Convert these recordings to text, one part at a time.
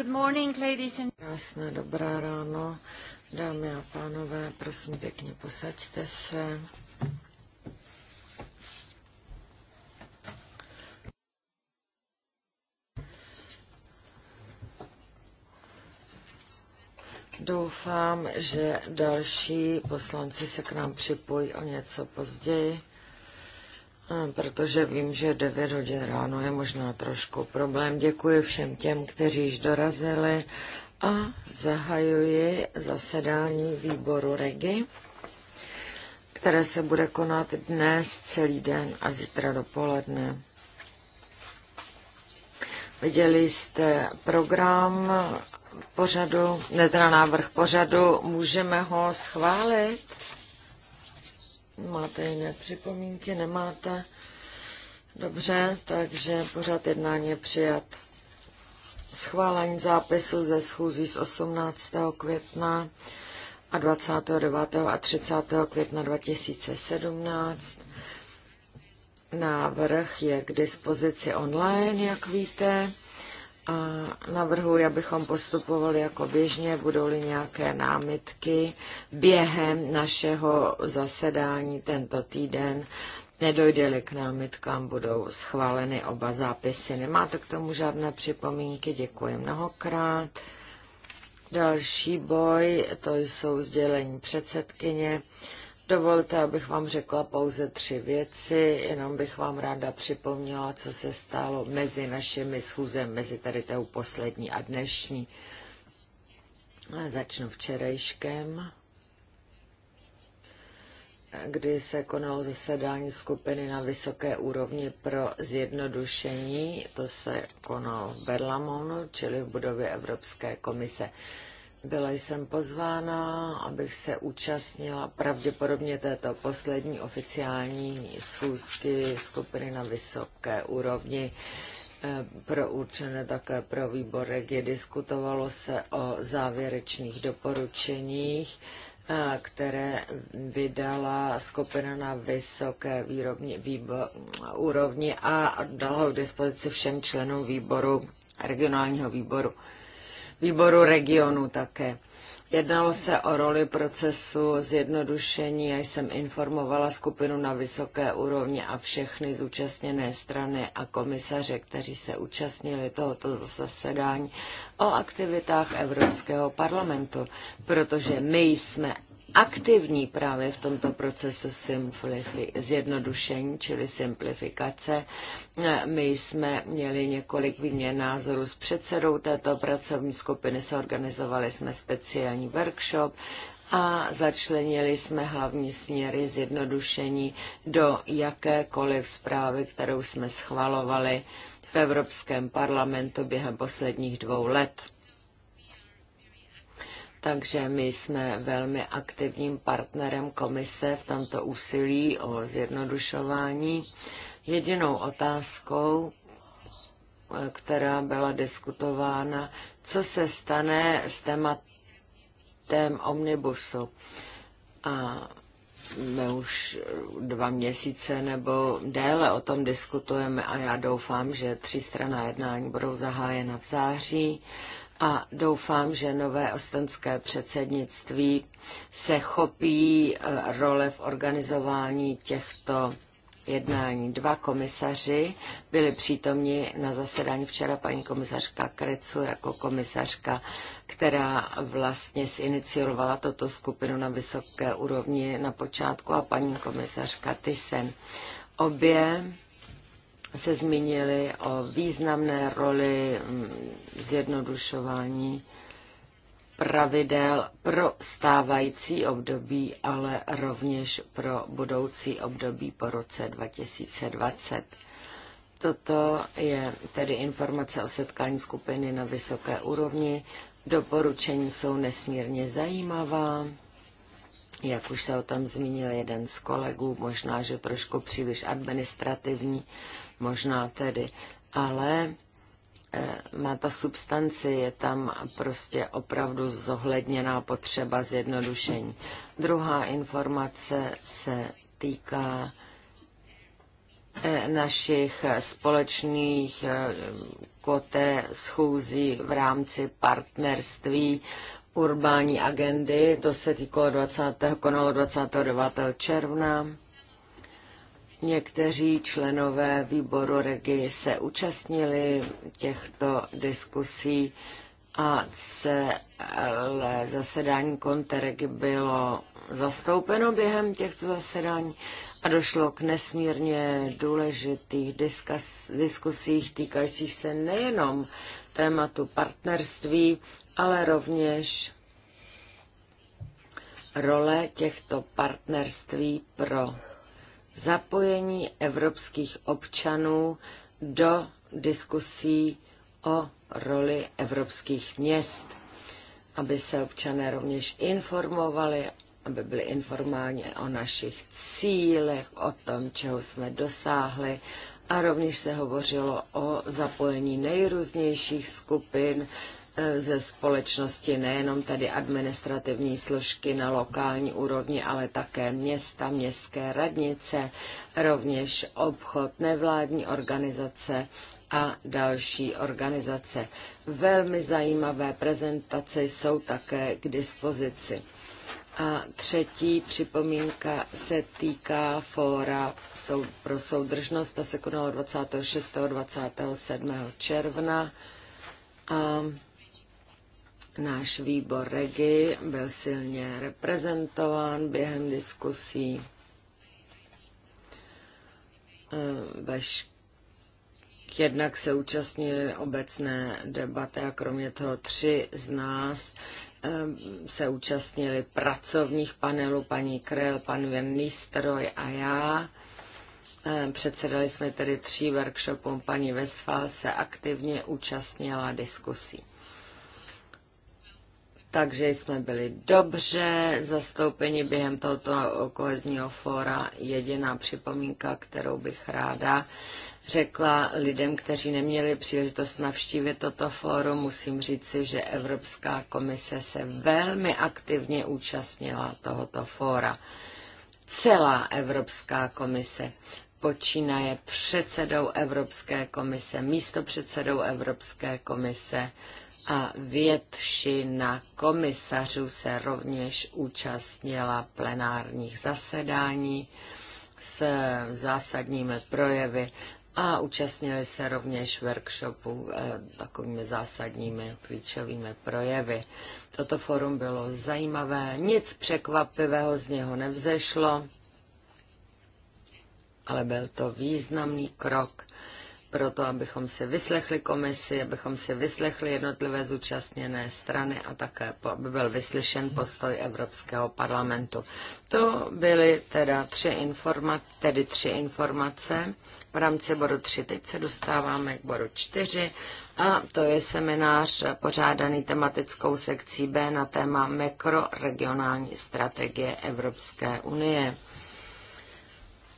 Good morning, ladies and... Krásné dobré ráno, dámy a pánové, prosím pěkně, posaďte se. Doufám, že další poslanci se k nám připojí o něco později protože vím, že 9 hodin ráno je možná trošku problém. Děkuji všem těm, kteří již dorazili a zahajuji zasedání výboru REGI, které se bude konat dnes celý den a zítra dopoledne. Viděli jste program pořadu, ne teda návrh pořadu, můžeme ho schválit? Máte jiné připomínky? Nemáte? Dobře, takže pořád jednání je přijat. Schválení zápisu ze schůzí z 18. května a 29. a 30. května 2017. Návrh je k dispozici online, jak víte navrhuji, abychom postupovali jako běžně, budou-li nějaké námitky během našeho zasedání tento týden. Nedojde-li k námitkám, budou schváleny oba zápisy. Nemáte k tomu žádné připomínky, děkuji mnohokrát. Další boj, to jsou sdělení předsedkyně. Dovolte, abych vám řekla pouze tři věci, jenom bych vám ráda připomněla, co se stalo mezi našimi schůzemi, mezi tady tou poslední a dnešní. Začnu včerejškem, kdy se konalo zasedání skupiny na vysoké úrovni pro zjednodušení. To se konalo v Berlamonu, čili v budově Evropské komise. Byla jsem pozvána, abych se účastnila pravděpodobně této poslední oficiální schůzky skupiny na vysoké úrovni e, pro určené také pro výbor regie. Diskutovalo se o závěrečných doporučeních, e, které vydala skupina na vysoké výrobní, výbo, úrovni a dala ho k dispozici všem členům výboru, regionálního výboru výboru regionu také. Jednalo se o roli procesu zjednodušení, já jsem informovala skupinu na vysoké úrovni a všechny zúčastněné strany a komisaře, kteří se účastnili tohoto zasedání o aktivitách Evropského parlamentu, protože my jsme aktivní právě v tomto procesu simplifi- zjednodušení, čili simplifikace. My jsme měli několik výměn názorů s předsedou této pracovní skupiny, zorganizovali jsme speciální workshop, a začlenili jsme hlavní směry zjednodušení do jakékoliv zprávy, kterou jsme schvalovali v Evropském parlamentu během posledních dvou let. Takže my jsme velmi aktivním partnerem komise v tomto úsilí o zjednodušování. Jedinou otázkou, která byla diskutována, co se stane s tématem omnibusu. A my už dva měsíce nebo déle o tom diskutujeme a já doufám, že tři strana jednání budou zahájena v září a doufám, že nové ostenské předsednictví se chopí eh, role v organizování těchto jednání. Dva komisaři byli přítomni na zasedání včera paní komisařka Krecu jako komisařka, která vlastně ziniciovala toto skupinu na vysoké úrovni na počátku a paní komisařka Tysen. Obě se zmínili o významné roli mm, zjednodušování pravidel pro stávající období, ale rovněž pro budoucí období po roce 2020. Toto je tedy informace o setkání skupiny na vysoké úrovni. Doporučení jsou nesmírně zajímavá. Jak už se o tom zmínil jeden z kolegů, možná, že trošku příliš administrativní, možná tedy, ale eh, má to substanci, je tam prostě opravdu zohledněná potřeba zjednodušení. Druhá informace se týká eh, našich společných eh, kote schůzí v rámci partnerství urbání agendy. To se týkalo 20. konalo 29. června. Někteří členové výboru Regi se účastnili těchto diskusí a celé zasedání Konterek bylo zastoupeno během těchto zasedání a došlo k nesmírně důležitých diskusích týkajících se nejenom tématu partnerství, ale rovněž role těchto partnerství pro zapojení evropských občanů do diskusí o roli evropských měst, aby se občané rovněž informovali, aby byli informáni o našich cílech, o tom, čeho jsme dosáhli a rovněž se hovořilo o zapojení nejrůznějších skupin, ze společnosti, nejenom tady administrativní složky na lokální úrovni, ale také města, městské radnice, rovněž obchod, nevládní organizace a další organizace. Velmi zajímavé prezentace jsou také k dispozici. A třetí připomínka se týká fóra pro soudržnost. Ta se konala 26. a 27. června. A Náš výbor Regi byl silně reprezentován během diskusí. Eh, Veš jednak se účastnili obecné debaty a kromě toho tři z nás eh, se účastnili pracovních panelů, paní Krel, pan Van Nistelrooy a já. Eh, předsedali jsme tedy tří workshopům, paní Westphal se aktivně účastnila diskusí takže jsme byli dobře zastoupeni během tohoto kohezního fóra. Jediná připomínka, kterou bych ráda řekla lidem, kteří neměli příležitost navštívit toto fórum, musím říci, že Evropská komise se velmi aktivně účastnila tohoto fóra. Celá Evropská komise počínaje předsedou Evropské komise, místopředsedou Evropské komise, a většina komisařů se rovněž účastnila plenárních zasedání s zásadními projevy a účastnili se rovněž workshopu eh, takovými zásadními klíčovými projevy. Toto forum bylo zajímavé, nic překvapivého z něho nevzešlo, ale byl to významný krok proto abychom si vyslechli komisi, abychom si vyslechli jednotlivé zúčastněné strany a také, aby byl vyslyšen postoj Evropského parlamentu. To byly teda tři, informa- tedy tři informace v rámci bodu 3. Teď se dostáváme k bodu 4 a to je seminář pořádaný tematickou sekcí B na téma mikroregionální strategie Evropské unie.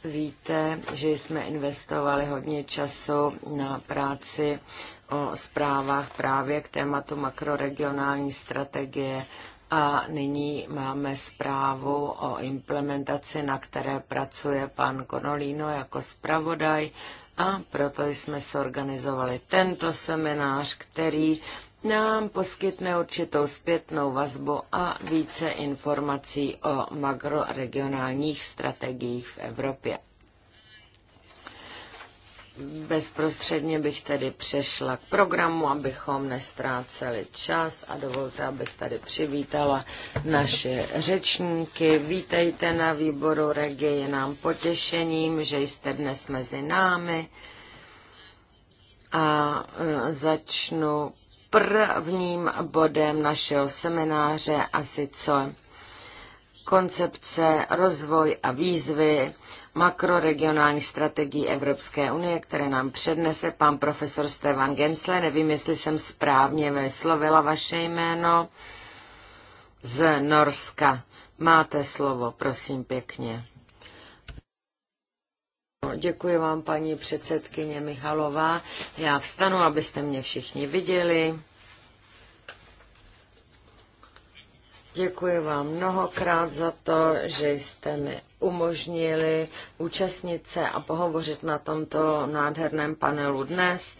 Víte, že jsme investovali hodně času na práci o zprávách právě k tématu makroregionální strategie a nyní máme zprávu o implementaci, na které pracuje pan Konolíno jako zpravodaj a proto jsme organizovali tento seminář, který nám poskytne určitou zpětnou vazbu a více informací o makroregionálních strategiích v Evropě. Bezprostředně bych tedy přešla k programu, abychom nestráceli čas a dovolte, abych tady přivítala naše řečníky. Vítejte na výboru Regi, je nám potěšením, že jste dnes mezi námi a e, začnu prvním bodem našeho semináře a sice koncepce, rozvoj a výzvy makroregionální strategii Evropské unie, které nám přednese pan profesor Stefan Gensle. Nevím, jestli jsem správně vyslovila vaše jméno z Norska. Máte slovo, prosím pěkně. No, děkuji vám, paní předsedkyně Michalová. Já vstanu, abyste mě všichni viděli. Děkuji vám mnohokrát za to, že jste mi umožnili účastnit se a pohovořit na tomto nádherném panelu dnes.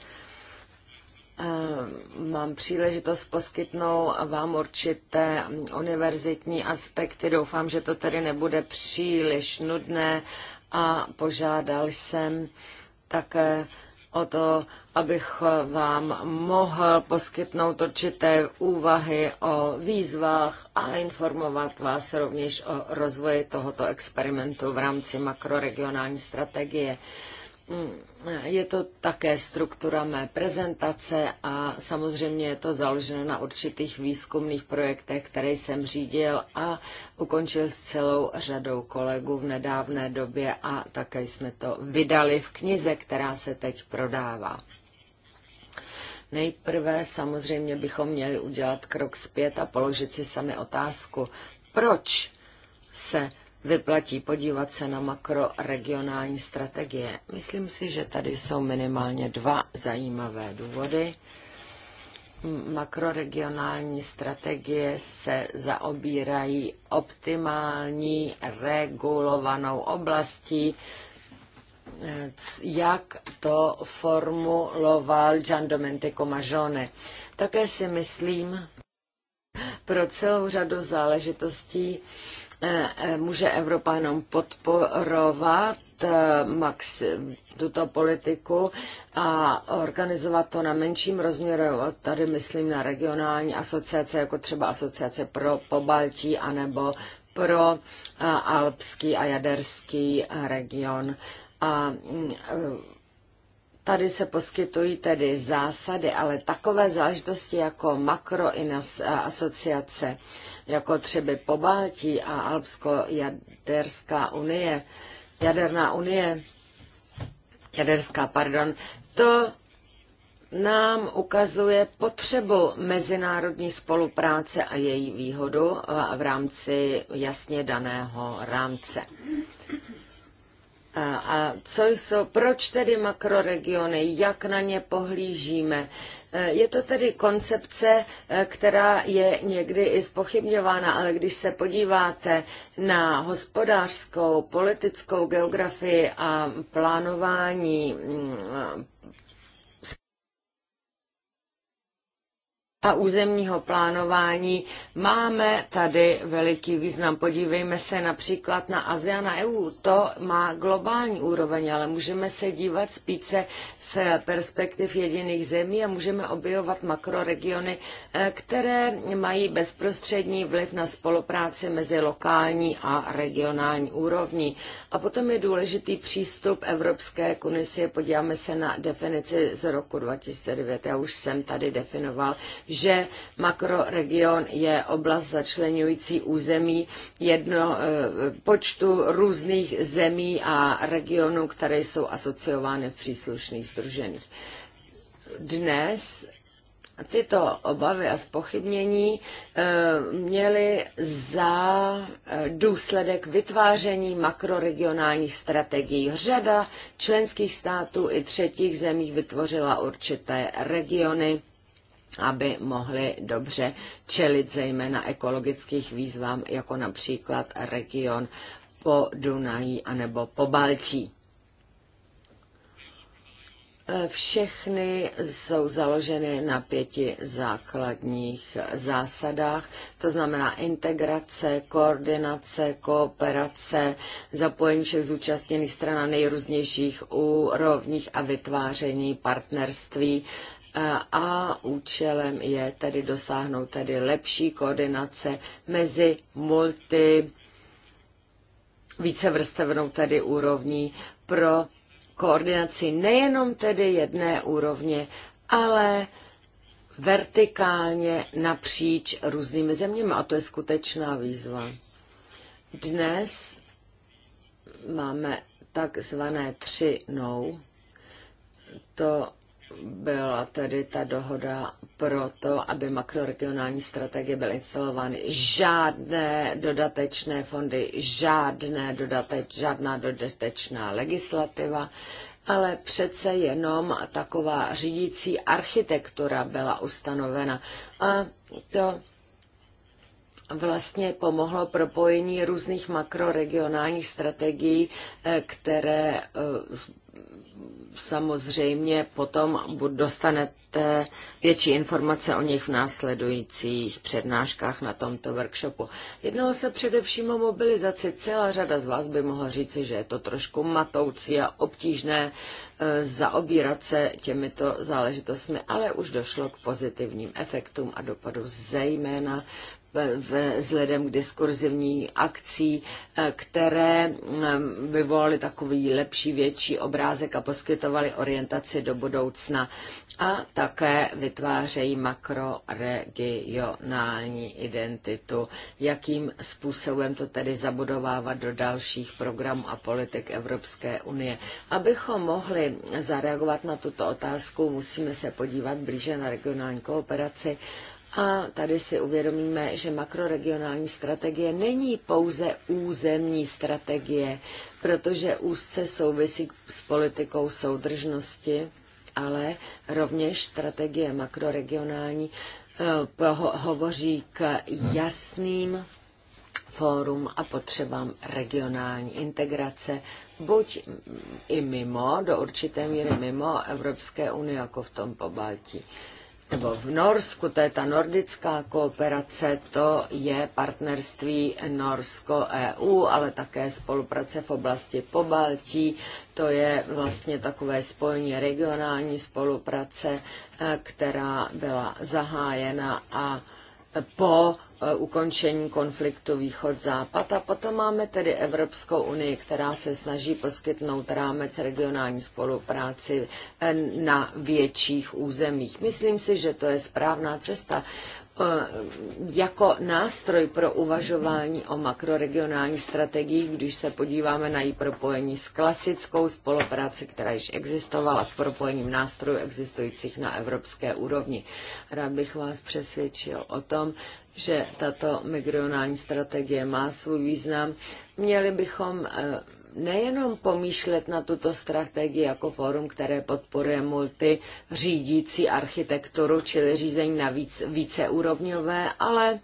Ehm, mám příležitost poskytnout vám určité univerzitní aspekty. Doufám, že to tedy nebude příliš nudné a požádal jsem také o to, abych vám mohl poskytnout určité úvahy o výzvách a informovat vás rovněž o rozvoji tohoto experimentu v rámci makroregionální strategie. Mm, je to také struktura mé prezentace a samozřejmě je to založeno na určitých výzkumných projektech, které jsem řídil a ukončil s celou řadou kolegů v nedávné době a také jsme to vydali v knize, která se teď prodává. Nejprve samozřejmě bychom měli udělat krok zpět a položit si sami otázku, proč se vyplatí podívat se na makroregionální strategie. Myslím si, že tady jsou minimálně dva zajímavé důvody. Makroregionální strategie se zaobírají optimální regulovanou oblastí, jak to formuloval Gian Domenico Majone. Také si myslím, pro celou řadu záležitostí Eh, eh, může Evropa jenom podporovat eh, maxi, tuto politiku a organizovat to na menším rozměru. Tady myslím na regionální asociace, jako třeba asociace pro Pobaltí, anebo pro alpský a jaderský region. A mm, Tady se poskytují tedy zásady, ale takové záležitosti jako makro asociace, jako třeba Pobaltí a Alpsko-Jaderská unie, Jaderná unie, Jaderská, pardon, to nám ukazuje potřebu mezinárodní spolupráce a její výhodu v rámci jasně daného rámce. A co jsou, proč tedy makroregiony, jak na ně pohlížíme? E, je to tedy koncepce, e, která je někdy i spochybňována, ale když se podíváte na hospodářskou, politickou geografii a plánování mm, a územního plánování máme tady veliký význam. Podívejme se například na ASEA na EU. To má globální úroveň, ale můžeme se dívat spíše z perspektiv jediných zemí a můžeme objevovat makroregiony, eh, které mají bezprostřední vliv na spolupráci mezi lokální a regionální úrovní. A potom je důležitý přístup Evropské komise. Podíváme se na definici z roku 2009. Já už jsem tady definoval, že makroregion je oblast začlenující území jedno eh, počtu různých zemí a regionů, které jsou asociovány v příslušných združeních. Dnes tyto obavy a spochybnění eh, měly za eh, důsledek vytváření makroregionálních strategií. Řada členských států i třetích zemí vytvořila určité regiony aby mohli dobře čelit zejména ekologických výzvám, jako například region po Dunají anebo po Baltí. E, všechny jsou založeny na pěti základních zásadách, to znamená integrace, koordinace, kooperace, zapojení všech zúčastněných stran na nejrůznějších úrovních a vytváření partnerství a účelem je tedy dosáhnout tedy lepší koordinace mezi multi vícevrstevnou tedy úrovní pro koordinaci nejenom tedy jedné úrovně, ale vertikálně napříč různými zeměmi. A to je skutečná výzva. Dnes máme takzvané tři no. To byla tedy ta dohoda proto, aby makroregionální strategie byly instalovány. Žádné dodatečné fondy, žádné dodateč, žádná dodatečná legislativa, ale přece jenom taková řídící architektura byla ustanovena. A to vlastně pomohlo propojení různých makroregionálních strategií, eh, které eh, samozřejmě potom dostanete větší informace o nich v následujících přednáškách na tomto workshopu. Jednalo se především o mobilizaci. Celá řada z vás by mohla říci, že je to trošku matoucí a obtížné e, zaobírat se těmito záležitostmi, ale už došlo k pozitivním efektům a dopadu zejména vzhledem k diskurzivní akcí, eh, které mm, vyvolaly takový lepší, větší obrázek a poskytovaly orientaci do budoucna a také vytvářejí makroregionální identitu. Jakým způsobem to tedy zabudovávat do dalších programů a politik Evropské unie? Abychom mohli zareagovat na tuto otázku, musíme se podívat blíže na regionální kooperaci a tady si uvědomíme, že makroregionální strategie není pouze územní strategie, protože úzce souvisí s politikou soudržnosti, ale rovněž strategie makroregionální eh, hovoří k jasným fórum a potřebám regionální integrace, buď i mimo, do určité míry mimo Evropské unie, jako v tom pobaltí nebo v Norsku, to je ta nordická kooperace, to je partnerství Norsko-EU, ale také spolupráce v oblasti Pobaltí, to je vlastně takové spojení regionální spolupráce, eh, která byla zahájena a po E, ukončení konfliktu východ-západ. A potom máme tedy Evropskou unii, která se snaží poskytnout rámec regionální spolupráci e, na větších územích. Myslím si, že to je správná cesta, Eh, jako nástroj pro uvažování o makroregionální strategii, když se podíváme na její propojení s klasickou spolupráci, která již existovala, s propojením nástrojů existujících na evropské úrovni. Rád bych vás přesvědčil o tom, že tato regionální strategie má svůj význam. Měli bychom eh, nejenom pomýšlet na tuto strategii jako fórum, které podporuje multiřídící architekturu, čili řízení na víc, víceúrovňové, ale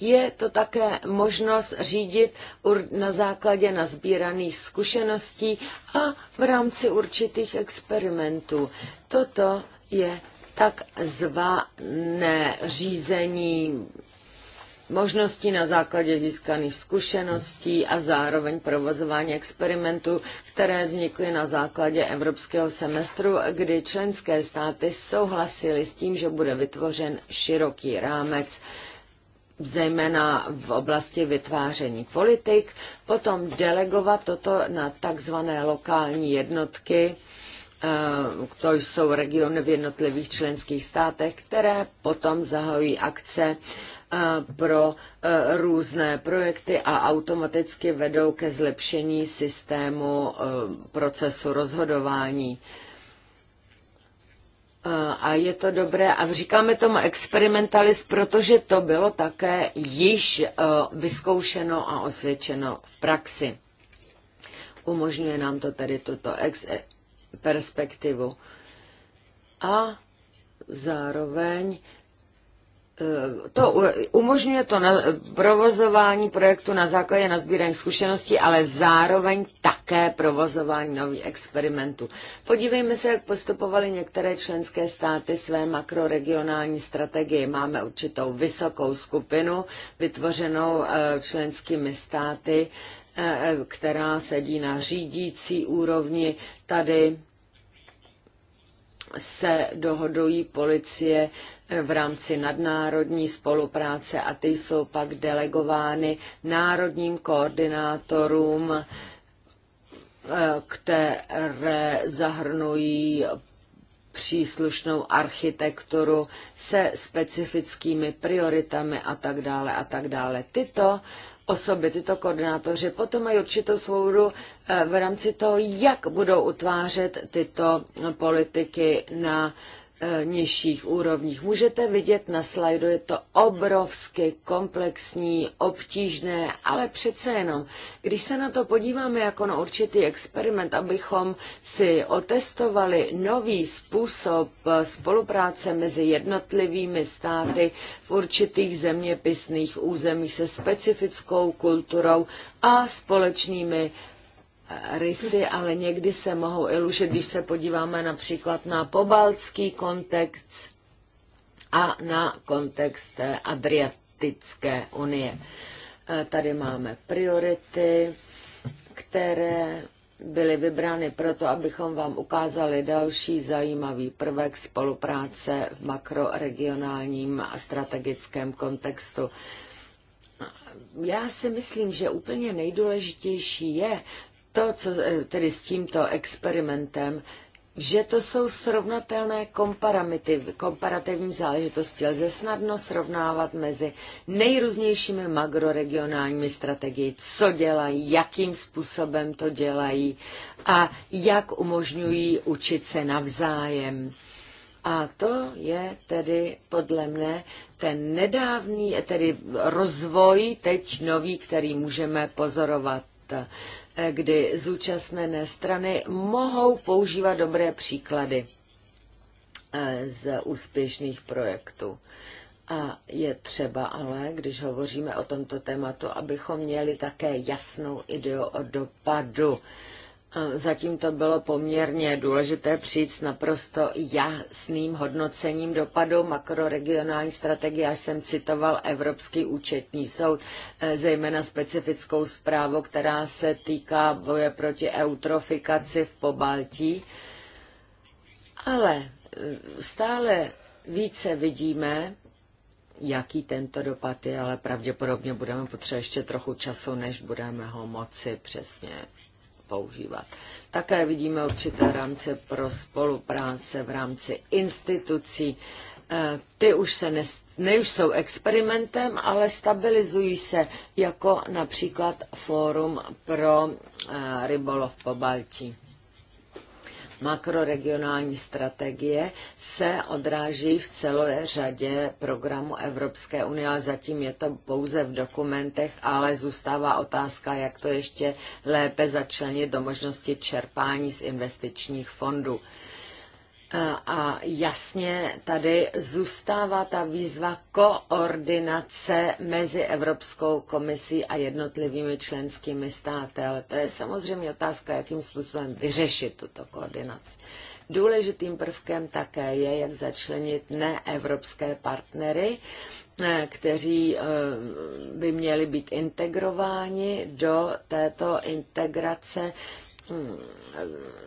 je to také možnost řídit na základě nazbíraných zkušeností a v rámci určitých experimentů. Toto je tak zvané řízení možností na základě získaných zkušeností a zároveň provozování experimentů, které vznikly na základě evropského semestru, kdy členské státy souhlasily s tím, že bude vytvořen široký rámec zejména v oblasti vytváření politik, potom delegovat toto na takzvané lokální jednotky, eh, to jsou regiony v jednotlivých členských státech, které potom zahojí akce pro e, různé projekty a automaticky vedou ke zlepšení systému e, procesu rozhodování. E, a je to dobré. A říkáme tomu experimentalist, protože to bylo také již vyzkoušeno a osvědčeno v praxi. Umožňuje nám to tady tuto ex perspektivu. A zároveň Eh, to umožňuje to na, provozování projektu na základě nazbíraných zkušeností, ale zároveň také provozování nových experimentů. Podívejme se, jak postupovaly některé členské státy své makroregionální strategie. Máme určitou vysokou skupinu vytvořenou eh, členskými státy, eh, která sedí na řídící úrovni. Tady se dohodují policie v rámci nadnárodní spolupráce a ty jsou pak delegovány národním koordinátorům, eh, které zahrnují příslušnou architekturu se specifickými prioritami a tak dále a tak dále. Tyto osoby, tyto koordinátoři, potom mají určitou svobodu eh, v rámci toho, jak budou utvářet tyto politiky na Eh, nižších úrovních. Můžete vidět na slajdu, je to obrovsky komplexní, obtížné, ale přece jenom, když se na to podíváme jako na určitý experiment, abychom si otestovali nový způsob eh, spolupráce mezi jednotlivými státy v určitých zeměpisných územích se specifickou kulturou a společnými rysy, ale někdy se mohou ilušit, když se podíváme například na pobaltský kontext a na kontext Adriatické unie. E, tady máme priority, které byly vybrány proto, abychom vám ukázali další zajímavý prvek spolupráce v makroregionálním a strategickém kontextu. Já si myslím, že úplně nejdůležitější je, to, co eh, tedy s tímto experimentem, že to jsou srovnatelné komparativní záležitosti. Lze snadno srovnávat mezi nejrůznějšími makroregionálními strategií, co dělají, jakým způsobem to dělají a jak umožňují učit se navzájem. A to je tedy podle mne ten nedávný, tedy rozvoj teď nový, který můžeme pozorovat kdy zúčastněné strany mohou používat dobré příklady eh, z úspěšných projektů. A je třeba ale, když hovoříme o tomto tématu, abychom měli také jasnou ideu o dopadu Zatím to bylo poměrně důležité přijít s naprosto jasným hodnocením dopadu makroregionální strategie. Já jsem citoval Evropský účetní soud, eh, zejména specifickou zprávu, která se týká boje proti eutrofikaci v Pobaltí. Ale eh, stále více vidíme, jaký tento dopad je, ale pravděpodobně budeme potřebovat ještě trochu času, než budeme ho moci přesně používat. Také vidíme určité rámce pro spolupráce v rámci institucí. E, ty už se ne už jsou experimentem, ale stabilizují se, jako například Fórum pro e, rybolov po Baltii makroregionální strategie se odráží v celé řadě programů Evropské unie, ale zatím je to pouze v dokumentech, ale zůstává otázka, jak to ještě lépe začlenit do možnosti čerpání z investičních fondů. A jasně tady zůstává ta výzva koordinace mezi Evropskou komisí a jednotlivými členskými státy, ale to je samozřejmě otázka, jakým způsobem vyřešit tuto koordinaci. Důležitým prvkem také je, jak začlenit neevropské partnery, eh, kteří eh, by měli být integrováni do této integrace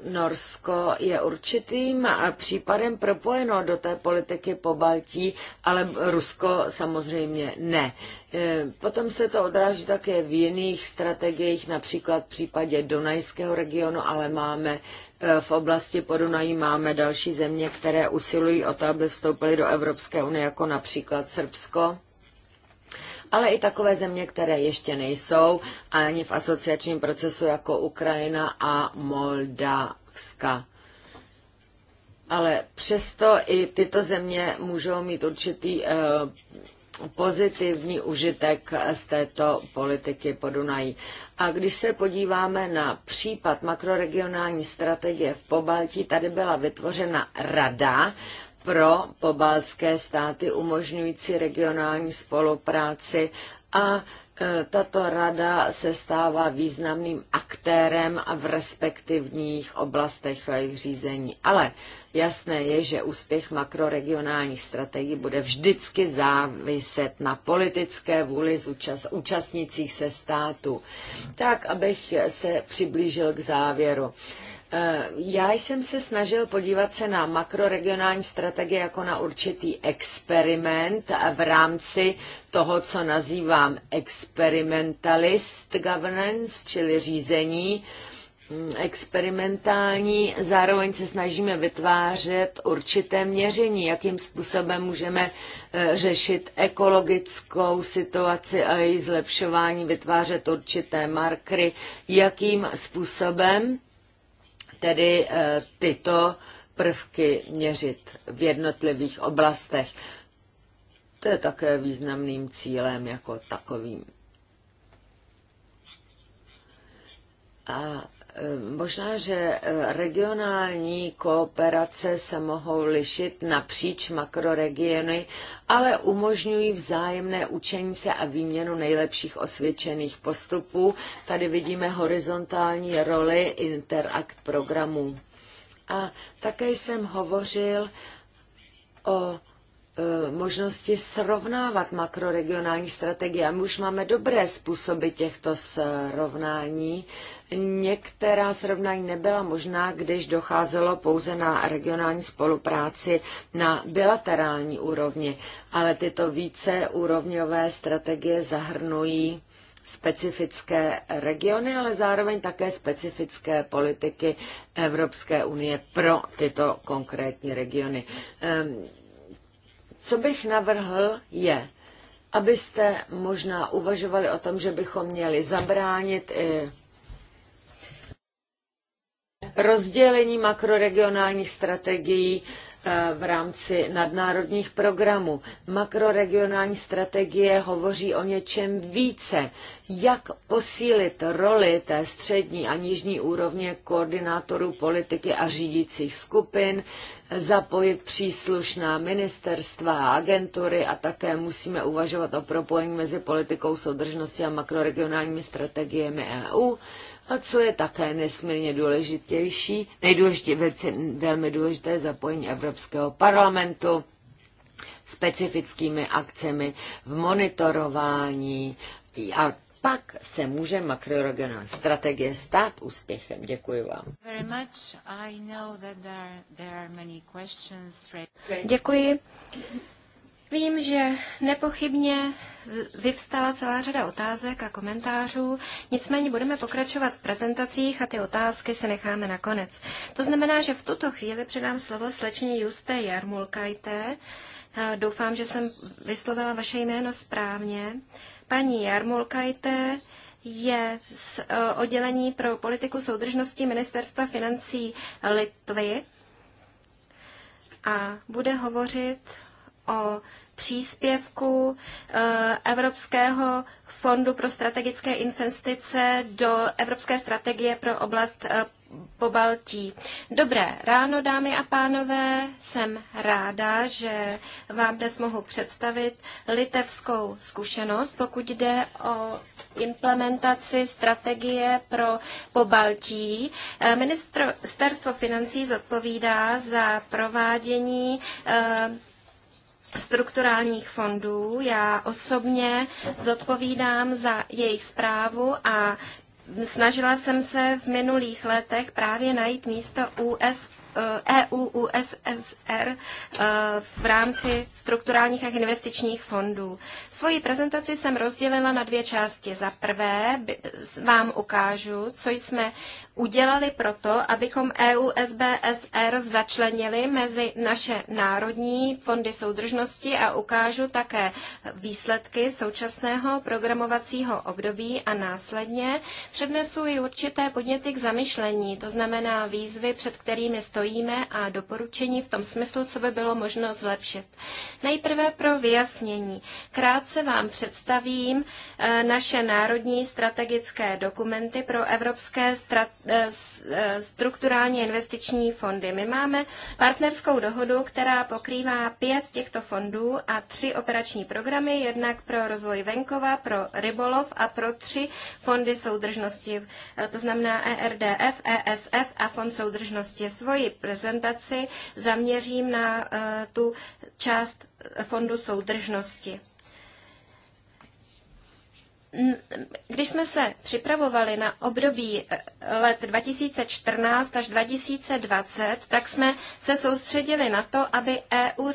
Norsko je určitým případem propojeno do té politiky po Baltí, ale Rusko samozřejmě ne. E, potom se to odráží také v jiných strategiích, například v případě Dunajského regionu, ale máme e, v oblasti Podunají máme další země, které usilují o to, aby vstoupily do Evropské unie, jako například Srbsko ale i takové země, které ještě nejsou ani v asociačním procesu jako Ukrajina a Moldavska. Ale přesto i tyto země můžou mít určitý eh, pozitivní užitek z této politiky Podunají. A když se podíváme na případ makroregionální strategie v Pobaltí, tady byla vytvořena rada pro pobaltské státy umožňující regionální spolupráci a e, tato rada se stává významným aktérem v respektivních oblastech jejich řízení. Ale jasné je, že úspěch makroregionálních strategií bude vždycky záviset na politické vůli zúčast, účastnících se států. Tak, abych se přiblížil k závěru. Eh, já jsem se snažil podívat se na makroregionální strategie jako na určitý experiment v rámci toho, co nazývám experimentalist governance, čili řízení hm, experimentální. Zároveň se snažíme vytvářet určité měření, jakým způsobem můžeme eh, řešit ekologickou situaci a její zlepšování, vytvářet určité markry, jakým způsobem tedy eh, tyto prvky měřit v jednotlivých oblastech. To je také významným cílem jako takovým. A Možná, že eh, regionální kooperace se mohou lišit napříč makroregiony, ale umožňují vzájemné učení se a výměnu nejlepších osvědčených postupů. Tady vidíme horizontální roli Interact programů. A také jsem hovořil o Eh, možnosti srovnávat makroregionální strategie. A my už máme dobré způsoby těchto srovnání. Některá srovnání nebyla možná, když docházelo pouze na regionální spolupráci na bilaterální úrovni, ale tyto více úrovňové strategie zahrnují specifické regiony, ale zároveň také specifické politiky Evropské unie pro tyto konkrétní regiony. Co bych navrhl je, abyste možná uvažovali o tom, že bychom měli zabránit i eh, rozdělení makroregionálních strategií Eh, v rámci nadnárodních programů. Makroregionální strategie hovoří o něčem více. Jak posílit roli té střední a nižní úrovně koordinátorů politiky a řídících skupin, zapojit příslušná ministerstva a agentury a také musíme uvažovat o propojení mezi politikou soudržnosti a makroregionálními strategiemi EU. A co je také nesmírně důležitější, nejdůležitější, velmi důležité zapojení Evropského parlamentu, specifickými akcemi v monitorování a pak se může makroregionální strategie stát úspěchem. Děkuji vám. Děkuji. Vím, že nepochybně vyvstala celá řada otázek a komentářů, nicméně budeme pokračovat v prezentacích a ty otázky se necháme na konec. To znamená, že v tuto chvíli předám slovo slečně Juste Jarmulkajte. Doufám, že jsem vyslovila vaše jméno správně. Paní Jarmulkajte je z e, oddělení pro politiku soudržnosti Ministerstva financí Litvy a bude hovořit o příspěvku eh, Evropského fondu pro strategické investice do Evropské strategie pro oblast eh, Po Baltí. Dobré ráno, dámy a pánové. Jsem ráda, že vám dnes mohu představit litevskou zkušenost, pokud jde o implementaci strategie pro Pobaltí. Eh, Ministerstvo financí zodpovídá za provádění strukturálních fondů. Já osobně zodpovídám za jejich zprávu a snažila jsem se v minulých letech právě najít místo US EU-USSR eh, e eh, v rámci strukturálních a investičních fondů. Svoji prezentaci jsem rozdělila na dvě části. Za prvé vám ukážu, co jsme udělali proto, abychom EU-SBSR začlenili mezi naše národní fondy soudržnosti a ukážu také výsledky současného programovacího období a následně přednesu i určité podněty k zamyšlení, to znamená výzvy, před kterými stojí stojíme a doporučení v tom smyslu, co by bylo možno zlepšit. Nejprve pro vyjasnění. Krátce vám představím eh, naše národní strategické dokumenty pro evropské eh, eh, strukturální investiční fondy. My máme partnerskou dohodu, která pokrývá pět těchto fondů a tři operační programy, jednak pro rozvoj venkova, pro rybolov a pro tři fondy soudržnosti, to znamená ERDF, ESF a Fond soudržnosti. Svoji prezentaci zaměřím na eh, tu část fondu soudržnosti. Když jsme se připravovali na období eh, let 2014 až 2020, tak jsme se soustředili na to, aby EU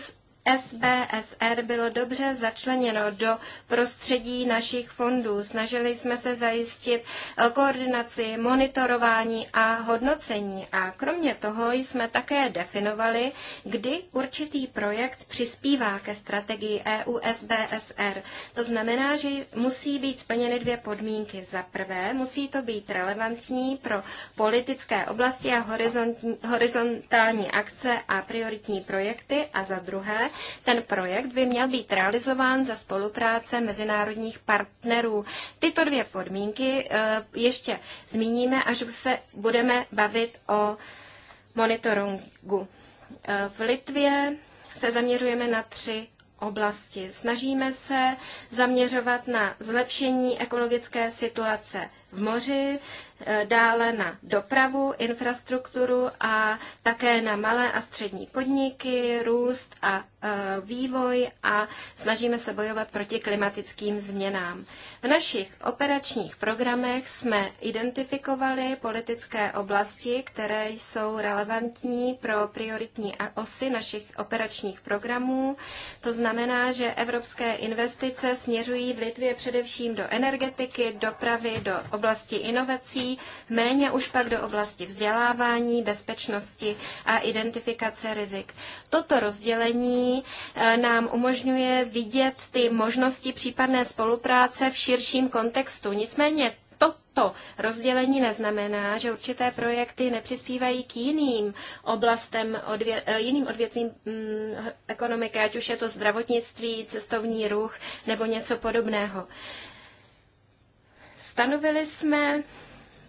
SBSR bylo dobře začleněno do prostředí našich fondů. Snažili jsme se zajistit eh, koordinaci, monitorování a hodnocení. A kromě toho jsme také definovali, kdy určitý projekt přispívá ke strategii EU SBSR. To znamená, že musí být splněny dvě podmínky. Za prvé, musí to být relevantní pro politické oblasti a horizontální akce a prioritní projekty. A za druhé, ten projekt by měl být realizován za spolupráce mezinárodních partnerů. Tyto dvě podmínky eh, ještě zmíníme, až se budeme bavit o monitoringu. Eh, v Litvě se zaměřujeme na tři oblasti. Snažíme se zaměřovat na zlepšení ekologické situace v moři, Eh, dále na dopravu, infrastrukturu a také na malé a střední podniky, růst a eh, vývoj a snažíme se bojovat proti klimatickým změnám. V našich operačních programech jsme identifikovali politické oblasti, které jsou relevantní pro prioritní osy našich operačních programů. To znamená, že evropské investice směřují v Litvě především do energetiky, dopravy, do oblasti inovací, méně už pak do oblasti vzdělávání, bezpečnosti a identifikace rizik. Toto rozdělení eh, nám umožňuje vidět ty možnosti případné spolupráce v širším kontextu. Nicméně to rozdělení neznamená, že určité projekty nepřispívají k jiným oblastem, odvě, eh, jiným odvětvím mm, ekonomiky, ať už je to zdravotnictví, cestovní ruch nebo něco podobného. Stanovili jsme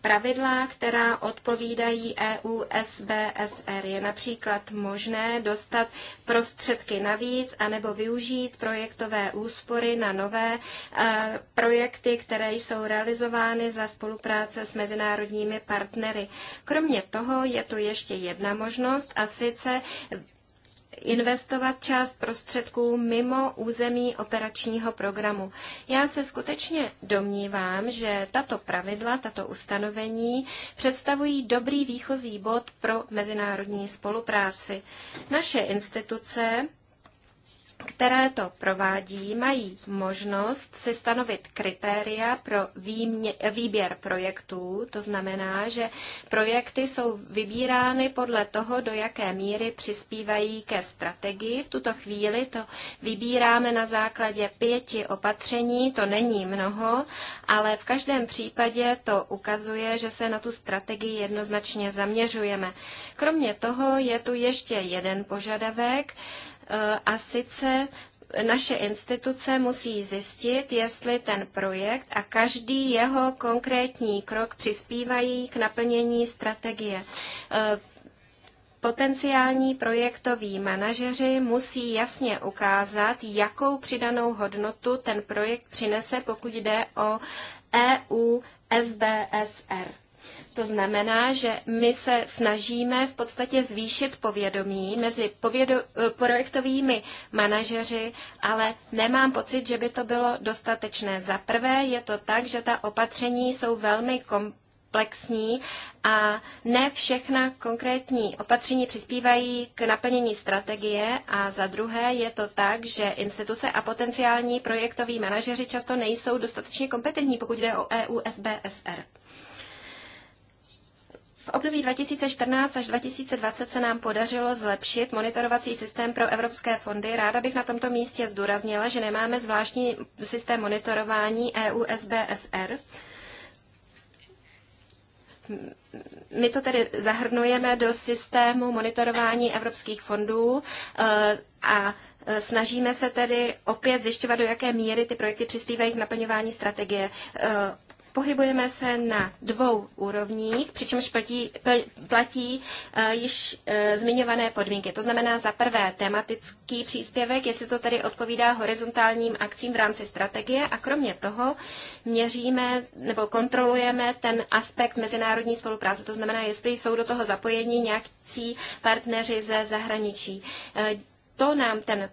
pravidla, která odpovídají EU SBSR. Je například možné dostat prostředky navíc anebo využít projektové úspory na nové eh, projekty, které jsou realizovány za spolupráce s mezinárodními partnery. Kromě toho je tu ještě jedna možnost a sice investovat část prostředků mimo území operačního programu. Já se skutečně domnívám, že tato pravidla, tato ustanovení představují dobrý výchozí bod pro mezinárodní spolupráci. Naše instituce které to provádí, mají možnost si stanovit kritéria pro výmě, výběr projektů. To znamená, že projekty jsou vybírány podle toho, do jaké míry přispívají ke strategii. V tuto chvíli to vybíráme na základě pěti opatření, to není mnoho, ale v každém případě to ukazuje, že se na tu strategii jednoznačně zaměřujeme. Kromě toho je tu ještě jeden požadavek, Eh, a sice naše instituce musí zjistit, jestli ten projekt a každý jeho konkrétní krok přispívají k naplnění strategie. Eh, potenciální projektoví manažeři musí jasně ukázat, jakou přidanou hodnotu ten projekt přinese, pokud jde o EU SBSR. To znamená, že my se snažíme v podstatě zvýšit povědomí mezi povědo, eh, projektovými manažeři, ale nemám pocit, že by to bylo dostatečné. Za prvé je to tak, že ta opatření jsou velmi komplexní a ne všechna konkrétní opatření přispívají k naplnění strategie a za druhé je to tak, že instituce a potenciální projektoví manažeři často nejsou dostatečně kompetentní, pokud jde o EU SBSR. V období 2014 až 2020 se nám podařilo zlepšit monitorovací systém pro evropské fondy. Ráda bych na tomto místě zdůraznila, že nemáme zvláštní systém monitorování EUSBSR. My to tedy zahrnujeme do systému monitorování evropských fondů eh, a eh, Snažíme se tedy opět zjišťovat, do jaké míry ty projekty přispívají k naplňování strategie. Eh, Pohybujeme se na dvou úrovních, přičemž platí, platí uh, již uh, zmiňované podmínky. To znamená za prvé tematický příspěvek, jestli to tedy odpovídá horizontálním akcím v rámci strategie a kromě toho měříme nebo kontrolujeme ten aspekt mezinárodní spolupráce. To znamená, jestli jsou do toho zapojeni nějakí partneři ze zahraničí. Uh, to nám ten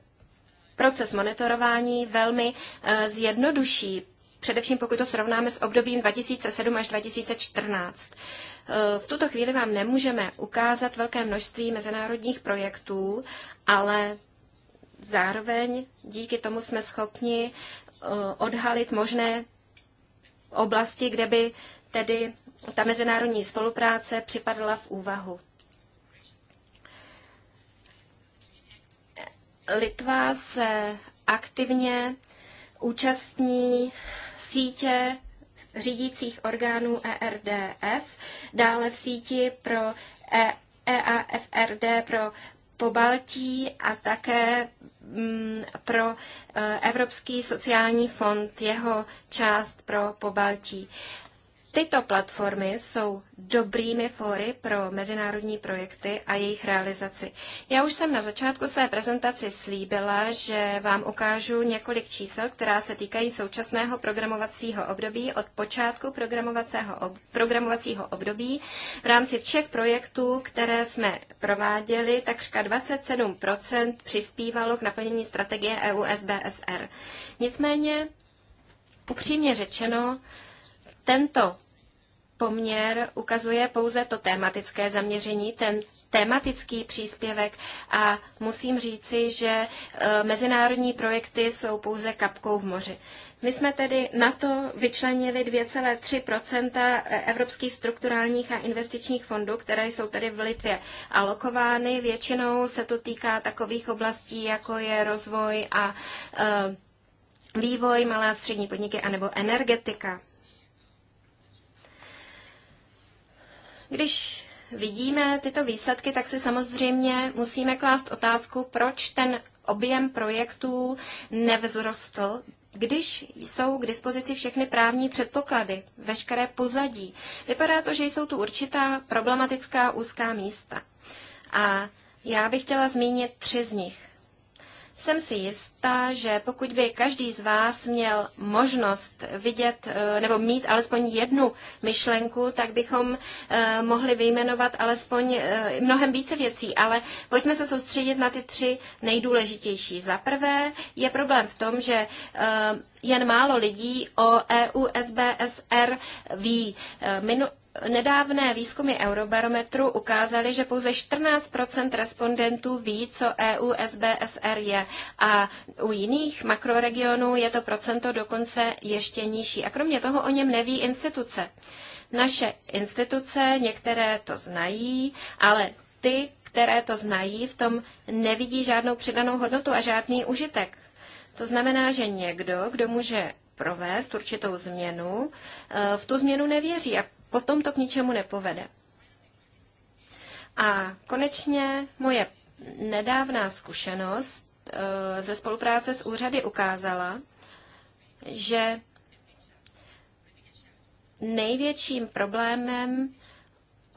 proces monitorování velmi zjednoduší především pokud to srovnáme s obdobím 2007 až 2014. V tuto chvíli vám nemůžeme ukázat velké množství mezinárodních projektů, ale zároveň díky tomu jsme schopni eh, odhalit možné oblasti, kde by tedy ta mezinárodní spolupráce připadla v úvahu. Litva se aktivně účastní sítě řídících orgánů ERDF, dále v síti pro e, EAFRD pro Pobaltí a také mm, pro e, Evropský sociální fond, jeho část pro Pobaltí. Tyto platformy jsou dobrými fóry pro mezinárodní projekty a jejich realizaci. Já už jsem na začátku své prezentaci slíbila, že vám ukážu několik čísel, která se týkají současného programovacího období od počátku programovacího, programovacího období. V rámci všech projektů, které jsme prováděli, takřka 27 přispívalo k naplnění strategie EU SBSR. Nicméně, upřímně řečeno, tento poměr ukazuje pouze to tématické zaměření, ten tématický příspěvek a musím říci, že e, mezinárodní projekty jsou pouze kapkou v moři. My jsme tedy na to vyčlenili 2,3 evropských strukturálních a investičních fondů, které jsou tedy v Litvě alokovány. Většinou se to týká takových oblastí, jako je rozvoj a e, vývoj, malé a střední podniky anebo energetika. Když vidíme tyto výsledky, tak si samozřejmě musíme klást otázku, proč ten objem projektů nevzrostl, když jsou k dispozici všechny právní předpoklady, veškeré pozadí. Vypadá to, že jsou tu určitá problematická úzká místa. A já bych chtěla zmínit tři z nich. Jsem si jistá, že pokud by každý z vás měl možnost vidět eh, nebo mít alespoň jednu myšlenku, tak bychom eh, mohli vyjmenovat alespoň eh, mnohem více věcí, ale pojďme se soustředit na ty tři nejdůležitější. Za prvé je problém v tom, že jen málo lidí o EU, SBSR ví. Minu- Nedávné výzkumy Eurobarometru ukázaly, že pouze 14 respondentů ví, co EU SBSR je a u jiných makroregionů je to procento dokonce ještě nižší. A kromě toho o něm neví instituce. Naše instituce, některé to znají, ale ty, které to znají, v tom nevidí žádnou přidanou hodnotu a žádný užitek. To znamená, že někdo, kdo může provést určitou změnu, eh, v tu změnu nevěří a potom to k ničemu nepovede. A konečně moje nedávná zkušenost eh, ze spolupráce s úřady ukázala, že největším problémem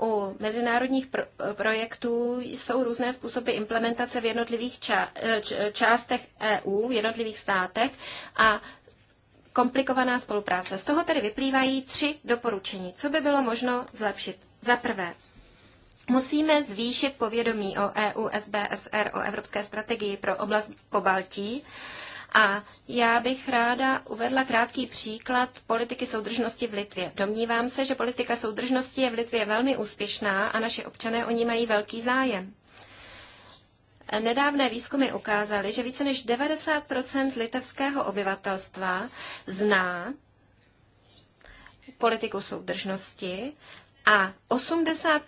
u mezinárodních pro, projektů jsou různé způsoby implementace v jednotlivých ča, eh, č, částech EU, v jednotlivých státech a komplikovaná spolupráce. Z toho tedy vyplývají tři doporučení, co by bylo možno zlepšit. Za prvé, musíme zvýšit povědomí o EU, SBSR, o Evropské strategii pro oblast Pobaltí. A já bych ráda uvedla krátký příklad politiky soudržnosti v Litvě. Domnívám se, že politika soudržnosti je v Litvě velmi úspěšná a naše občané o ní mají velký zájem. Nedávné výzkumy ukázaly, že více než 90 litevského obyvatelstva zná politiku soudržnosti a 80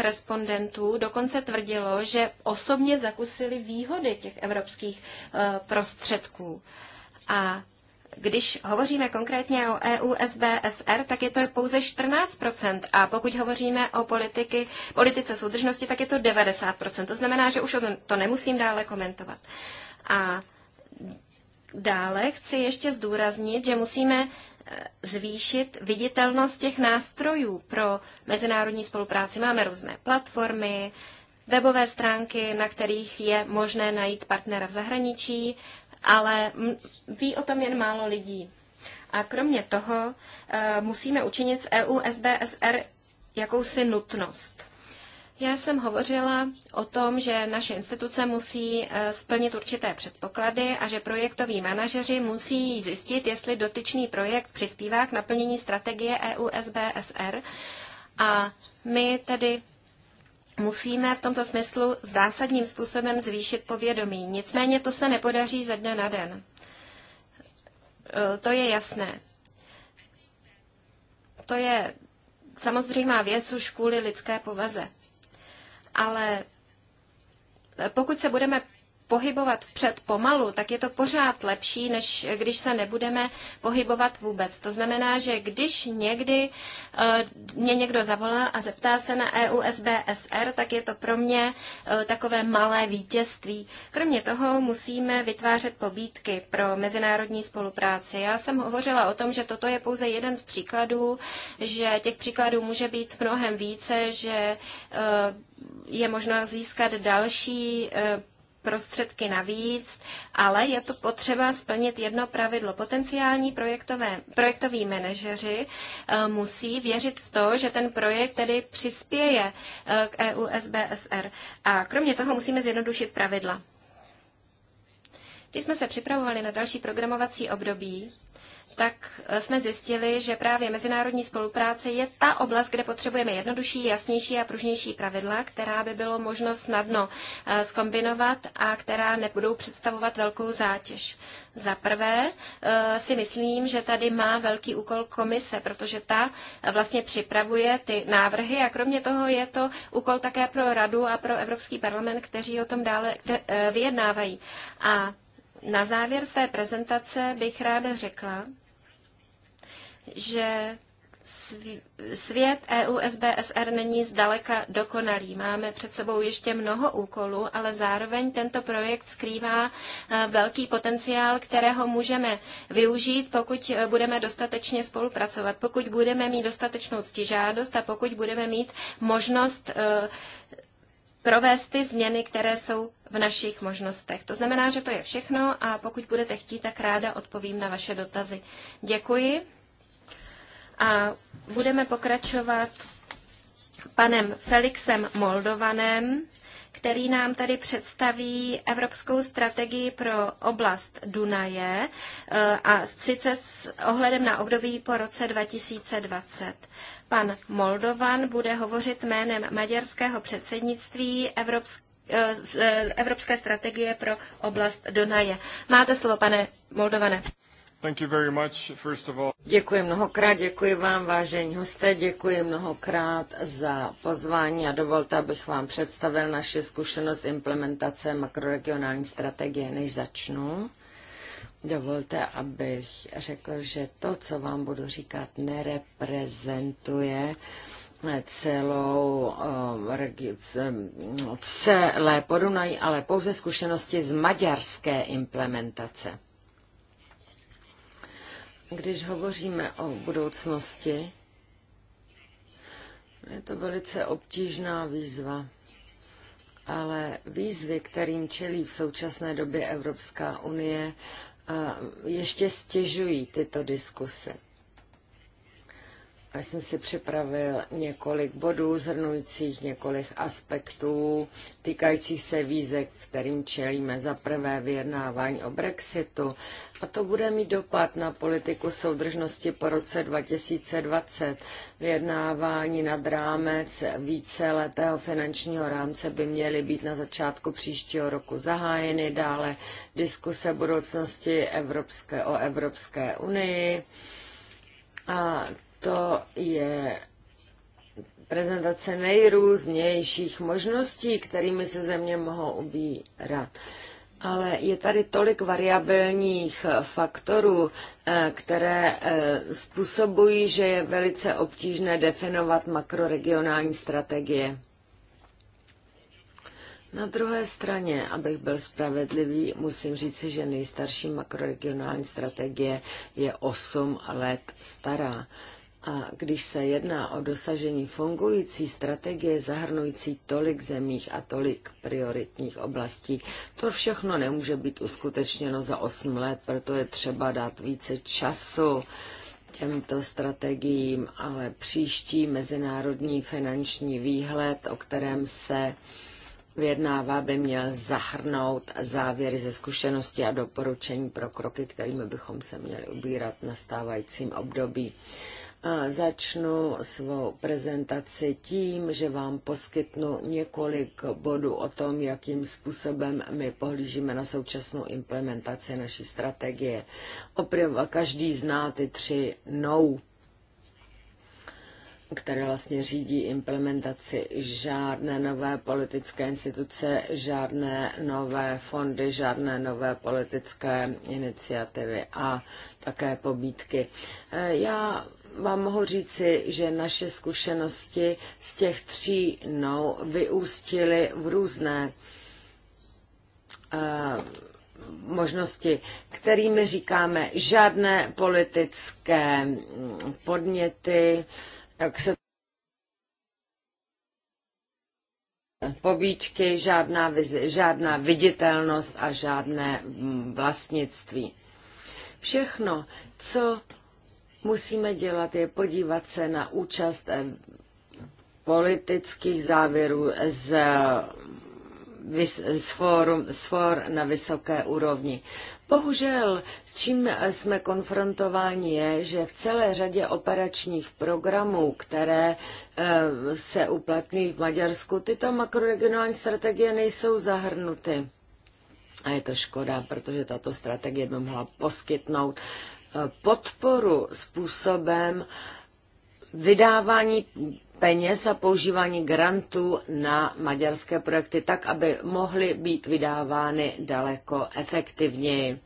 respondentů dokonce tvrdilo, že osobně zakusili výhody těch evropských eh, prostředků. A když hovoříme konkrétně o EU SBSR, tak je to pouze 14 a pokud hovoříme o politiky, politice soudržnosti, tak je to 90 To znamená, že už to nemusím dále komentovat. A dále chci ještě zdůraznit, že musíme e, zvýšit viditelnost těch nástrojů pro mezinárodní spolupráci. Máme různé platformy, webové stránky, na kterých je možné najít partnera v zahraničí ale ví o tom jen málo lidí. A kromě toho e, musíme učinit z EU SBSR jakousi nutnost. Já jsem hovořila o tom, že naše instituce musí e, splnit určité předpoklady a že projektoví manažeři musí zjistit, jestli dotyčný projekt přispívá k naplnění strategie EU SBSR. A my tedy musíme v tomto smyslu zásadním způsobem zvýšit povědomí. Nicméně to se nepodaří ze dne na den. E, to je jasné. To je samozřejmá věc už kvůli lidské povaze. Ale e, pokud se budeme pohybovat vpřed pomalu, tak je to pořád lepší, než když se nebudeme pohybovat vůbec. To znamená, že když někdy eh, mě někdo zavolá a zeptá se na EUSBSR, tak je to pro mě eh, takové malé vítězství. Kromě toho musíme vytvářet pobídky pro mezinárodní spolupráci. Já jsem hovořila o tom, že toto je pouze jeden z příkladů, že těch příkladů může být mnohem více, že eh, je možno získat další prostředky navíc, ale je to potřeba splnit jedno pravidlo. Potenciální projektové, projektoví manažeři eh, musí věřit v to, že ten projekt tedy přispěje eh, k EU SBSR. A kromě toho musíme zjednodušit pravidla. Když jsme se připravovali na další programovací období, tak eh, jsme zjistili, že právě mezinárodní spolupráce je ta oblast, kde potřebujeme jednodušší, jasnější a pružnější pravidla, která by bylo možno snadno skombinovat eh, a která nebudou představovat velkou zátěž. Za prvé eh, si myslím, že tady má velký úkol komise, protože ta vlastně připravuje ty návrhy a kromě toho je to úkol také pro radu a pro Evropský parlament, kteří o tom dále vyjednávají. A na závěr své prezentace bych ráda řekla, že svět EU SBSR není zdaleka dokonalý. Máme před sebou ještě mnoho úkolů, ale zároveň tento projekt skrývá eh, velký potenciál, kterého můžeme využít, pokud eh, budeme dostatečně spolupracovat, pokud budeme mít dostatečnou ctižádost a pokud budeme mít možnost eh, provést ty změny, které jsou v našich možnostech. To znamená, že to je všechno a pokud budete chtít, tak ráda odpovím na vaše dotazy. Děkuji a budeme pokračovat panem Felixem Moldovanem, který nám tady představí evropskou strategii pro oblast Dunaje eh, a sice s ohledem na období po roce 2020. Pan Moldovan bude hovořit jménem maďarského předsednictví Evropské eh, eh, Evropské strategie pro oblast Dunaje. Máte slovo, pane Moldovane. Děkuji mnohokrát, děkuji vám, vážení hosté, děkuji mnohokrát za pozvání a dovolte, abych vám představil naši zkušenost implementace makroregionální strategie, než začnu. Dovolte, abych řekl, že to, co vám budu říkat, nereprezentuje celou eh, celé Podunají, ale pouze zkušenosti z maďarské implementace. Když hovoříme o budoucnosti, je to velice obtížná výzva. Ale výzvy, kterým čelí v současné době Evropská unie, eh, ještě stěžují tyto diskuse. Já jsem si připravil několik bodů, zhrnujících několik aspektů, týkajících se výzek, kterým čelíme za prvé vyjednávání o Brexitu. A to bude mít dopad na politiku soudržnosti po roce 2020. Vyjednávání nad rámec víceletého finančního rámce by měly být na začátku příštího roku zahájeny. Dále diskuse budoucnosti Evropské, o Evropské unii. A to je prezentace nejrůznějších možností, kterými se země mohou ubírat. Ale je tady tolik variabilních faktorů, eh, které eh, způsobují, že je velice obtížné definovat makroregionální strategie. Na druhé straně, abych byl spravedlivý, musím říci, že nejstarší makroregionální strategie je 8 let stará. A když se jedná o dosažení fungující strategie zahrnující tolik zemích a tolik prioritních oblastí, to všechno nemůže být uskutečněno za 8 let, proto je třeba dát více času těmto strategiím, ale příští mezinárodní finanční výhled, o kterém se vyjednává, by měl zahrnout závěry ze zkušenosti a doporučení pro kroky, kterými bychom se měli ubírat na stávajícím období. A začnu svou prezentaci tím, že vám poskytnu několik bodů o tom, jakým způsobem my pohlížíme na současnou implementaci naší strategie. Opravdu každý zná ty tři NO, které vlastně řídí implementaci žádné nové politické instituce, žádné nové fondy, žádné nové politické iniciativy a také pobídky. E, já vám mohu říci, že naše zkušenosti z těch tří no vyústily v různé eh, možnosti, kterými říkáme žádné politické mm, podněty, jak se pobíčky, žádná, vizi, žádná viditelnost a žádné mm, vlastnictví. Všechno, co musíme dělat, je podívat se na účast eh, politických závěrů z, z, fórum, z fór na vysoké úrovni. Bohužel, s čím jsme konfrontováni je, že v celé řadě operačních programů, které eh, se uplatňují v Maďarsku, tyto makroregionální strategie nejsou zahrnuty. A je to škoda, protože tato strategie by mohla poskytnout podporu způsobem vydávání peněz a používání grantů na maďarské projekty tak, aby mohly být vydávány daleko efektivněji.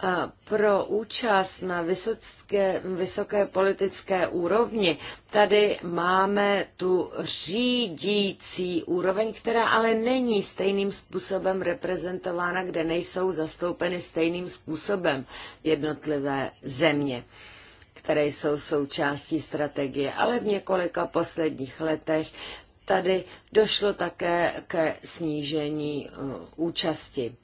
A pro účast na vysoké, vysoké politické úrovni tady máme tu řídící úroveň, která ale není stejným způsobem reprezentována, kde nejsou zastoupeny stejným způsobem jednotlivé země které jsou součástí strategie, ale v několika posledních letech tady došlo také ke snížení uh, účasti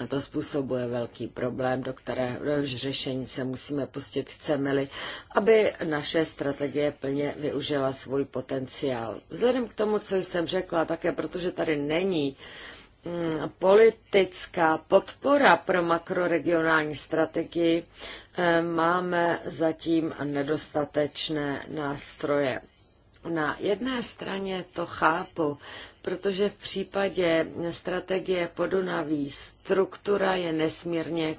a to způsobuje velký problém, do kterého řešení se musíme pustit, chceme-li, aby naše strategie plně využila svůj potenciál. Vzhledem k tomu, co jsem řekla, také protože tady není mm, politická podpora pro makroregionální strategii, eh, máme zatím nedostatečné nástroje. Na jedné straně to chápu, protože v případě strategie Podunaví struktura je nesmírně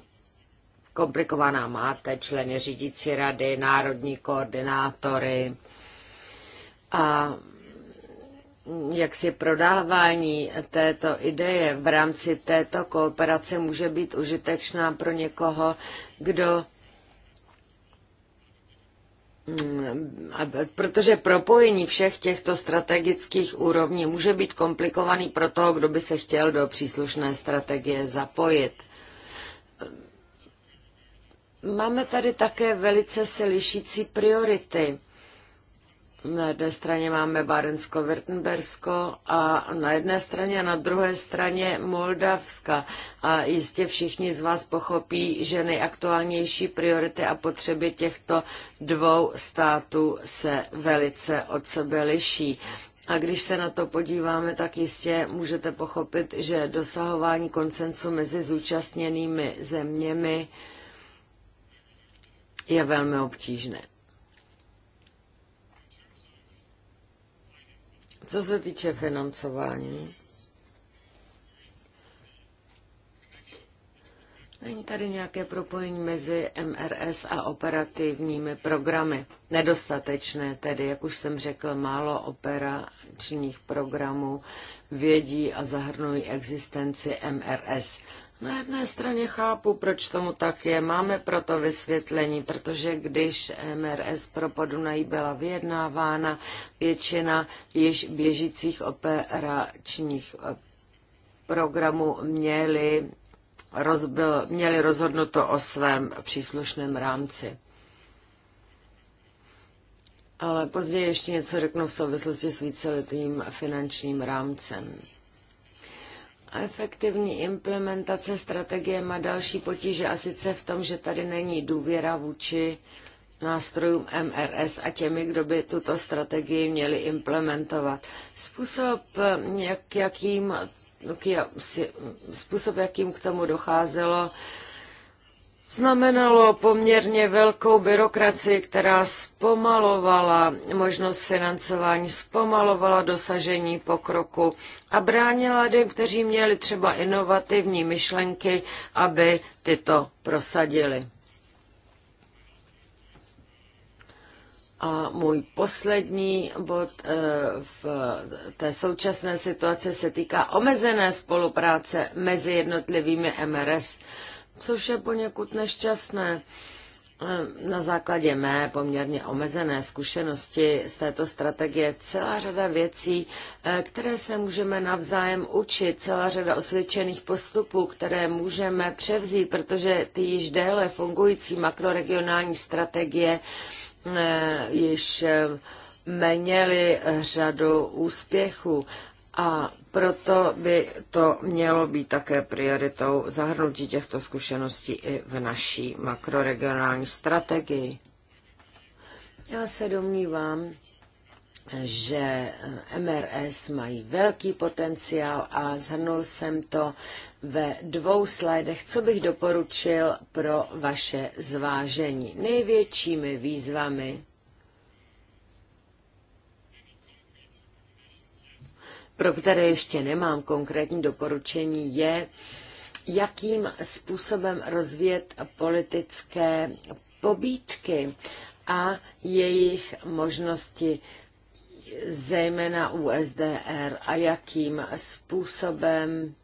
komplikovaná. Máte členy řídící rady, národní koordinátory a jak si prodávání této ideje v rámci této kooperace může být užitečná pro někoho, kdo Mm, protože propojení všech těchto strategických úrovní může být komplikovaný pro toho, kdo by se chtěl do příslušné strategie zapojit. Máme tady také velice se lišící priority. Na jedné straně máme Bárensko-Württembersko a na jedné straně a na druhé straně Moldavska. A jistě všichni z vás pochopí, že nejaktuálnější priority a potřeby těchto dvou států se velice od sebe liší. A když se na to podíváme, tak jistě můžete pochopit, že dosahování konsensu mezi zúčastněnými zeměmi je velmi obtížné. Co se týče financování, není tady nějaké propojení mezi MRS a operativními programy. Nedostatečné tedy, jak už jsem řekl, málo operačních programů vědí a zahrnují existenci MRS. Na jedné straně chápu, proč tomu tak je. Máme proto vysvětlení, protože když MRS pro Podunají byla vyjednávána, většina již běžících operačních eh, programů měli, rozbil, měli rozhodnuto o svém příslušném rámci. Ale později ještě něco řeknu v souvislosti s víceletým finančním rámcem. Efektivní implementace strategie má další potíže a sice v tom, že tady není důvěra vůči nástrojům MRS a těmi, kdo by tuto strategii měli implementovat. Způsob, jak, jakým, způsob, jakým k tomu docházelo, znamenalo poměrně velkou byrokracii, která zpomalovala možnost financování, zpomalovala dosažení pokroku a bránila lidem, kteří měli třeba inovativní myšlenky, aby tyto prosadili. A můj poslední bod eh, v té současné situaci se týká omezené spolupráce mezi jednotlivými MRS což je poněkud nešťastné. Ehm, na základě mé poměrně omezené zkušenosti z této strategie celá řada věcí, eh, které se můžeme navzájem učit, celá řada osvědčených postupů, které můžeme převzít, protože ty již déle fungující makroregionální strategie eh, již eh, měly řadu úspěchů. A proto by to mělo být také prioritou zahrnutí těchto zkušeností i v naší makroregionální strategii. Já se domnívám, že MRS mají velký potenciál a zhrnul jsem to ve dvou slajdech, co bych doporučil pro vaše zvážení. Největšími výzvami pro které ještě nemám konkrétní doporučení, je, jakým způsobem rozvíjet politické pobíčky a jejich možnosti, zejména u SDR a jakým způsobem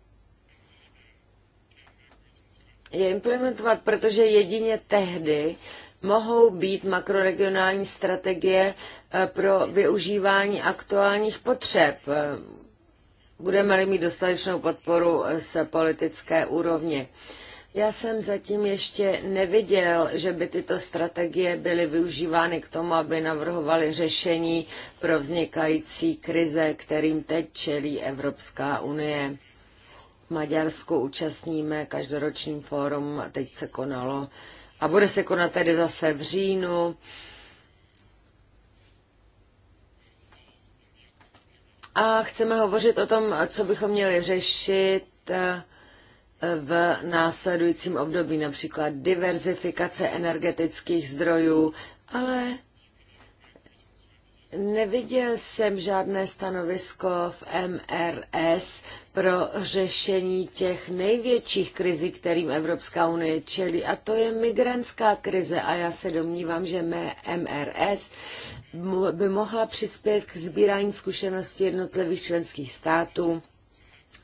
je implementovat, protože jedině tehdy mohou být makroregionální strategie eh, pro využívání aktuálních potřeb budeme-li mít dostatečnou podporu z politické úrovně. Já jsem zatím ještě neviděl, že by tyto strategie byly využívány k tomu, aby navrhovaly řešení pro vznikající krize, kterým teď čelí Evropská unie. V Maďarsku účastníme každoročním fórum, teď se konalo a bude se konat tedy zase v říjnu a chceme hovořit o tom, co bychom měli řešit eh, v následujícím období, například diverzifikace energetických zdrojů, ale Neviděl jsem žádné stanovisko v MRS pro řešení těch největších krizí, kterým Evropská unie čelí, a to je migrantská krize. A já se domnívám, že MRS by mohla přispět k sbírání zkušeností jednotlivých členských států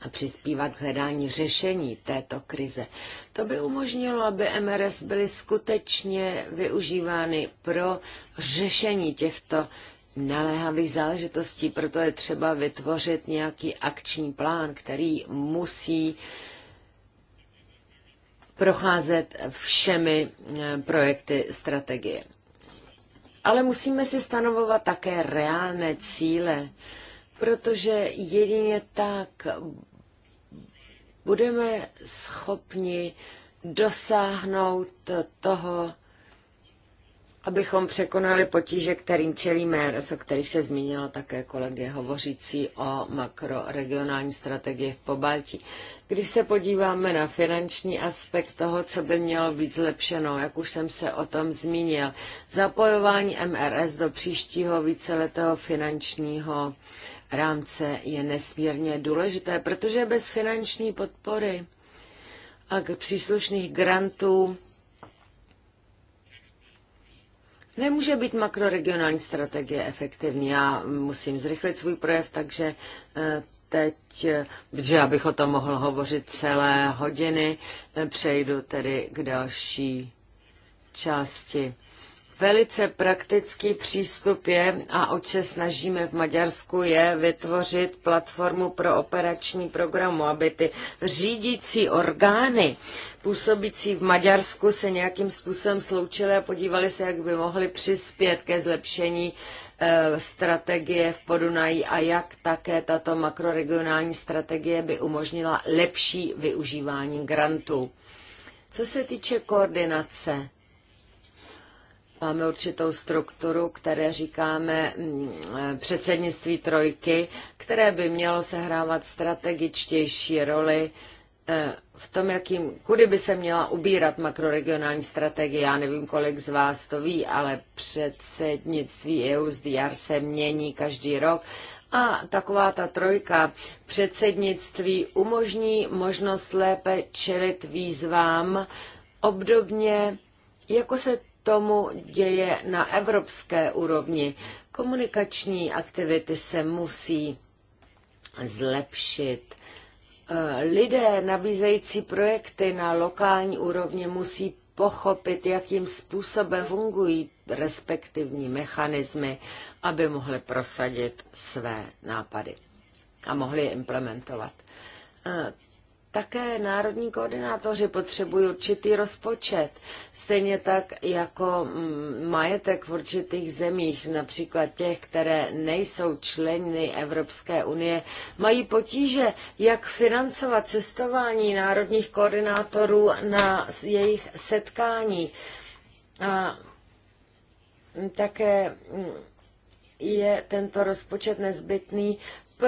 a přispívat k hledání řešení této krize. To by umožnilo, aby MRS byly skutečně využívány pro řešení těchto naléhavých záležitostí, proto je třeba vytvořit nějaký akční plán, který musí procházet všemi eh, projekty strategie. Ale musíme si stanovovat také reálné cíle, protože jedině tak budeme schopni dosáhnout toho, abychom překonali potíže, kterým čelíme, o kterých se zmínila také kolegy hovořící o makroregionální strategii v Pobaltí. Když se podíváme na finanční aspekt toho, co by mělo být zlepšeno, jak už jsem se o tom zmínil, zapojování MRS do příštího víceletého finančního rámce je nesmírně důležité, protože bez finanční podpory a k příslušných grantů Nemůže být makroregionální strategie efektivní. Já musím zrychlit svůj projev, takže eh, teď, protože abych o tom mohl hovořit celé hodiny, eh, přejdu tedy k další části. Velice praktický přístup je, a o se snažíme v Maďarsku, je vytvořit platformu pro operační programu, aby ty řídící orgány působící v Maďarsku se nějakým způsobem sloučily a podívali se, jak by mohly přispět ke zlepšení eh, strategie v Podunají a jak také tato makroregionální strategie by umožnila lepší využívání grantů. Co se týče koordinace, Máme určitou strukturu, které říkáme mm, eh, předsednictví trojky, které by mělo sehrávat strategičtější roli eh, v tom, jakým, kudy by se měla ubírat makroregionální strategie, já nevím, kolik z vás to ví, ale předsednictví EUSDR se mění každý rok a taková ta trojka předsednictví umožní možnost lépe čelit výzvám obdobně, jako se tomu děje na evropské úrovni. Komunikační aktivity se musí zlepšit. Eh, lidé nabízející projekty na lokální úrovni musí pochopit, jakým způsobem fungují respektivní mechanismy, aby mohli prosadit své nápady a mohli je implementovat. Eh, také národní koordinátoři potřebují určitý rozpočet, stejně tak jako mm, majetek v určitých zemích, například těch, které nejsou členy Evropské unie, mají potíže, jak financovat cestování národních koordinátorů na jejich setkání. A také mm, je tento rozpočet nezbytný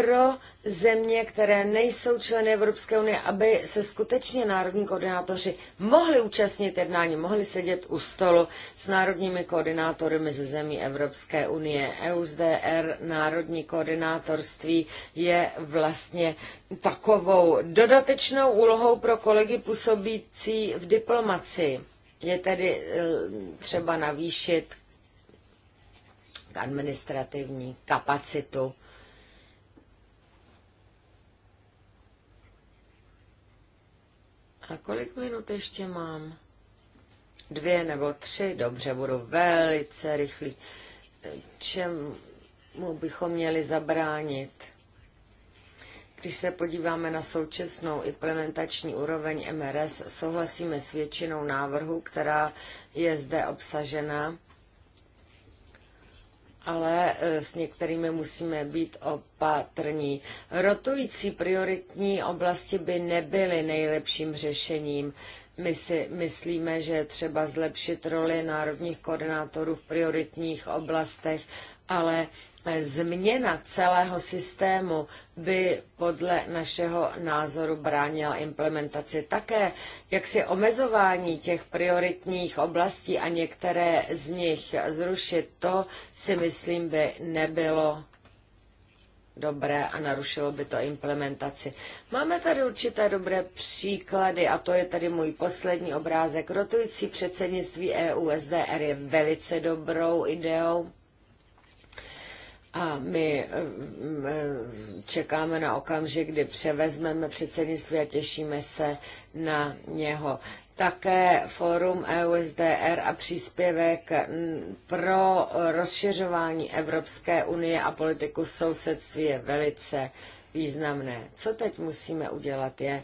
pro země, které nejsou členy Evropské unie, aby se skutečně národní koordinátoři mohli účastnit jednání, mohli sedět u stolu s národními koordinátory mezi zemí Evropské unie. EUSDR, národní koordinátorství, je vlastně takovou dodatečnou úlohou pro kolegy působící v diplomaci. Je tedy eh, třeba navýšit administrativní kapacitu A kolik minut ještě mám? Dvě nebo tři? Dobře, budu velice rychlý. Čemu bychom měli zabránit? Když se podíváme na současnou implementační úroveň MRS, souhlasíme s většinou návrhu, která je zde obsažena ale e, s některými musíme být opatrní. Rotující prioritní oblasti by nebyly nejlepším řešením. My si myslíme, že je třeba zlepšit roli národních koordinátorů v prioritních oblastech ale změna celého systému by podle našeho názoru bránila implementaci. Také jak si omezování těch prioritních oblastí a některé z nich zrušit, to si myslím by nebylo dobré a narušilo by to implementaci. Máme tady určité dobré příklady a to je tady můj poslední obrázek. Rotující předsednictví EU SDR je velice dobrou ideou a my eh, eh, čekáme na okamžik, kdy převezmeme předsednictví a těšíme se na něho. Také fórum EUSDR a příspěvek pro rozšiřování Evropské unie a politiku sousedství je velice významné. Co teď musíme udělat je,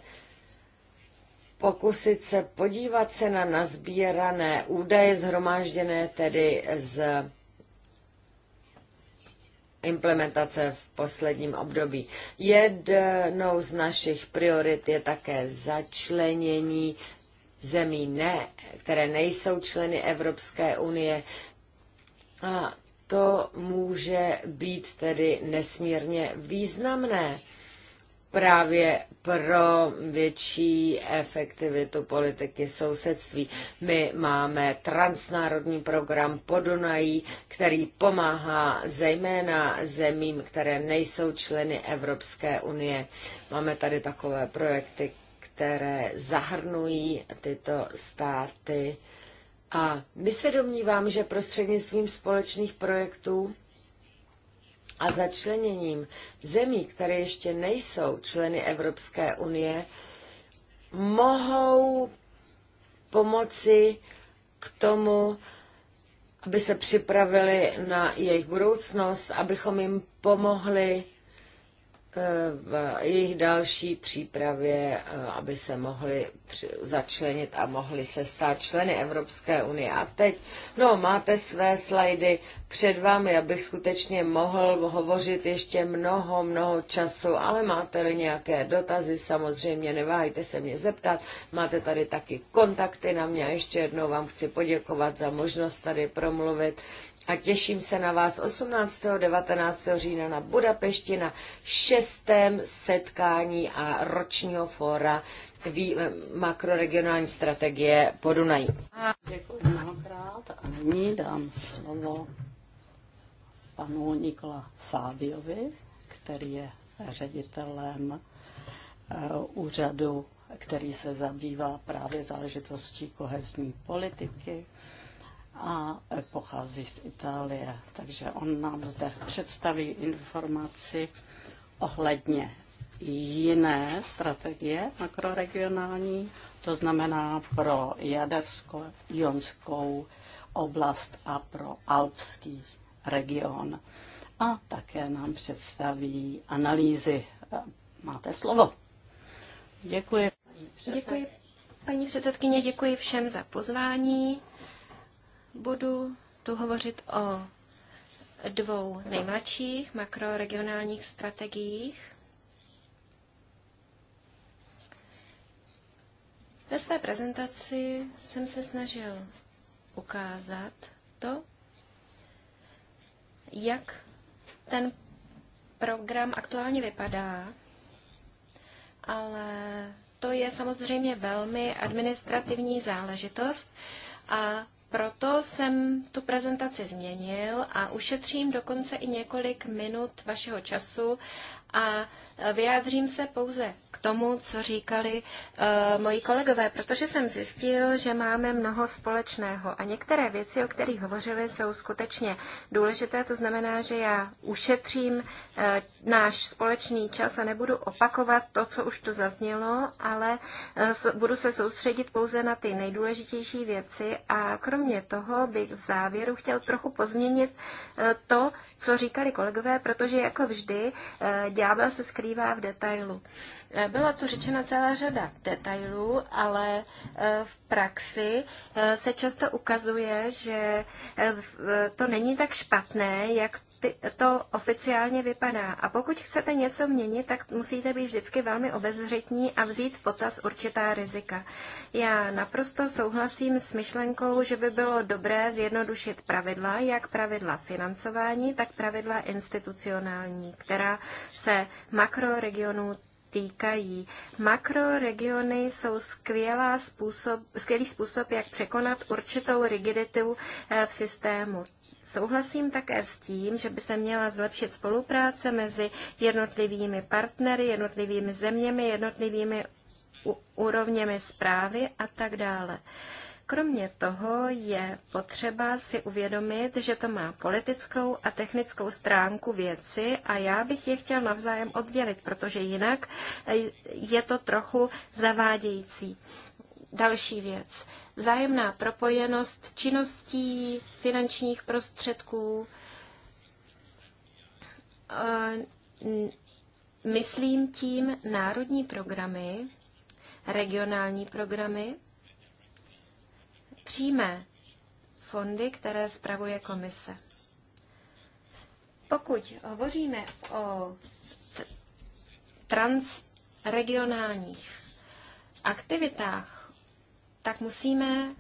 pokusit se podívat se na nazbírané údaje zhromážděné tedy z implementace v posledním období. Jednou z našich priorit je také začlenění zemí, ne, které nejsou členy Evropské unie. A to může být tedy nesmírně významné právě pro větší efektivitu politiky sousedství. My máme transnárodní program Podunají, který pomáhá zejména zemím, které nejsou členy Evropské unie. Máme tady takové projekty, které zahrnují tyto státy. A my se domnívám, že prostřednictvím společných projektů a začleněním zemí, které ještě nejsou členy Evropské unie, mohou pomoci k tomu, aby se připravili na jejich budoucnost, abychom jim pomohli jejich další přípravě, eh, aby se mohli začlenit a mohli se stát členy Evropské unie. A teď, no, máte své slajdy před vámi, abych skutečně mohl hovořit ještě mnoho, mnoho času, ale máte-li nějaké dotazy, samozřejmě neváhejte se mě zeptat. Máte tady taky kontakty na mě a ještě jednou vám chci poděkovat za možnost tady promluvit a těším se na vás 18. 19. října na Budapešti na šestém setkání a ročního fóra makroregionální strategie Podunají. Děkuji mnohokrát a nyní dám slovo panu Nikola Fábiovi, který je ředitelem eh, úřadu, který se zabývá právě záležitostí kohezní politiky a pochází z Itálie, takže on nám zde představí informaci ohledně jiné strategie makroregionální, to znamená pro jadersko-jonskou oblast a pro alpský region. A také nám představí analýzy. Máte slovo. Děkuji. Děkuji, paní předsedkyně, děkuji všem za pozvání. Budu tu hovořit o dvou nejmladších makroregionálních strategiích. Ve své prezentaci jsem se snažil ukázat to, jak ten program aktuálně vypadá, ale to je samozřejmě velmi administrativní záležitost a proto jsem tu prezentaci změnil a ušetřím dokonce i několik minut vašeho času a vyjádřím se pouze tomu, co říkali uh, moji kolegové, protože jsem zjistil, že máme mnoho společného a některé věci, o kterých hovořili, jsou skutečně důležité. To znamená, že já ušetřím uh, náš společný čas a nebudu opakovat to, co už tu zaznělo, ale uh, budu se soustředit pouze na ty nejdůležitější věci a kromě toho bych v závěru chtěl trochu pozměnit uh, to, co říkali kolegové, protože jako vždy uh, ďábel se skrývá v detailu. Byla tu řečena celá řada detailů, ale e, v praxi e, se často ukazuje, že e, to není tak špatné, jak ty, to oficiálně vypadá. A pokud chcete něco měnit, tak musíte být vždycky velmi obezřetní a vzít v potaz určitá rizika. Já naprosto souhlasím s myšlenkou, že by bylo dobré zjednodušit pravidla, jak pravidla financování, tak pravidla institucionální, která se makroregionů týkají. Makroregiony jsou skvělá způsob, skvělý způsob, jak překonat určitou rigiditu eh, v systému. Souhlasím také s tím, že by se měla zlepšit spolupráce mezi jednotlivými partnery, jednotlivými zeměmi, jednotlivými úrovněmi zprávy a tak dále. Uh, Kromě toho je potřeba si uvědomit, že to má politickou a technickou stránku věci a já bych je chtěl navzájem oddělit, protože jinak eh, je to trochu zavádějící. Další věc. Vzájemná propojenost činností, finančních prostředků. Eh, myslím tím národní programy, regionální programy, přímé fondy, které spravuje komise. Pokud hovoříme o transregionálních aktivitách, tak musíme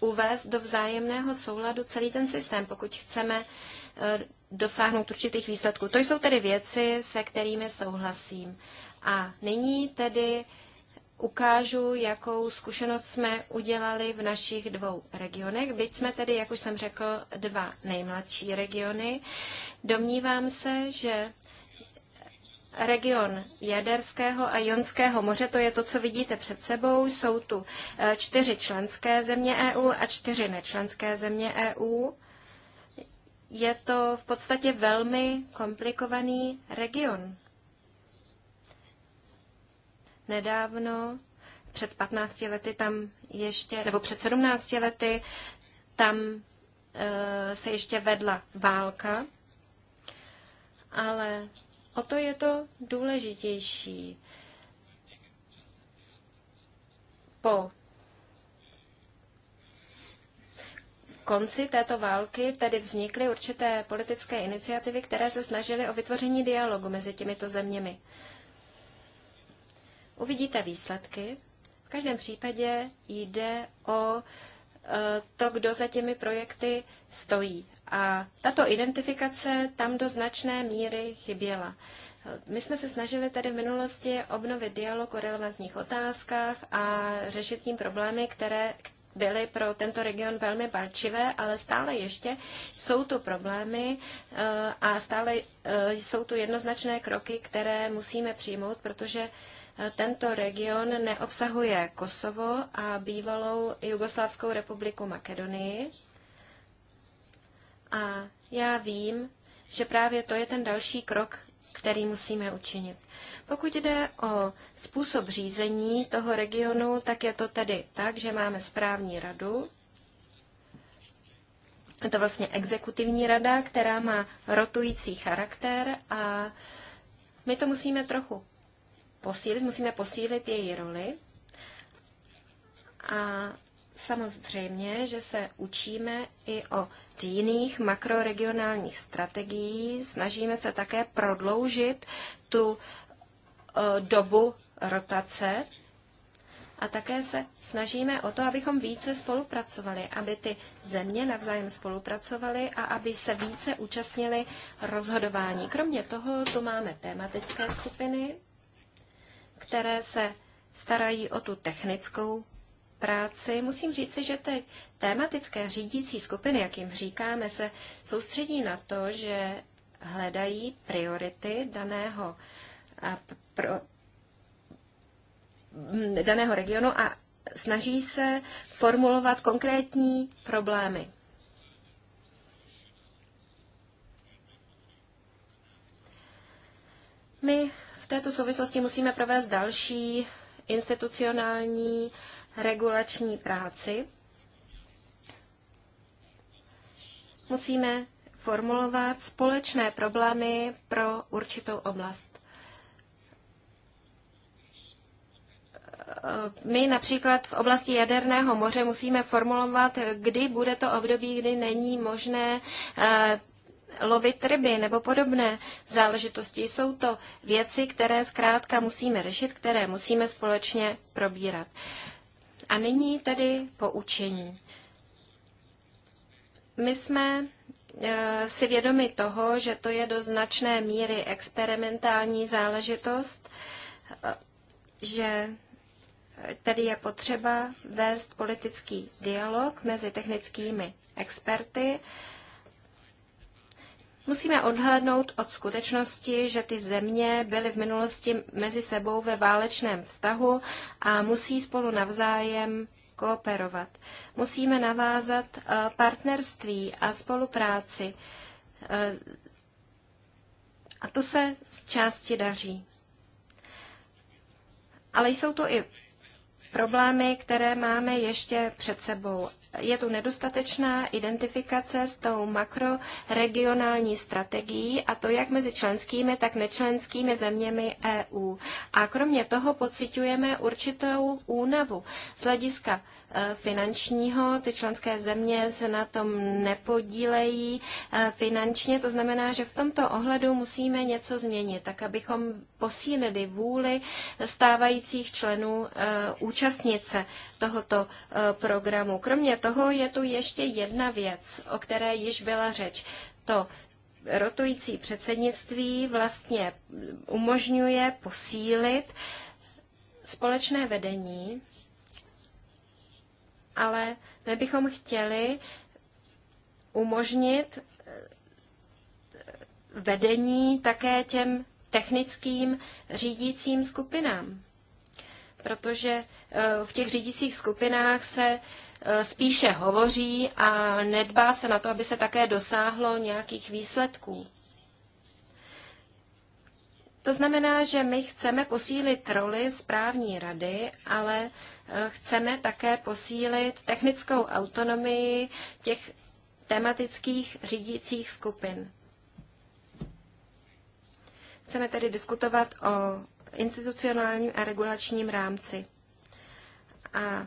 uvést do vzájemného souladu celý ten systém, pokud chceme e, dosáhnout určitých výsledků. To jsou tedy věci, se kterými souhlasím. A nyní tedy ukážu, jakou zkušenost jsme udělali v našich dvou regionech. Byť jsme tedy, jak už jsem řekl, dva nejmladší regiony. Domnívám se, že region Jaderského a Jonského moře, to je to, co vidíte před sebou, jsou tu eh, čtyři členské země EU a čtyři nečlenské země EU. Je to v podstatě velmi komplikovaný region nedávno, před 15 lety tam ještě, nebo před 17 lety, tam eh, se ještě vedla válka, ale o to je to důležitější. Po konci této války tedy vznikly určité politické iniciativy, které se snažily o vytvoření dialogu mezi těmito zeměmi. Uvidíte výsledky. V každém případě jde o e, to, kdo za těmi projekty stojí. A tato identifikace tam do značné míry chyběla. My jsme se snažili tady v minulosti obnovit dialog o relevantních otázkách a řešit tím problémy, které byly pro tento region velmi palčivé, ale stále ještě jsou tu problémy e, a stále e, jsou tu jednoznačné kroky, které musíme přijmout, protože tento region neobsahuje Kosovo a bývalou Jugoslávskou republiku Makedonii. A já vím, že právě to je ten další krok, který musíme učinit. Pokud jde o způsob řízení toho regionu, tak je to tedy tak, že máme správní radu, je to vlastně exekutivní rada, která má rotující charakter a my to musíme trochu posílit, musíme posílit její roli. A samozřejmě, že se učíme i o jiných makroregionálních strategií. Snažíme se také prodloužit tu eh, dobu rotace a také se snažíme o to, abychom více spolupracovali, aby ty země navzájem spolupracovaly a aby se více účastnili rozhodování. Kromě toho tu máme tematické skupiny, které se starají o tu technickou práci. Musím říci, že ty tématické řídící skupiny, jak jim říkáme, se soustředí na to, že hledají priority daného, a pro, daného regionu a snaží se formulovat konkrétní problémy. My v této souvislosti musíme provést další institucionální regulační práci. Musíme formulovat společné problémy pro určitou oblast. My například v oblasti jaderného moře musíme formulovat, kdy bude to období, kdy není možné eh, lovit ryby nebo podobné záležitosti. Jsou to věci, které zkrátka musíme řešit, které musíme společně probírat. A nyní tedy poučení. My jsme e, si vědomi toho, že to je do značné míry experimentální záležitost, e, že tedy je potřeba vést politický dialog mezi technickými experty, Musíme odhlednout od skutečnosti, že ty země byly v minulosti mezi sebou ve válečném vztahu a musí spolu navzájem kooperovat. Musíme navázat eh, partnerství a spolupráci. Eh, a to se z části daří. Ale jsou to i problémy, které máme ještě před sebou je tu nedostatečná identifikace s tou makroregionální strategií a to jak mezi členskými, tak nečlenskými zeměmi EU. A kromě toho pociťujeme určitou únavu z hlediska Eh, finančního. Ty členské země se na tom nepodílejí eh, finančně, to znamená, že v tomto ohledu musíme něco změnit, tak abychom posílili vůli stávajících členů eh, účastnice tohoto programu. Kromě toho je tu ještě jedna věc, o které již byla řeč. To rotující předsednictví vlastně umožňuje posílit společné vedení ale my bychom chtěli umožnit eh, vedení také těm technickým řídícím skupinám. Protože eh, v těch řídících skupinách se eh, spíše hovoří a nedbá se na to, aby se také dosáhlo nějakých výsledků. To znamená, že my chceme posílit roli správní rady, ale eh, chceme také posílit technickou autonomii těch tematických řídících skupin. Chceme tedy diskutovat o institucionálním a regulačním rámci. A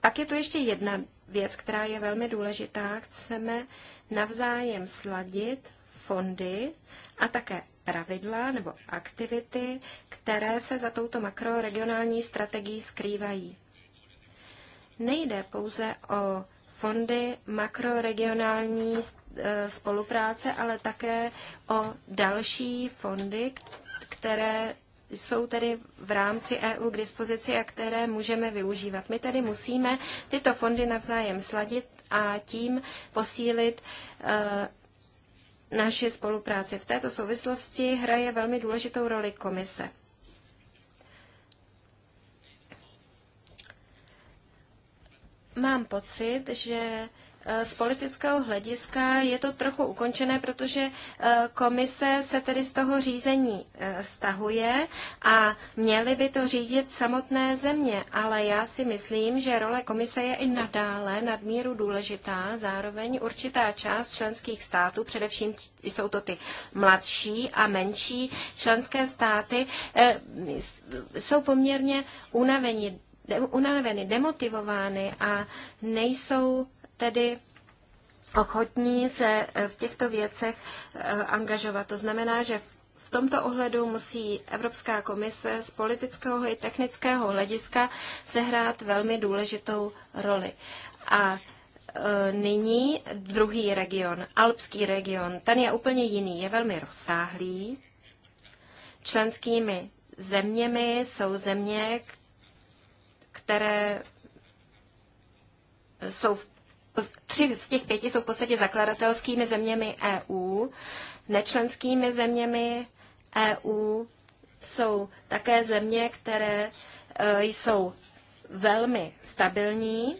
pak je tu ještě jedna věc, která je velmi důležitá. Chceme navzájem sladit fondy a také pravidla nebo aktivity, které se za touto makroregionální strategií skrývají. Nejde pouze o fondy makroregionální eh, spolupráce, ale také o další fondy, které jsou tedy v rámci EU k dispozici a které můžeme využívat. My tedy musíme tyto fondy navzájem sladit a tím posílit eh, naši spolupráci. V této souvislosti hraje velmi důležitou roli komise. Mám pocit, že Eh, z politického hlediska je to trochu ukončené, protože eh, komise se tedy z toho řízení eh, stahuje a měly by to řídit samotné země, ale já si myslím, že role komise je i nadále nadmíru důležitá, zároveň určitá část členských států, především jsou to ty mladší a menší členské státy, jsou poměrně unaveni unaveny, demotivovány a nejsou tedy ochotní se eh, v těchto věcech eh, angažovat. To znamená, že v tomto ohledu musí Evropská komise z politického i technického hlediska sehrát velmi důležitou roli. A eh, nyní druhý region, alpský region, ten je úplně jiný, je velmi rozsáhlý. Členskými zeměmi jsou země, které jsou v tři z těch pěti jsou v podstatě zakladatelskými zeměmi EU, nečlenskými zeměmi EU jsou také země, které e, jsou velmi stabilní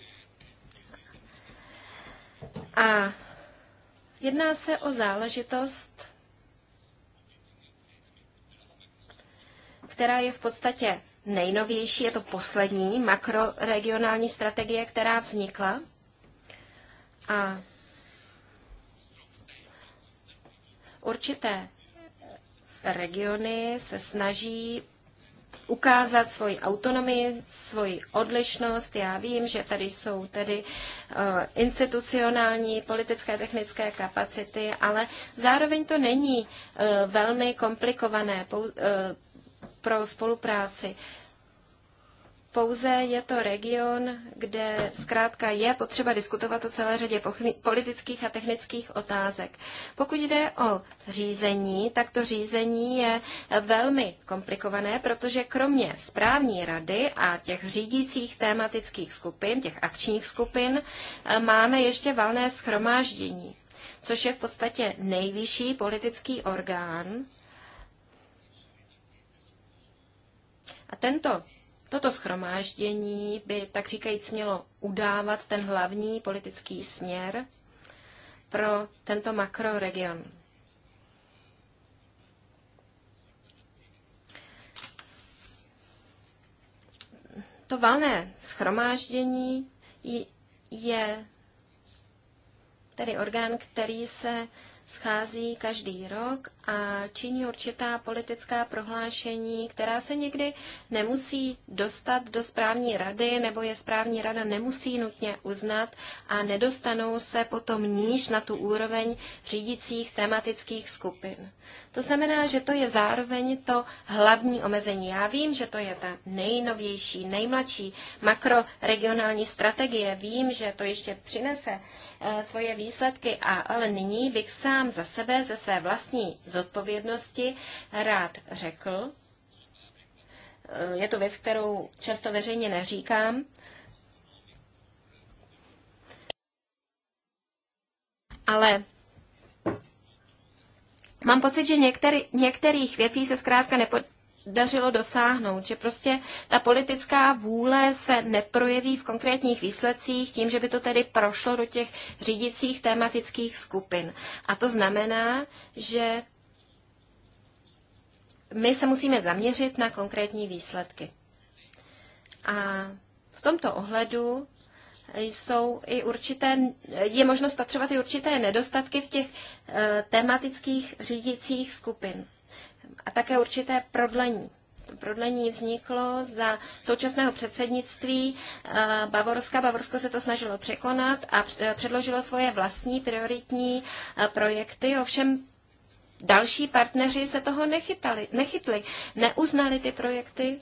a jedná se o záležitost, která je v podstatě nejnovější, je to poslední makroregionální strategie, která vznikla a určité regiony se snaží ukázat svoji autonomii, svoji odlišnost. Já vím, že tady jsou tedy eh, institucionální, politické, technické kapacity, ale zároveň to není eh, velmi komplikované eh, pro spolupráci pouze je to region, kde zkrátka je potřeba diskutovat o celé řadě politických a technických otázek. Pokud jde o řízení, tak to řízení je velmi komplikované, protože kromě správní rady a těch řídících tématických skupin, těch akčních skupin, máme ještě valné schromáždění, což je v podstatě nejvyšší politický orgán. A tento Toto schromáždění by tak říkajíc mělo udávat ten hlavní politický směr pro tento makroregion. To valné schromáždění je tedy orgán, který se schází každý rok a činí určitá politická prohlášení, která se někdy nemusí dostat do správní rady, nebo je správní rada nemusí nutně uznat a nedostanou se potom níž na tu úroveň řídících tematických skupin. To znamená, že to je zároveň to hlavní omezení. Já vím, že to je ta nejnovější, nejmladší makroregionální strategie. Vím, že to ještě přinese eh, svoje výsledky, ale nyní bych sám za sebe, ze své vlastní zodpovědnosti, rád řekl, eh, je to věc, kterou často veřejně neříkám, ale mám pocit, že některý, některých věcí se zkrátka nepodařilo dosáhnout, že prostě ta politická vůle se neprojeví v konkrétních výsledcích tím, že by to tedy prošlo do těch řídicích tematických skupin. A to znamená, že my se musíme zaměřit na konkrétní výsledky. A v tomto ohledu jsou i určité, je možno spatřovat i určité nedostatky v těch eh, tematických řídicích skupin a také určité prodlení. Prodlení vzniklo za současného předsednictví eh, Bavorska. Bavorsko se to snažilo překonat a eh, předložilo svoje vlastní prioritní projekty, ovšem další partneři se toho nechytali, nechytli, neuznali ty projekty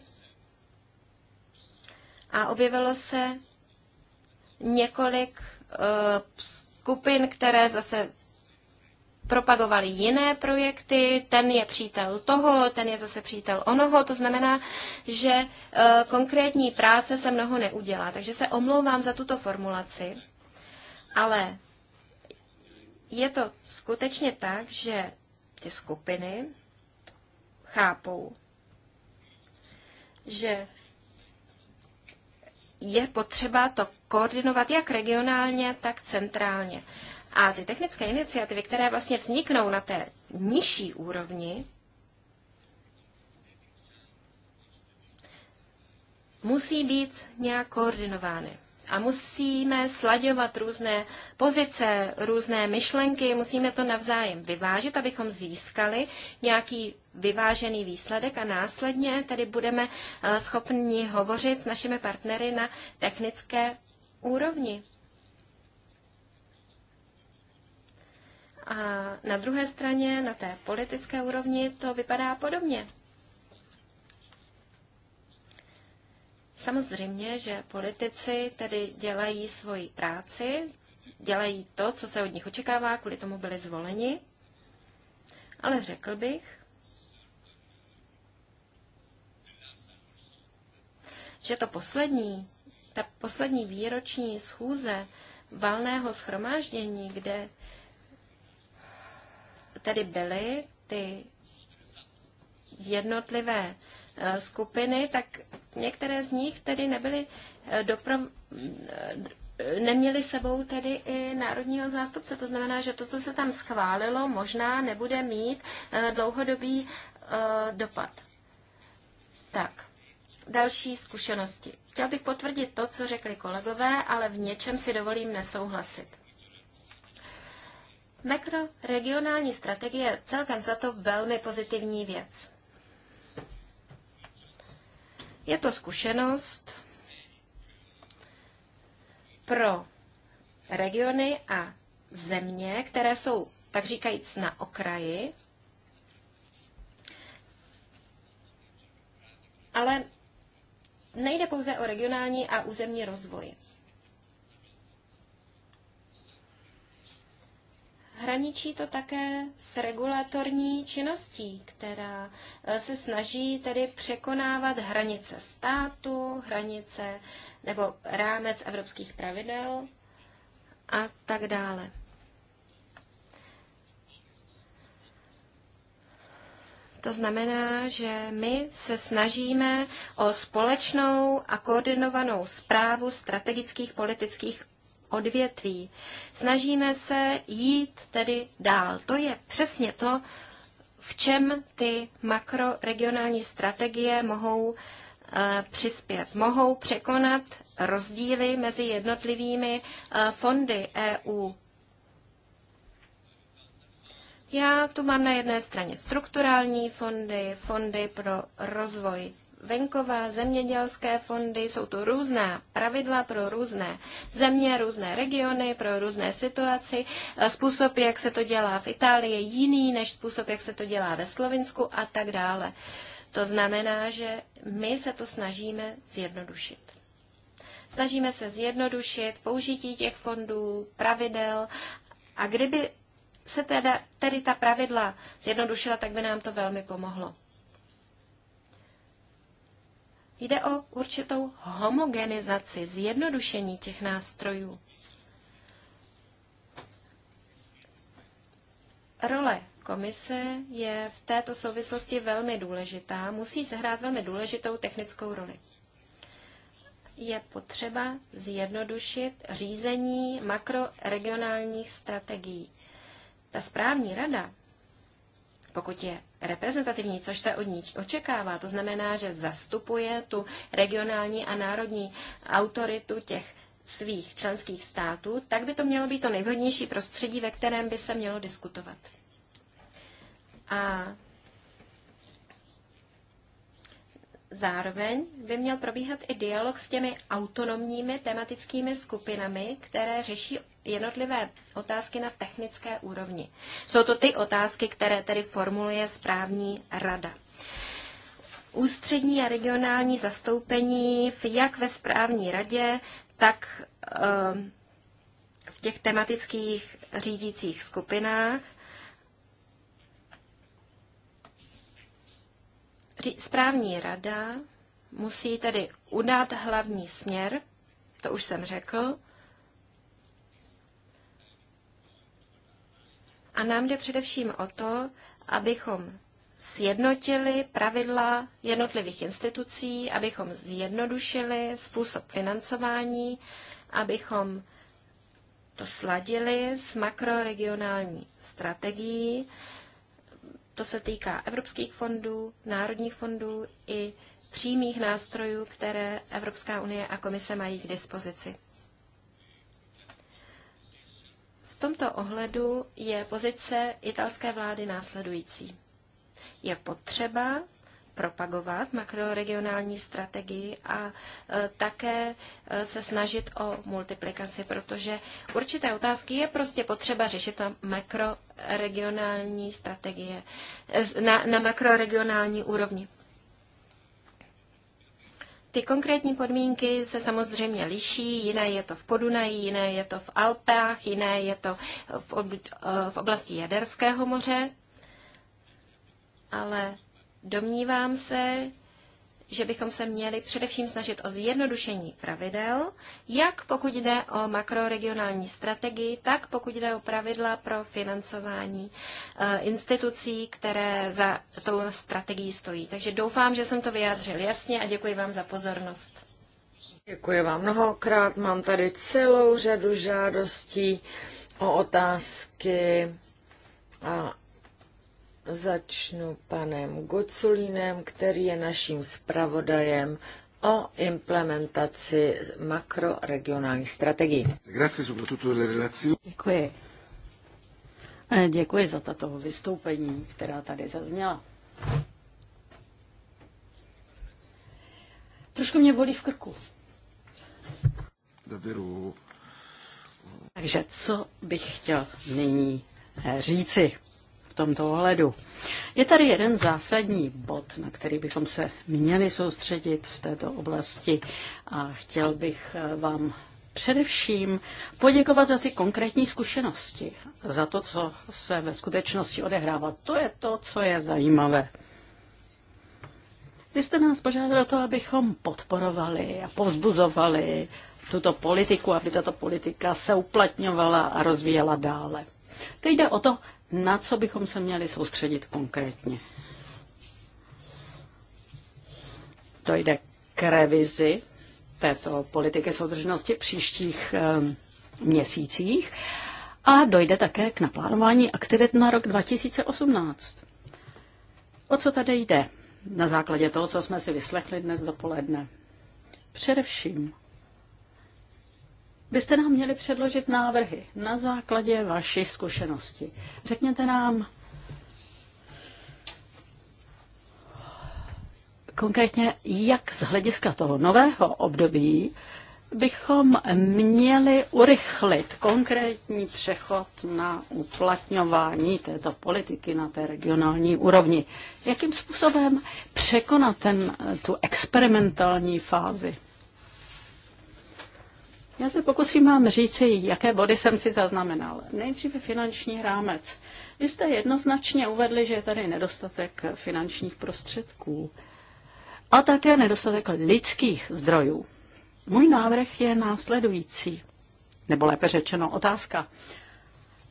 a objevilo se několik eh, skupin, které zase propagovali jiné projekty, ten je přítel toho, ten je zase přítel onoho, to znamená, že eh, konkrétní práce se mnoho neudělá. Takže se omlouvám za tuto formulaci, ale je to skutečně tak, že ty skupiny chápou, že je potřeba to koordinovat jak regionálně, tak centrálně. A ty technické iniciativy, které vlastně vzniknou na té nižší úrovni, musí být nějak koordinovány a musíme slaďovat různé pozice, různé myšlenky, musíme to navzájem vyvážit, abychom získali nějaký vyvážený výsledek a následně tady budeme eh, schopni hovořit s našimi partnery na technické úrovni. A na druhé straně, na té politické úrovni, to vypadá podobně. Samozřejmě, že politici tedy dělají svoji práci, dělají to, co se od nich očekává, kvůli tomu byli zvoleni. Ale řekl bych, že to poslední, ta poslední výroční schůze valného schromáždění, kde tedy byly ty jednotlivé Eh, skupiny, tak některé z nich tedy nebyly eh, doprav... Eh, neměly sebou tedy i národního zástupce. To znamená, že to, co se tam schválilo, možná nebude mít dlouhodobý dopad. Tak, další zkušenosti. Chtěl bych potvrdit to, co řekli kolegové, ale v něčem si dovolím nesouhlasit. Makroregionální strategie je celkem za to velmi pozitivní věc. Je to zkušenost pro regiony a země, které jsou tak říkajíc na okraji, ale nejde pouze o regionální a územní rozvoj. Hraničí to také s regulatorní činností, která eh, se snaží tedy překonávat hranice státu, hranice nebo rámec evropských pravidel a tak dále. To znamená, že my se snažíme o společnou a koordinovanou zprávu strategických politických odvětví. Snažíme se jít tedy dál. To je přesně to, v čem ty makroregionální strategie mohou eh, přispět. Mohou překonat rozdíly mezi jednotlivými eh, fondy EU. Já tu mám na jedné straně strukturální fondy, fondy pro rozvoj venkova, zemědělské fondy, jsou tu různá pravidla pro různé země, různé regiony, pro různé situaci. Způsob, jak se to dělá v Itálii, je jiný než způsob, jak se to dělá ve Slovensku a tak dále. To znamená, že my se to snažíme zjednodušit. Snažíme se zjednodušit použití těch fondů, pravidel a kdyby se teda, tedy ta pravidla zjednodušila, tak by nám to velmi pomohlo. Jde o určitou homogenizaci, zjednodušení těch nástrojů. Role komise je v této souvislosti velmi důležitá, musí sehrát velmi důležitou technickou roli. Je potřeba zjednodušit řízení makroregionálních strategií. Ta správní rada pokud je reprezentativní, což se od ní očekává, to znamená, že zastupuje tu regionální a národní autoritu těch svých členských států, tak by to mělo být to nejvhodnější prostředí, ve kterém by se mělo diskutovat. A Zároveň by měl probíhat i dialog s těmi autonomními tematickými skupinami, které řeší jednotlivé otázky na technické úrovni. Jsou to ty otázky, které tedy formuluje správní rada. Ústřední a regionální zastoupení jak ve správní radě, tak eh, v těch tematických řídících skupinách Správní rada musí tedy udat hlavní směr, to už jsem řekl, a nám jde především o to, abychom sjednotili pravidla jednotlivých institucí, abychom zjednodušili způsob financování, abychom to sladili s makroregionální strategií, to se týká evropských fondů, národních fondů i přímých nástrojů, které Evropská unie a komise mají k dispozici. V tomto ohledu je pozice italské vlády následující. Je potřeba propagovat makroregionální strategii a e, také e, se snažit o multiplikaci, protože určité otázky je prostě potřeba řešit na makroregionální strategie, e, na, na makroregionální úrovni. Ty konkrétní podmínky se samozřejmě liší, jiné je to v Podunají, jiné je to v Alpách, jiné je to v, ob, v oblasti Jaderského moře, ale Domnívám se, že bychom se měli především snažit o zjednodušení pravidel, jak pokud jde o makroregionální strategii, tak pokud jde o pravidla pro financování eh, institucí, které za tou strategií stojí. Takže doufám, že jsem to vyjádřil jasně a děkuji vám za pozornost. Děkuji vám mnohokrát. Mám tady celou řadu žádostí o otázky a Začnu panem Guculínem, který je naším zpravodajem o implementaci makroregionálních strategií. Děkuji. Děkuji za tato vystoupení, která tady zazněla. Trošku mě bolí v krku. Dobrý. Takže co bych chtěl nyní eh, říci? tomto ohledu. Je tady jeden zásadní bod, na který bychom se měli soustředit v této oblasti a chtěl bych eh, vám především poděkovat za ty konkrétní zkušenosti, za to, co se ve skutečnosti odehrává. To je to, co je zajímavé. Vy jste nás požádali o to, abychom podporovali a povzbuzovali tuto politiku, aby tato politika se uplatňovala a rozvíjela dále. Teď jde o to, na co bychom se měli soustředit konkrétně? Dojde k revizi této politiky soudržnosti v příštích ehm, měsících a dojde také k naplánování aktivit na rok 2018. O co tady jde na základě toho, co jsme si vyslechli dnes dopoledne? Především byste nám měli předložit návrhy na základě vaší zkušenosti. Řekněte nám konkrétně, jak z hlediska toho nového období bychom měli urychlit konkrétní přechod na uplatňování této politiky na té regionální úrovni. Jakým způsobem překonat ten, tu experimentální fázi? Já se pokusím vám říci, jaké body jsem si zaznamenal. Nejdříve finanční rámec. Vy jste jednoznačně uvedli, že je tady nedostatek finančních prostředků a také nedostatek lidských zdrojů. Můj návrh je následující, nebo lépe řečeno otázka.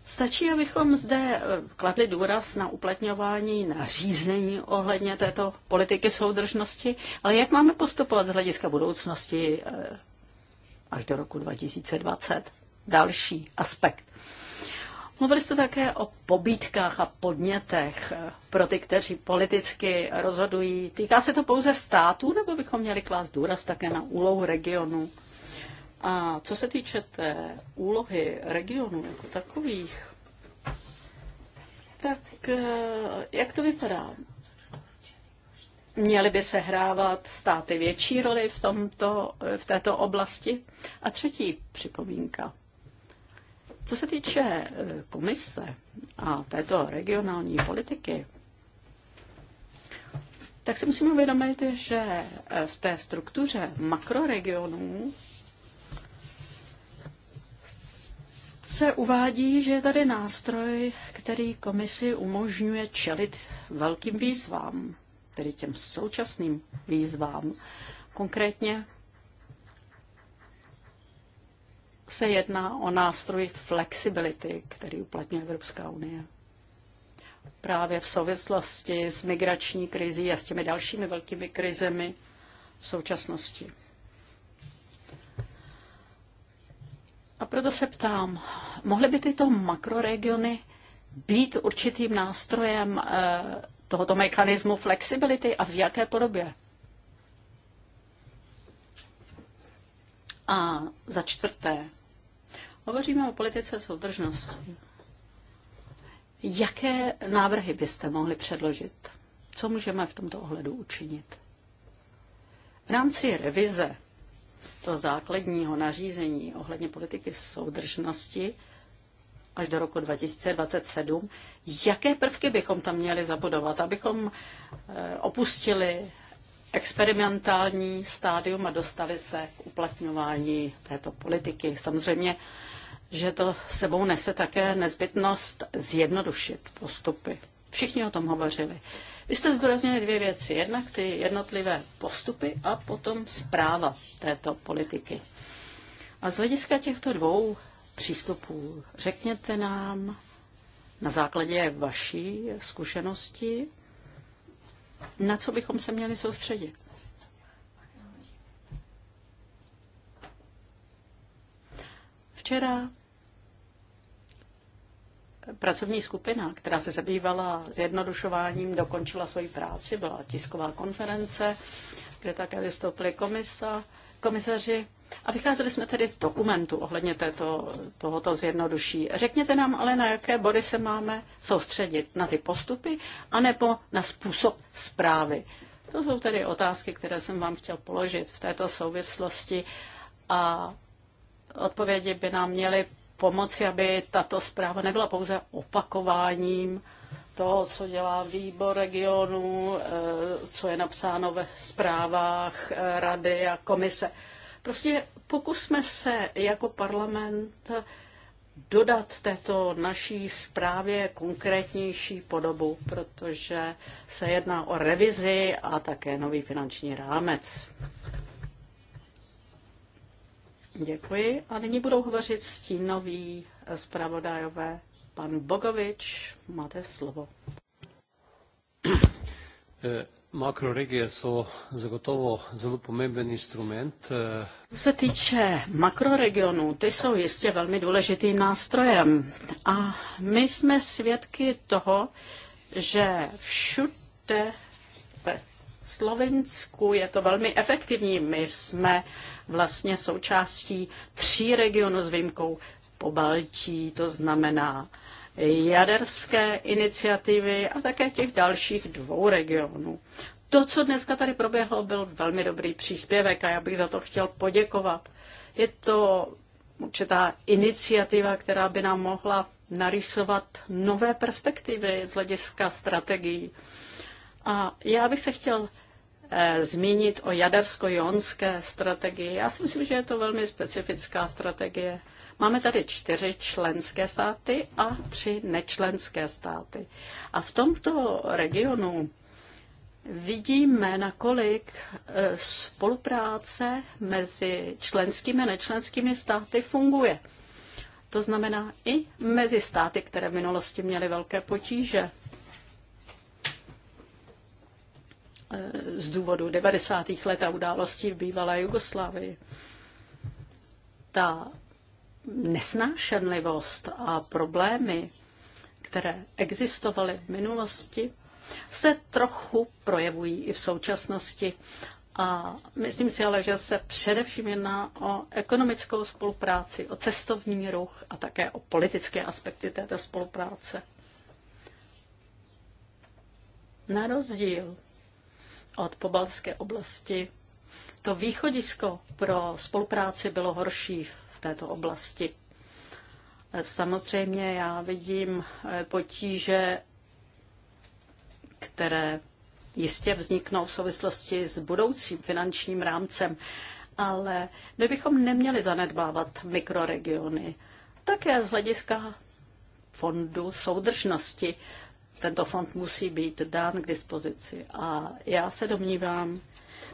Stačí, abychom zde eh, kladli důraz na uplatňování na řízení ohledně této politiky soudržnosti, ale jak máme postupovat z hlediska budoucnosti eh, až do roku 2020. Další aspekt. Mluvili jste také o pobítkách a podnětech eh, pro ty, kteří politicky rozhodují. Týká se to pouze států, nebo bychom měli klást důraz také na úlohu regionu? A co se týče té úlohy regionu jako takových, tak eh, jak to vypadá? Měly by se hrávat státy větší roli v, tomto, v této oblasti. A třetí připomínka. Co se týče e, komise a této regionální politiky, tak si musíme uvědomit, že e, v té struktuře makroregionů se uvádí, že je tady nástroj, který komisi umožňuje čelit velkým výzvám tedy těm současným výzvám. Konkrétně se jedná o nástroj flexibility, který uplatňuje Evropská unie. Právě v souvislosti s migrační krizí a s těmi dalšími velkými krizemi v současnosti. A proto se ptám, mohly by tyto makroregiony být určitým nástrojem eh, tohoto mechanismu flexibility a v jaké podobě? A za čtvrté, hovoříme o politice soudržnosti. Jaké návrhy byste mohli předložit? Co můžeme v tomto ohledu učinit? V rámci revize toho základního nařízení ohledně politiky soudržnosti až do roku 2027. Jaké prvky bychom tam měli zabudovat, abychom eh, opustili experimentální stádium a dostali se k uplatňování této politiky? Samozřejmě, že to sebou nese také nezbytnost zjednodušit postupy. Všichni o tom hovořili. Vy jste zdůraznili dvě věci. Jednak ty jednotlivé postupy a potom zpráva této politiky. A z hlediska těchto dvou přístupů. Řekněte nám na základě vaší zkušenosti, na co bychom se měli soustředit. Včera pracovní skupina, která se zabývala zjednodušováním, dokončila svoji práci, byla tisková konference, kde také vystoupili komisa, komisaři a vycházeli jsme tedy z dokumentu ohledně této, tohoto zjednoduší. Řekněte nám ale, na jaké body se máme soustředit, na ty postupy, anebo na způsob zprávy. To jsou tedy otázky, které jsem vám chtěl položit v této souvislosti a odpovědi by nám měly pomoci, aby tato zpráva nebyla pouze opakováním toho, co dělá výbor regionu, eh, co je napsáno ve zprávách eh, rady a komise. Prostě pokusme se jako parlament dodat této naší zprávě konkrétnější podobu, protože se jedná o revizi a také nový finanční rámec. Děkuji. A nyní budou hovořit stínoví zpravodajové. Pan Bogovič, máte slovo. Eh, Makroregije jsou zagotovo zelo pomemben instrument. Eh, Co se týče makroregionů, ty jsou jistě velmi důležitým nástrojem. A my jsme svědky toho, že všude v Slovensku je to velmi efektivní. My jsme vlastně součástí tří regionů s výjimkou po Baltí, to znamená jaderské iniciativy a také těch dalších dvou regionů. To, co dneska tady proběhlo, byl velmi dobrý příspěvek a já bych za to chtěl poděkovat. Je to určitá iniciativa, která by nám mohla narysovat nové perspektivy z hlediska strategií. A já bych se chtěl eh, zmínit o jadersko-jonské strategii. Já si myslím, že je to velmi specifická strategie. Máme tady čtyři členské státy a tři nečlenské státy. A v tomto regionu vidíme, nakolik e, spolupráce mezi členskými a nečlenskými státy funguje. To znamená i mezi státy, které v minulosti měly velké potíže. E, z důvodu 90. let a událostí v bývalé Jugoslávii. Ta nesnášenlivost a problémy, které existovaly v minulosti, se trochu projevují i v současnosti. A myslím si ale, že se především jedná o ekonomickou spolupráci, o cestovní ruch a také o politické aspekty této spolupráce. Na rozdíl od pobalské oblasti, to východisko pro spolupráci bylo horší v této oblasti. Samozřejmě já vidím eh, potíže, které jistě vzniknou v souvislosti s budoucím finančním rámcem, ale my bychom neměli zanedbávat mikroregiony. Také z hlediska fondu soudržnosti tento fond musí být dán k dispozici. A já se domnívám,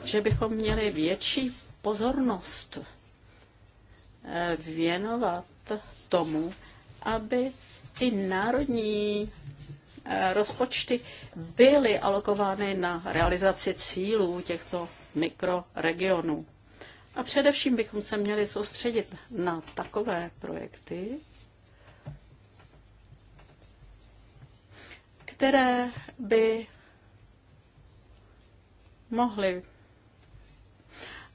že bychom měli větší pozornost věnovat tomu, aby i národní eh, rozpočty byly alokovány na realizaci cílů těchto mikroregionů. A především bychom se měli soustředit na takové projekty, které by mohly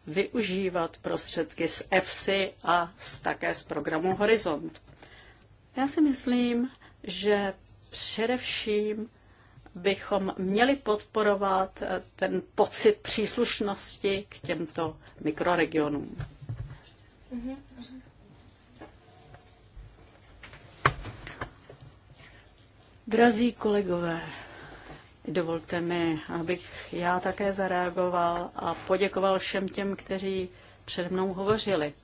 využívat prostředky z EFSI a z, také z programu Horizont. Já si myslím, že především bychom měli podporovat eh, ten pocit příslušnosti k těmto mikroregionům. Drazí kolegové, Dovolte mi, abych já také zareagoval a poděkoval všem těm, kteří před mnou hovořili.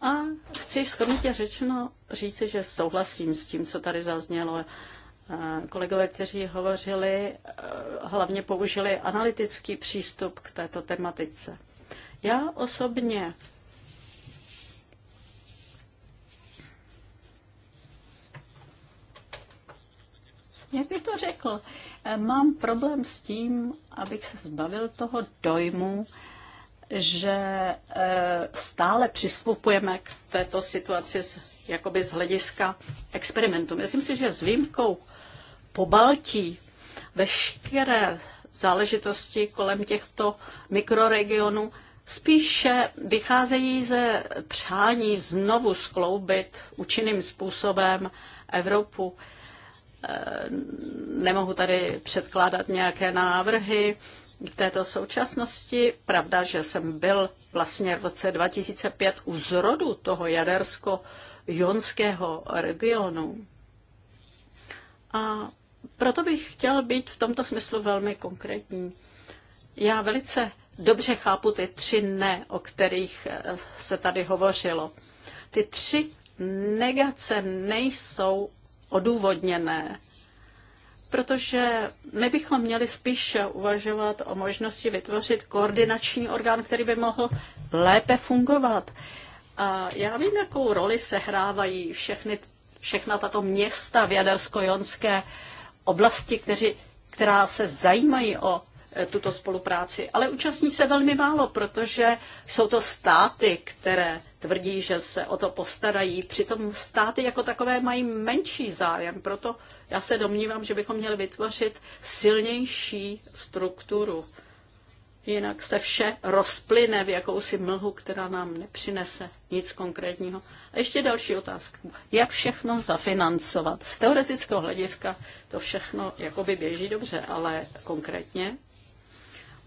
A chci shrnutě řečeno říci, že souhlasím s tím, co tady zaznělo. Kolegové, kteří hovořili, e, hlavně použili analytický přístup k této tematice. Já osobně jak bych to řekl, Mám problém s tím, abych se zbavil toho dojmu, že e, stále přistupujeme k této situaci z, jakoby z hlediska experimentu. Myslím si, že s výjimkou po Baltí veškeré záležitosti kolem těchto mikroregionů spíše vycházejí ze přání znovu skloubit účinným způsobem Evropu. Eh, nemohu tady předkládat nějaké návrhy v této současnosti. Pravda, že jsem byl vlastně v roce 2005 u zrodu toho jadersko-jonského regionu. A proto bych chtěl být v tomto smyslu velmi konkrétní. Já velice dobře chápu ty tři ne, o kterých eh, se tady hovořilo. Ty tři negace nejsou odůvodněné, protože my bychom měli spíše uvažovat o možnosti vytvořit koordinační orgán, který by mohl lépe fungovat. A já vím, jakou roli sehrávají všechny, všechna tato města v jadersko-jonské oblasti, kteři, která se zajímají o Eh, tuto spolupráci. Ale účastní se velmi málo, protože jsou to státy, které tvrdí, že se o to postarají. Přitom státy jako takové mají menší zájem. Proto já se domnívám, že bychom měli vytvořit silnější strukturu. Jinak se vše rozplyne v jakousi mlhu, která nám nepřinese nic konkrétního. A ještě další otázka. Jak všechno zafinancovat? Z teoretického hlediska to všechno jakoby běží dobře, ale konkrétně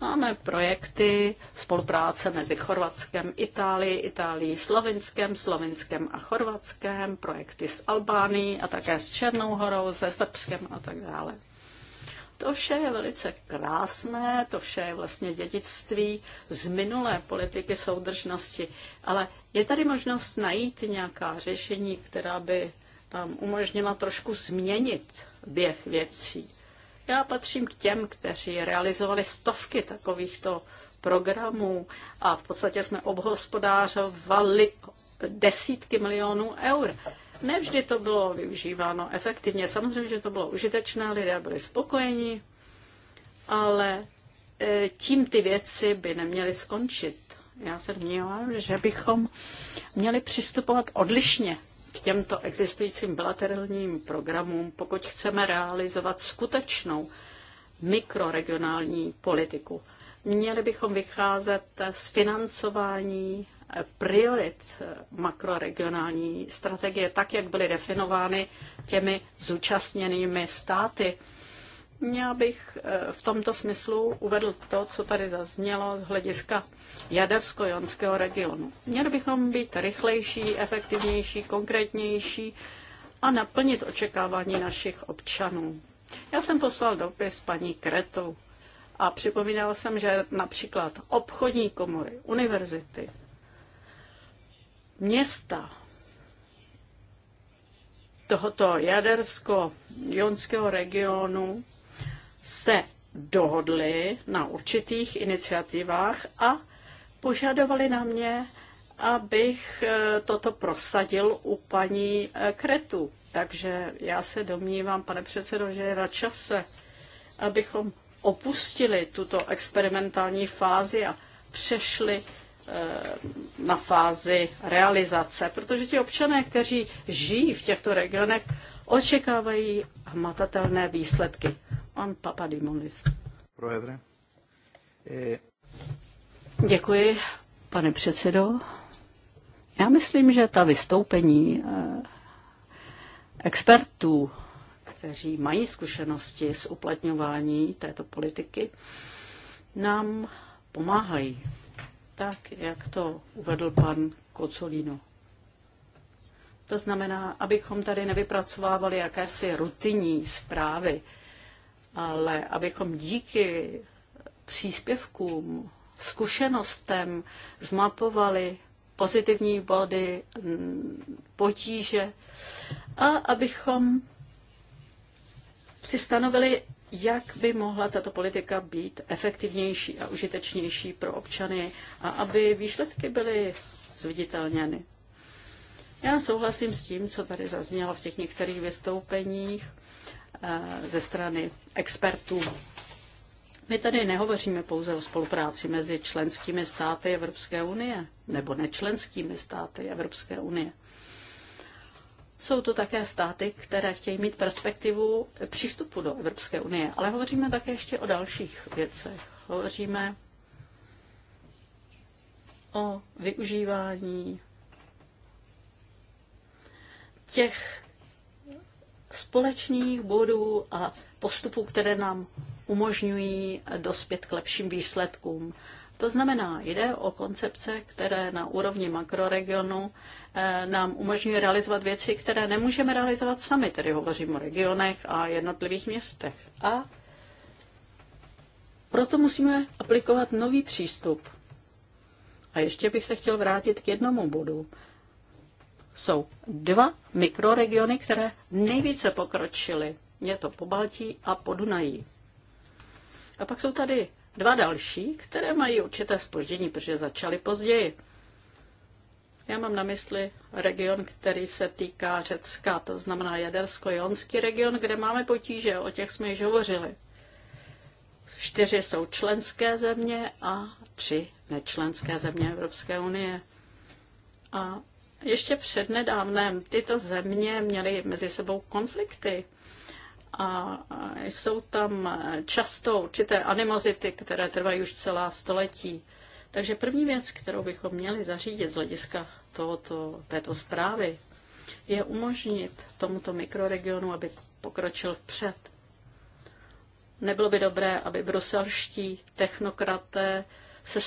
Máme projekty spolupráce mezi Chorvatskem, Itálií, Itálií, Slovinskem, Slovinskem a Chorvatskem, projekty s Albánií a také s Černou horou, se Srbskem a tak dále. To vše je velice krásné, to vše je vlastně dědictví z minulé politiky soudržnosti, ale je tady možnost najít nějaká řešení, která by nám umožnila trošku změnit běh věcí. Já patřím k těm, kteří realizovali stovky takovýchto programů a v podstatě jsme obhospodářovali desítky milionů eur. Nevždy to bylo využíváno efektivně. Samozřejmě, že to bylo užitečné, lidé byli spokojeni, ale e, tím ty věci by neměly skončit. Já se domnívám, že bychom měli přistupovat odlišně k těmto existujícím bilaterálním programům, pokud chceme realizovat skutečnou mikroregionální politiku. Měli bychom vycházet z financování priorit makroregionální strategie, tak jak byly definovány těmi zúčastněnými státy. Měla bych eh, v tomto smyslu uvedl to, co tady zaznělo z hlediska jadersko-jonského regionu. Měli bychom být rychlejší, efektivnější, konkrétnější a naplnit očekávání našich občanů. Já jsem poslal dopis paní Kretu a připomínal jsem, že například obchodní komory, univerzity, města tohoto jadersko-jonského regionu se dohodli na určitých iniciativách a požadovali na mě, abych eh, toto prosadil u paní eh, Kretu. Takže já se domnívám, pane předsedo, že je na čase, abychom opustili tuto experimentální fázi a přešli eh, na fázi realizace, protože ti občané, kteří žijí v těchto regionech, očekávají hmatatelné výsledky. Pan Papadimonis. E... Děkuji, pane předsedo. Já myslím, že ta vystoupení e, expertů, kteří mají zkušenosti s uplatňování této politiky, nám pomáhají, tak jak to uvedl pan Kocolino. To znamená, abychom tady nevypracovávali jakési rutinní zprávy, ale abychom díky příspěvkům, zkušenostem zmapovali pozitivní body, potíže a abychom si stanovili, jak by mohla tato politika být efektivnější a užitečnější pro občany a aby výsledky byly zviditelněny. Já souhlasím s tím, co tady zaznělo v těch některých vystoupeních Eh, ze strany expertů. My tady nehovoříme pouze o spolupráci mezi členskými státy Evropské unie nebo nečlenskými státy Evropské unie. Jsou to také státy, které chtějí mít perspektivu přístupu do Evropské unie, ale hovoříme také ještě o dalších věcech. Hovoříme o využívání těch společných bodů a postupů, které nám umožňují dospět k lepším výsledkům. To znamená, jde o koncepce, které na úrovni makroregionu eh, nám umožňují realizovat věci, které nemůžeme realizovat sami, tedy hovořím o regionech a jednotlivých městech. A proto musíme aplikovat nový přístup. A ještě bych se chtěl vrátit k jednomu bodu, jsou dva mikroregiony, které nejvíce pokročily. Je to po Baltí a Podunají. A pak jsou tady dva další, které mají určité spoždění, protože začaly později. Já mám na mysli region, který se týká Řecka, to znamená Jadersko-Jonský region, kde máme potíže, o těch jsme již hovořili. Čtyři jsou členské země a tři nečlenské země Evropské unie. A ještě přednedávnem tyto země měly mezi sebou konflikty a jsou tam často určité animozity, které trvají už celá století. Takže první věc, kterou bychom měli zařídit z hlediska tohoto, této zprávy, je umožnit tomuto mikroregionu, aby pokročil vpřed. Nebylo by dobré, aby bruselští technokraté se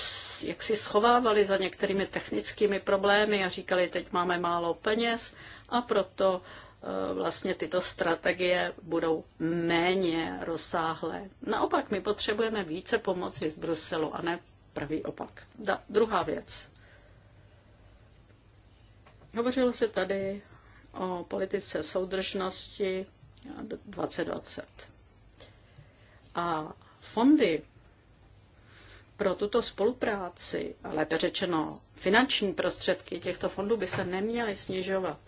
jaksi schovávali za některými technickými problémy a říkali, teď máme málo peněz a proto e, vlastně tyto strategie budou méně rozsáhlé. Naopak, my potřebujeme více pomoci z Bruselu a ne pravý opak. Da, druhá věc. Hovořilo se tady o politice soudržnosti 2020. A fondy pro tuto spolupráci, lépe řečeno finanční prostředky těchto fondů by se neměly snižovat.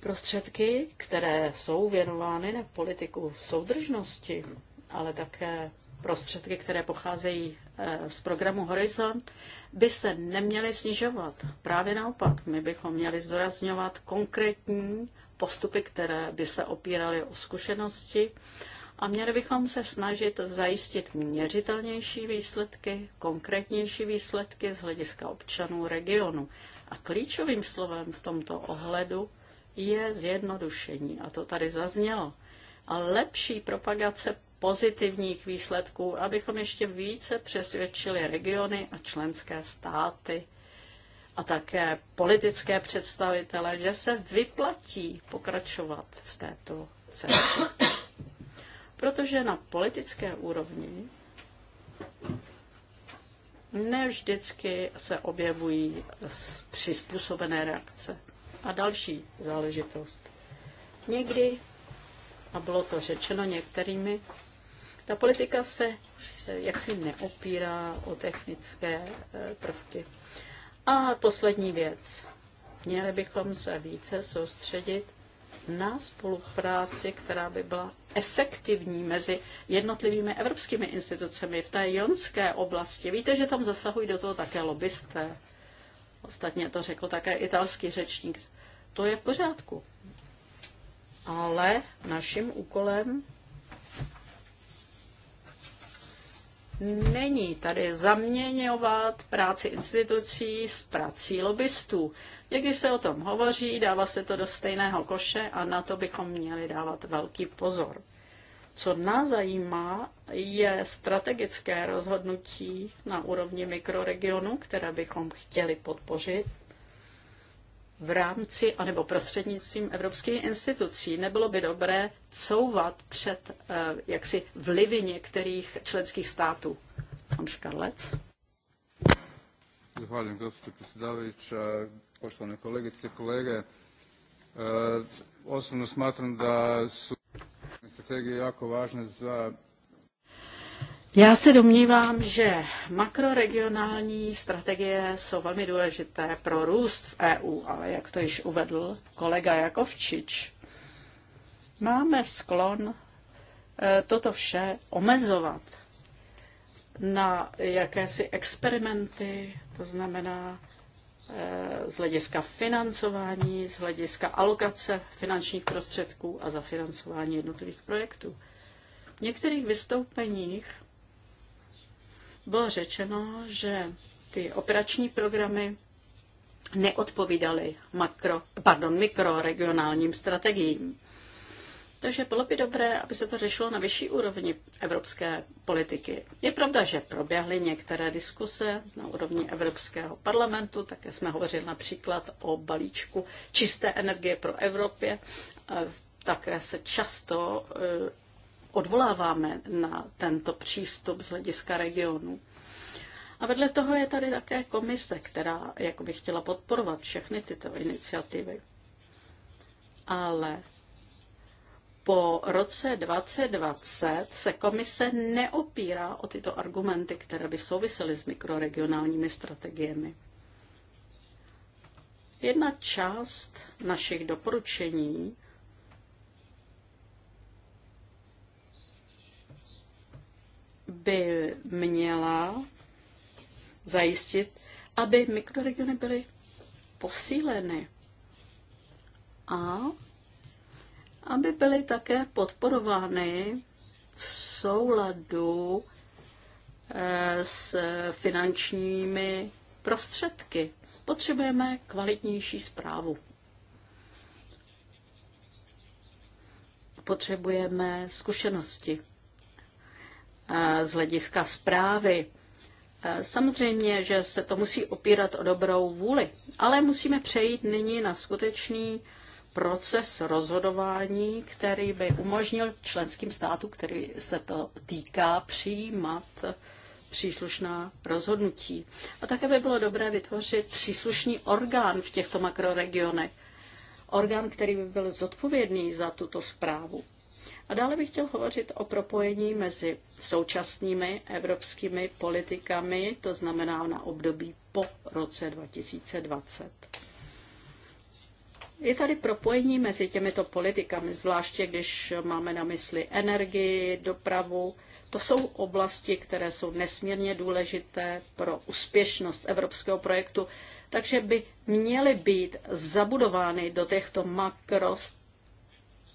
Prostředky, které jsou věnovány na politiku soudržnosti, ale také prostředky, které pocházejí eh, z programu Horizont, by se neměly snižovat. Právě naopak, my bychom měli zdůrazňovat konkrétní postupy, které by se opíraly o zkušenosti a měli bychom se snažit zajistit měřitelnější výsledky, konkrétnější výsledky z hlediska občanů regionu. A klíčovým slovem v tomto ohledu je zjednodušení, a to tady zaznělo, a lepší propagace pozitivních výsledků, abychom ještě více přesvědčili regiony a členské státy a také politické představitele, že se vyplatí pokračovat v této cestě. Protože na politické úrovni ne vždycky se objevují přizpůsobené reakce. A další záležitost. Někdy, a bylo to řečeno některými, ta politika se jaksi neopírá o technické eh, prvky. A poslední věc. Měli bychom se více soustředit na spolupráci, která by byla efektivní mezi jednotlivými evropskými institucemi v té jonské oblasti. Víte, že tam zasahují do toho také lobbysté. Ostatně to řekl také italský řečník. To je v pořádku. Ale naším úkolem není tady zaměňovat práci institucí s prací lobbystů. když se o tom hovoří, dává se to do stejného koše a na to bychom měli dávat velký pozor. Co nás zajímá, je strategické rozhodnutí na úrovni mikroregionu, které bychom chtěli podpořit v rámci anebo prostřednictvím evropských institucí. Nebylo by dobré couvat před eh, jaksi vlivy některých členských států. Pan Škarlec. Zahvaljujem, gospođo predsjedavajuća, poštovane kolegice i kolege. Eh, osobno smatram da su strategije jako važne za já se domnívám, že makroregionální strategie jsou velmi důležité pro růst v EU, ale jak to již uvedl kolega Jakovčič, máme sklon eh, toto vše omezovat na jakési experimenty, to znamená eh, z hlediska financování, z hlediska alokace finančních prostředků a zafinancování jednotlivých projektů. V některých vystoupeních bylo řečeno, že ty operační programy neodpovídaly makro, pardon, mikroregionálním strategiím. Takže bylo by dobré, aby se to řešilo na vyšší úrovni evropské politiky. Je pravda, že proběhly některé diskuse na úrovni Evropského parlamentu, také jsme hovořili například o balíčku čisté energie pro Evropě. Také se často e, odvoláváme na tento přístup z hlediska regionu. A vedle toho je tady také komise, která jakoby chtěla podporovat všechny tyto iniciativy. Ale po roce 2020 se komise neopírá o tyto argumenty, které by souvisely s mikroregionálními strategiemi. Jedna část našich doporučení by měla zajistit, aby mikroregiony byly posíleny a aby byly také podporovány v souladu eh, s finančními prostředky. Potřebujeme kvalitnější zprávu. Potřebujeme zkušenosti z hlediska zprávy. Samozřejmě, že se to musí opírat o dobrou vůli, ale musíme přejít nyní na skutečný proces rozhodování, který by umožnil členským státům, který se to týká, přijímat příslušná rozhodnutí. A také by bylo dobré vytvořit příslušný orgán v těchto makroregionech. Orgán, který by byl zodpovědný za tuto zprávu. A dále bych chtěl hovořit o propojení mezi současnými evropskými politikami, to znamená na období po roce 2020. Je tady propojení mezi těmito politikami, zvláště když máme na mysli energii, dopravu. To jsou oblasti, které jsou nesmírně důležité pro úspěšnost evropského projektu, takže by měly být zabudovány do těchto makrost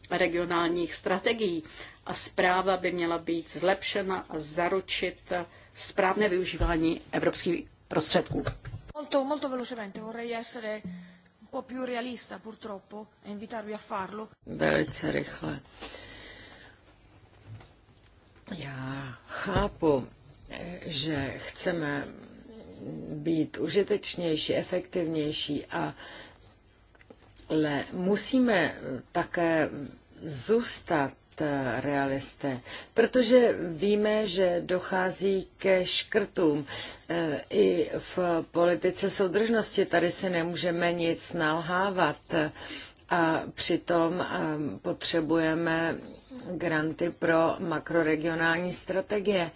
regionálních strategií a zpráva by měla být zlepšena a zaručit správné využívání evropských prostředků. Molto, molto velocemente, vorrei essere un po' più realista purtroppo e invitarvi a farlo. Velice rychle. Já chápu, že chceme být užitečnější, efektivnější a ale musíme také zůstat realisté, protože víme, že dochází ke škrtům e, i v politice soudržnosti. Tady se nemůžeme nic nalhávat a přitom e, potřebujeme granty pro makroregionální strategie.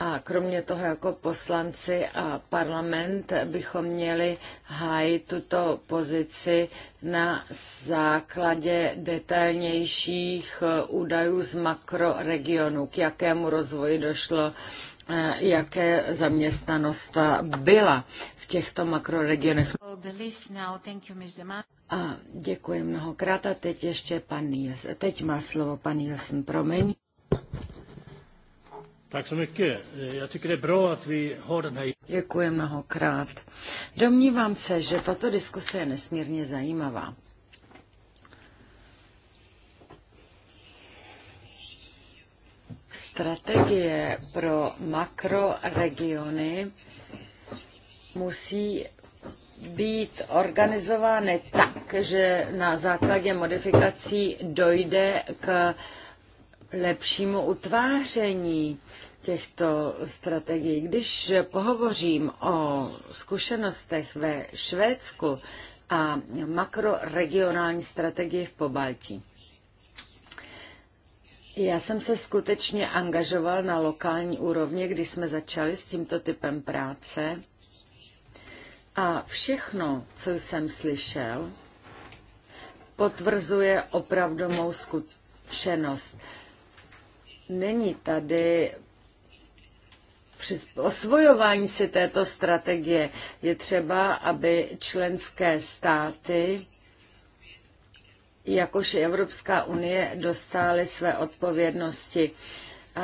A kromě toho jako poslanci a parlament bychom měli hájit tuto pozici na základě detailnějších eh, údajů z makroregionu, k jakému rozvoji došlo, eh, jaké zaměstnanost byla v těchto makroregionech. A děkuji mnohokrát a teď ještě pan Nielsen. Teď má slovo pan Nielsen, promiň. Tak eh, Děkuji mnohokrát. Domnívám se, že tato diskuse je nesmírně zajímavá. Strategie pro makroregiony musí být organizovány tak, že na základě modifikací dojde k lepšímu utváření těchto strategií. Když pohovořím o zkušenostech ve Švédsku a makroregionální strategii v Pobaltí, já jsem se skutečně angažoval na lokální úrovni, kdy jsme začali s tímto typem práce. A všechno, co jsem slyšel, potvrzuje opravdu mou zkušenost. Není tady při osvojování si této strategie. Je třeba, aby členské státy jakož i Evropská unie dostály své odpovědnosti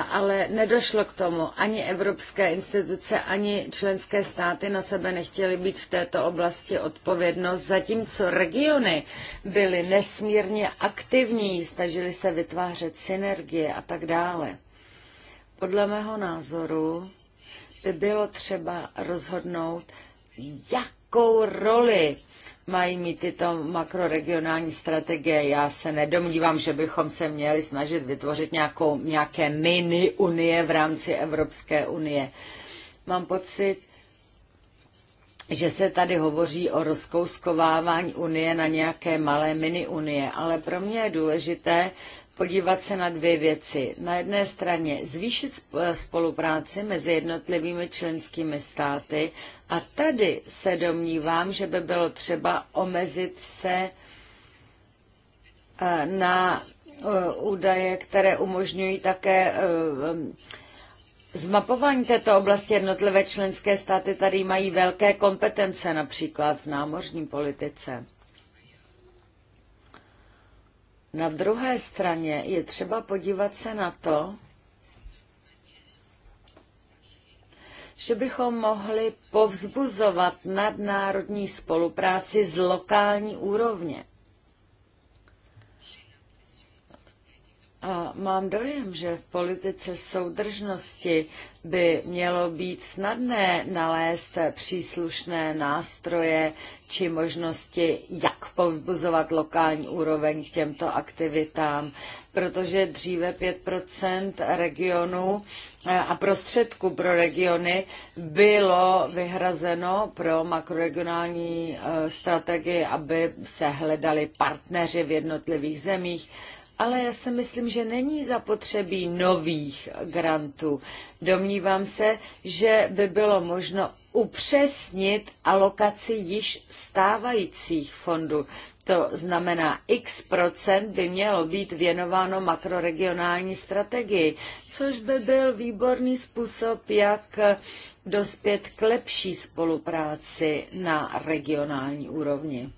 ale nedošlo k tomu. Ani evropské instituce, ani členské státy na sebe nechtěly být v této oblasti odpovědnost, zatímco regiony byly nesmírně aktivní, snažili se vytvářet synergie a tak dále. Podle mého názoru by bylo třeba rozhodnout, jak jakou roli mají mít tyto makroregionální strategie. Já se nedomnívám, že bychom se měli snažit vytvořit nějakou, nějaké mini unie v rámci Evropské unie. Mám pocit, že se tady hovoří o rozkouskovávání unie na nějaké malé mini unie, ale pro mě je důležité podívat se na dvě věci. Na jedné straně zvýšit spolupráci mezi jednotlivými členskými státy a tady se domnívám, že by bylo třeba omezit se eh, na eh, údaje, které umožňují také eh, Zmapování této oblasti jednotlivé členské státy tady mají velké kompetence, například v námořní politice. Na druhé straně je třeba podívat se na to, že bychom mohli povzbuzovat nadnárodní spolupráci z lokální úrovně. A mám dojem, že v politice soudržnosti by mělo být snadné nalézt příslušné nástroje či možnosti, jak povzbuzovat lokální úroveň k těmto aktivitám, protože dříve 5 regionů eh, a prostředků pro regiony bylo vyhrazeno pro makroregionální eh, strategii, aby se hledali partneři v jednotlivých zemích ale já si myslím, že není zapotřebí nových grantů. Domnívám se, že by bylo možno upřesnit alokaci již stávajících fondů. To znamená, x procent by mělo být věnováno makroregionální strategii, což by byl výborný způsob, jak dospět k lepší spolupráci na regionální úrovni.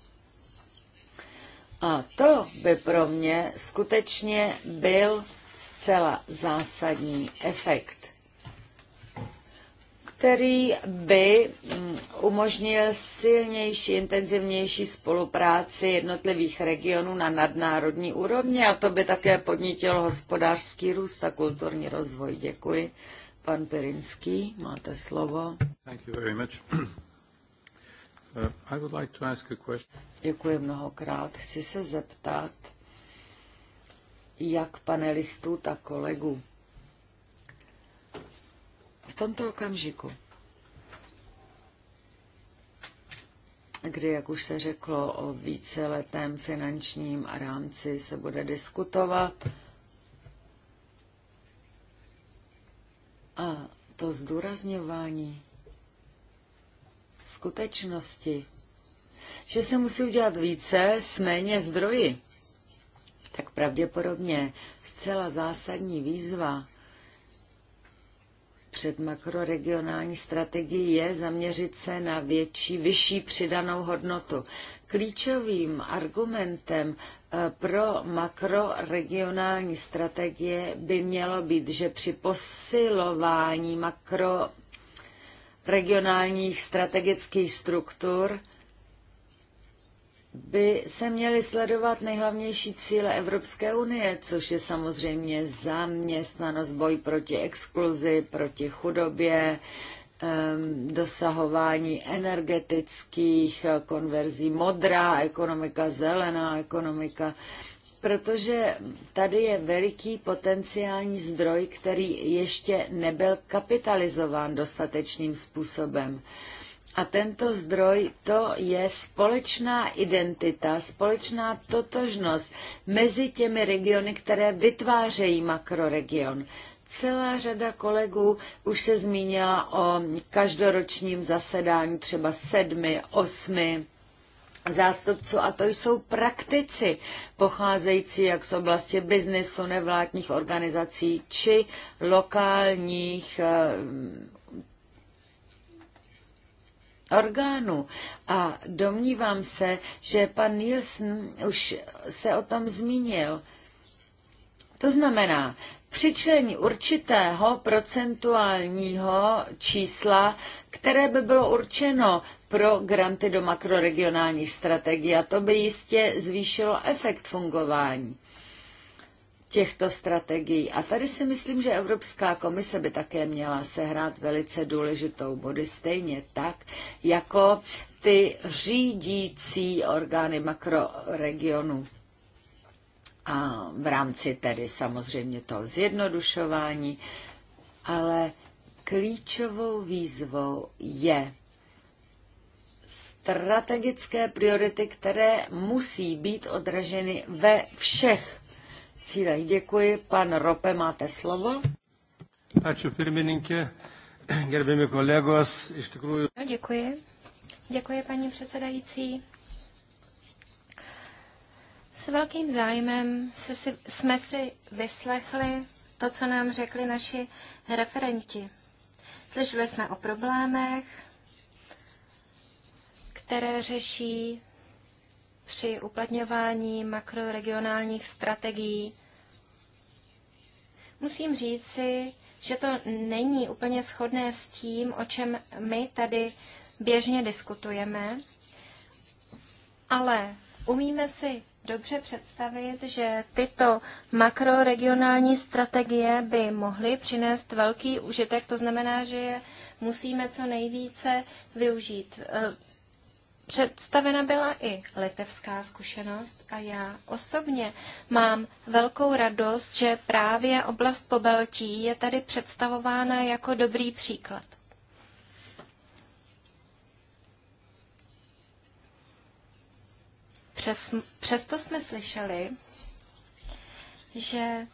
A to by pro mě skutečně byl zcela zásadní efekt, který by mm, umožnil silnější, intenzivnější spolupráci jednotlivých regionů na nadnárodní úrovni a to by také podnítil hospodářský růst a kulturní rozvoj. Děkuji. Pan Pirinský, máte slovo. Thank you very much. Uh, I would like to ask a question. Děkuji mnohokrát. Chci se zeptat, jak panelistů, tak kolegů. V tomto okamžiku, kdy, jak už se řeklo, o víceletém finančním rámci se bude diskutovat, a to zdůrazňování skutečnosti, že se musí udělat více s méně zdroji. Tak pravděpodobně zcela zásadní výzva před makroregionální strategií je zaměřit se na větší, vyšší přidanou hodnotu. Klíčovým argumentem eh, pro makroregionální strategie by mělo být, že při posilování makroregionálních strategických struktur by se měly sledovat nejhlavnější cíle Evropské unie, což je samozřejmě zaměstnanost, boj proti exkluzi, proti chudobě, dosahování energetických konverzí, modrá ekonomika, zelená ekonomika, protože tady je veliký potenciální zdroj, který ještě nebyl kapitalizován dostatečným způsobem. A tento zdroj to je společná identita, společná totožnost mezi těmi regiony, které vytvářejí makroregion. Celá řada kolegů už se zmínila o každoročním zasedání třeba sedmi, osmi zástupců a to jsou praktici, pocházející jak z oblasti biznesu, nevládních organizací či lokálních eh, Orgánu A domnívám se, že pan Nielsen už se o tom zmínil. To znamená, přičlení určitého procentuálního čísla, které by bylo určeno pro granty do makroregionálních strategií a to by jistě zvýšilo efekt fungování těchto strategií. A tady si myslím, že Evropská komise by také měla sehrát velice důležitou body, stejně tak, jako ty řídící orgány makroregionu A v rámci tedy samozřejmě toho zjednodušování, ale klíčovou výzvou je strategické priority, které musí být odraženy ve všech cílech. Děkuji. Pan Rope, máte slovo. Ačiū pirmininkė, gerbimi kolegos, iš tikrųjų. No, děkuji. Děkuji, paní předsedající. S velkým zájmem se si, jsme si vyslechli to, co nám řekli naši referenti. Slyšeli jsme o problémech, které řeší při uplatňování makroregionálních strategií. Musím říci, že to není úplně shodné s tím, o čem my tady běžně diskutujeme, ale umíme si dobře představit, že tyto makroregionální strategie by mohly přinést velký užitek, to znamená, že je musíme co nejvíce využít. Eh, Představena byla i litevská zkušenost a já osobně mám velkou radost, že právě oblast Pobaltí je tady představována jako dobrý příklad. Přes, přesto jsme slyšeli, že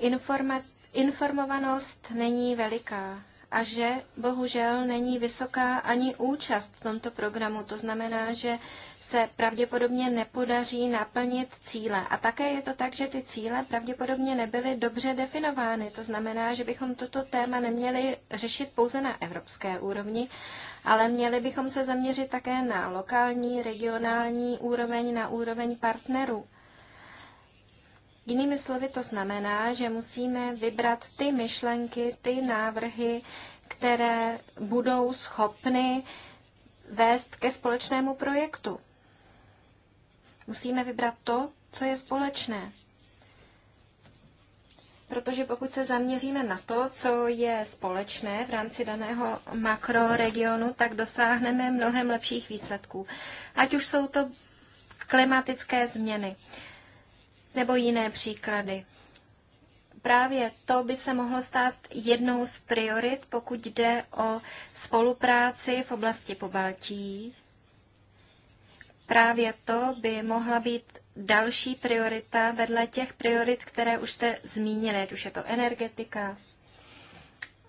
informa, informovanost není veliká a že bohužel není vysoká ani účast v tomto programu. To znamená, že se pravděpodobně nepodaří naplnit cíle. A také je to tak, že ty cíle pravděpodobně nebyly dobře definovány. To znamená, že bychom toto téma neměli řešit pouze na evropské úrovni, ale měli bychom se zaměřit také na lokální, regionální úroveň, na úroveň partnerů. Jinými slovy to znamená, že musíme vybrat ty myšlenky, ty návrhy, které budou schopny vést ke společnému projektu. Musíme vybrat to, co je společné. Protože pokud se zaměříme na to, co je společné v rámci daného makroregionu, tak dosáhneme mnohem lepších výsledků. Ať už jsou to klimatické změny, nebo jiné příklady. Právě to by se mohlo stát jednou z priorit, pokud jde o spolupráci v oblasti Pobaltí. Právě to by mohla být další priorita vedle těch priorit, které už jste zmínili, ať už je to energetika,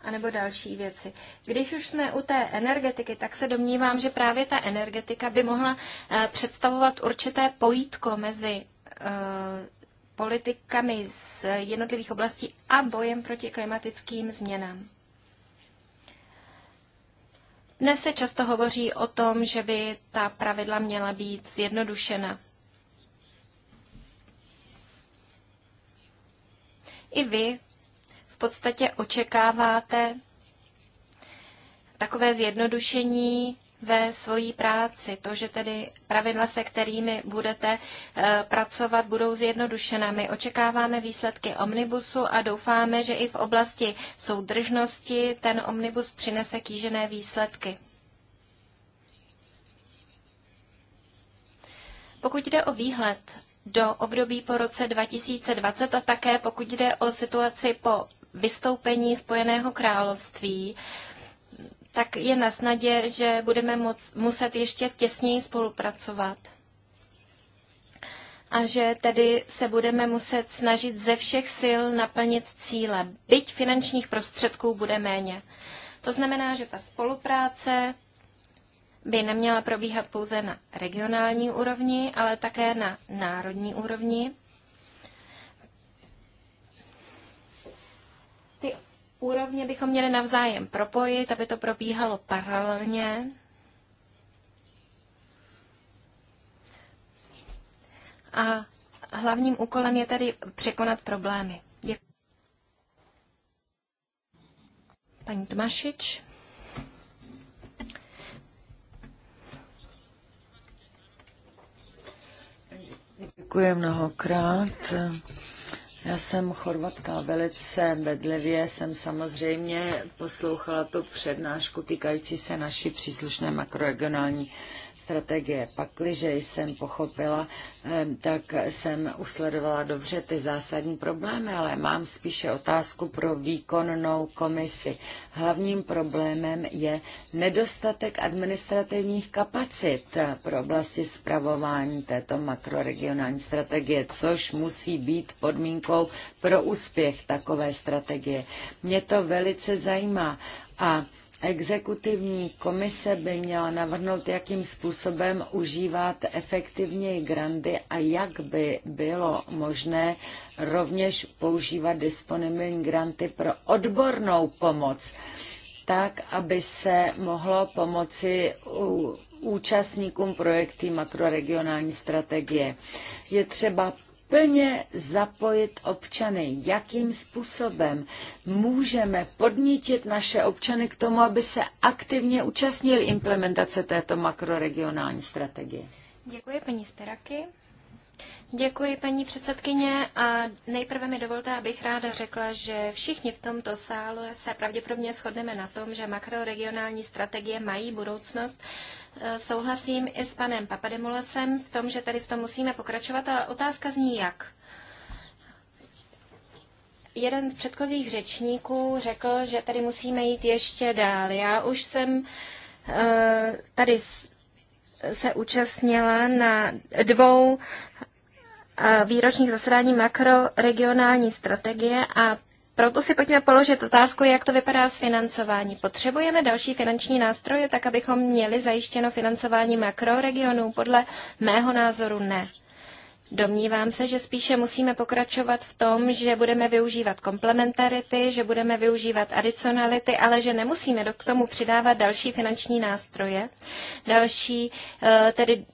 anebo další věci. Když už jsme u té energetiky, tak se domnívám, že právě ta energetika by mohla eh, představovat určité pojítko mezi Eh, politikami z jednotlivých oblastí a bojem proti klimatickým změnám. Dnes se často hovoří o tom, že by ta pravidla měla být zjednodušena. I vy v podstatě očekáváte takové zjednodušení ve svojí práci. To, že tedy pravidla, se kterými budete eh, pracovat, budou zjednodušena. My očekáváme výsledky omnibusu a doufáme, že i v oblasti soudržnosti ten omnibus přinese kýžené výsledky. Pokud jde o výhled do období po roce 2020 a také pokud jde o situaci po vystoupení Spojeného království, tak je na snadě, že budeme moc, muset ještě těsněji spolupracovat. A že tedy se budeme muset snažit ze všech sil naplnit cíle, byť finančních prostředků bude méně. To znamená, že ta spolupráce by neměla probíhat pouze na regionální úrovni, ale také na národní úrovni. úrovně bychom měli navzájem propojit, aby to probíhalo paralelně. A hlavním úkolem je tedy překonat problémy. Paní Tomašič. Děkuji mnohokrát. Já jsem chorvatka velice bedlivě, jsem samozřejmě poslouchala tu přednášku týkající se naší příslušné makroregionální strategie. Pakliže jsem pochopila, tak jsem usledovala dobře ty zásadní problémy, ale mám spíše otázku pro výkonnou komisi. Hlavním problémem je nedostatek administrativních kapacit pro oblasti zpravování této makroregionální strategie, což musí být podmínkou pro úspěch takové strategie. Mě to velice zajímá. A Exekutivní komise by měla navrhnout, jakým způsobem užívat efektivněji grandy a jak by bylo možné rovněž používat disponibilní granty pro odbornou pomoc, tak, aby se mohlo pomoci účastníkům projektu makroregionální strategie. Je třeba plně zapojit občany, jakým způsobem můžeme podnítit naše občany k tomu, aby se aktivně účastnili implementace této makroregionální strategie. Děkuji, paní Steraky. Děkuji, paní předsedkyně. A nejprve mi dovolte, abych ráda řekla, že všichni v tomto sále se pravděpodobně shodneme na tom, že makroregionální strategie mají budoucnost Eh, souhlasím i s panem Papademulesem v tom, že tady v tom musíme pokračovat, ale otázka zní jak. Jeden z předchozích řečníků řekl, že tady musíme jít ještě dál. Já už jsem eh, tady se účastnila na dvou eh, výročních zasedání makroregionální strategie a proto si pojďme položit otázku, jak to vypadá s financování. Potřebujeme další finanční nástroje, tak abychom měli zajištěno financování makroregionů? Podle mého názoru ne. Domnívám se, že spíše musíme pokračovat v tom, že budeme využívat komplementarity, že budeme využívat adicionality, ale že nemusíme k tomu přidávat další finanční nástroje, další eh, tedy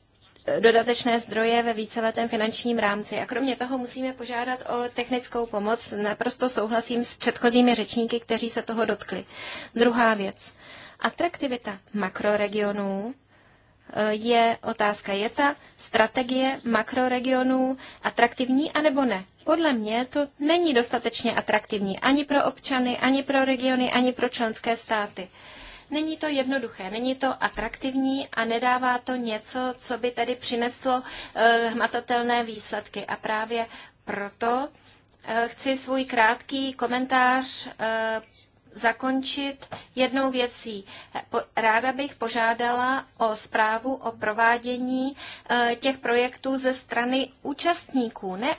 dodatečné zdroje ve víceletém finančním rámci. A kromě toho musíme požádat o technickou pomoc. Naprosto souhlasím s předchozími řečníky, kteří se toho dotkli. Druhá věc. Atraktivita makroregionů eh, je otázka, je ta strategie makroregionů atraktivní anebo ne? Podle mě to není dostatečně atraktivní ani pro občany, ani pro regiony, ani pro členské státy. Není to jednoduché, není to atraktivní a nedává to něco, co by tedy přineslo eh, hmatatelné výsledky. A právě proto eh, chci svůj krátký komentář eh, zakončit jednou věcí. Ráda bych požádala o zprávu o provádění těch projektů ze strany účastníků, ne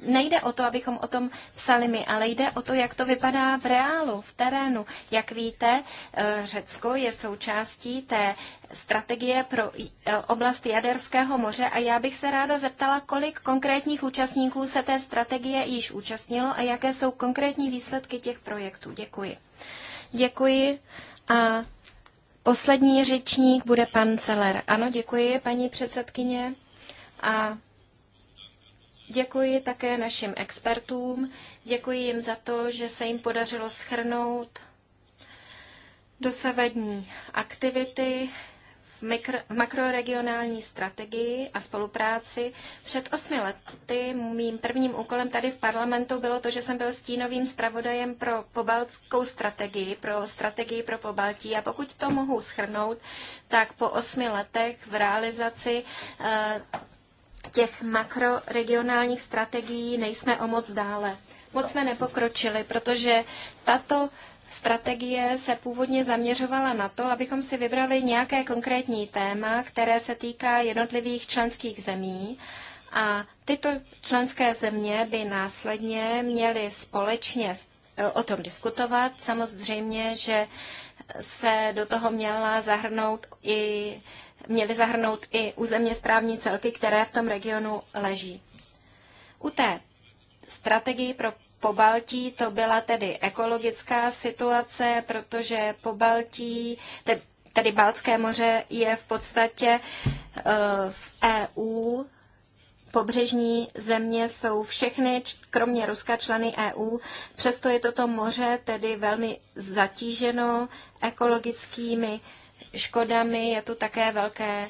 nejde o to, abychom o tom psali my, ale jde o to, jak to vypadá v reálu, v terénu. Jak víte, eh, Řecko je součástí té strategie pro eh, oblast Jaderského moře a já bych se ráda zeptala, kolik konkrétních účastníků se té strategie již účastnilo a jaké jsou konkrétní výsledky těch projektů. Děkuji. Děkuji a poslední řečník bude pan Celer. Ano, děkuji, paní předsedkyně. A Děkuji také našim expertům, děkuji jim za to, že se jim podařilo schrnout dosavadní aktivity v, mikro, v makroregionální strategii a spolupráci. Před osmi lety mým prvním úkolem tady v parlamentu bylo to, že jsem byl stínovým zpravodajem pro pobaltskou strategii, pro strategii pro pobaltí. A pokud to mohu schrnout, tak po osmi letech v realizaci eh, těch makroregionálních strategií nejsme o moc dále. Moc jsme nepokročili, protože tato strategie se původně zaměřovala na to, abychom si vybrali nějaké konkrétní téma, které se týká jednotlivých členských zemí. A tyto členské země by následně měly společně o tom diskutovat. Samozřejmě, že se do toho měla zahrnout i měly zahrnout i územně správní celky, které v tom regionu leží. U té strategii pro Pobaltí to byla tedy ekologická situace, protože Pobaltí, tedy Baltské moře je v podstatě eh, v EU pobřežní země jsou všechny, kromě Ruska, členy EU. Přesto je toto moře tedy velmi zatíženo ekologickými škodami, je tu také velké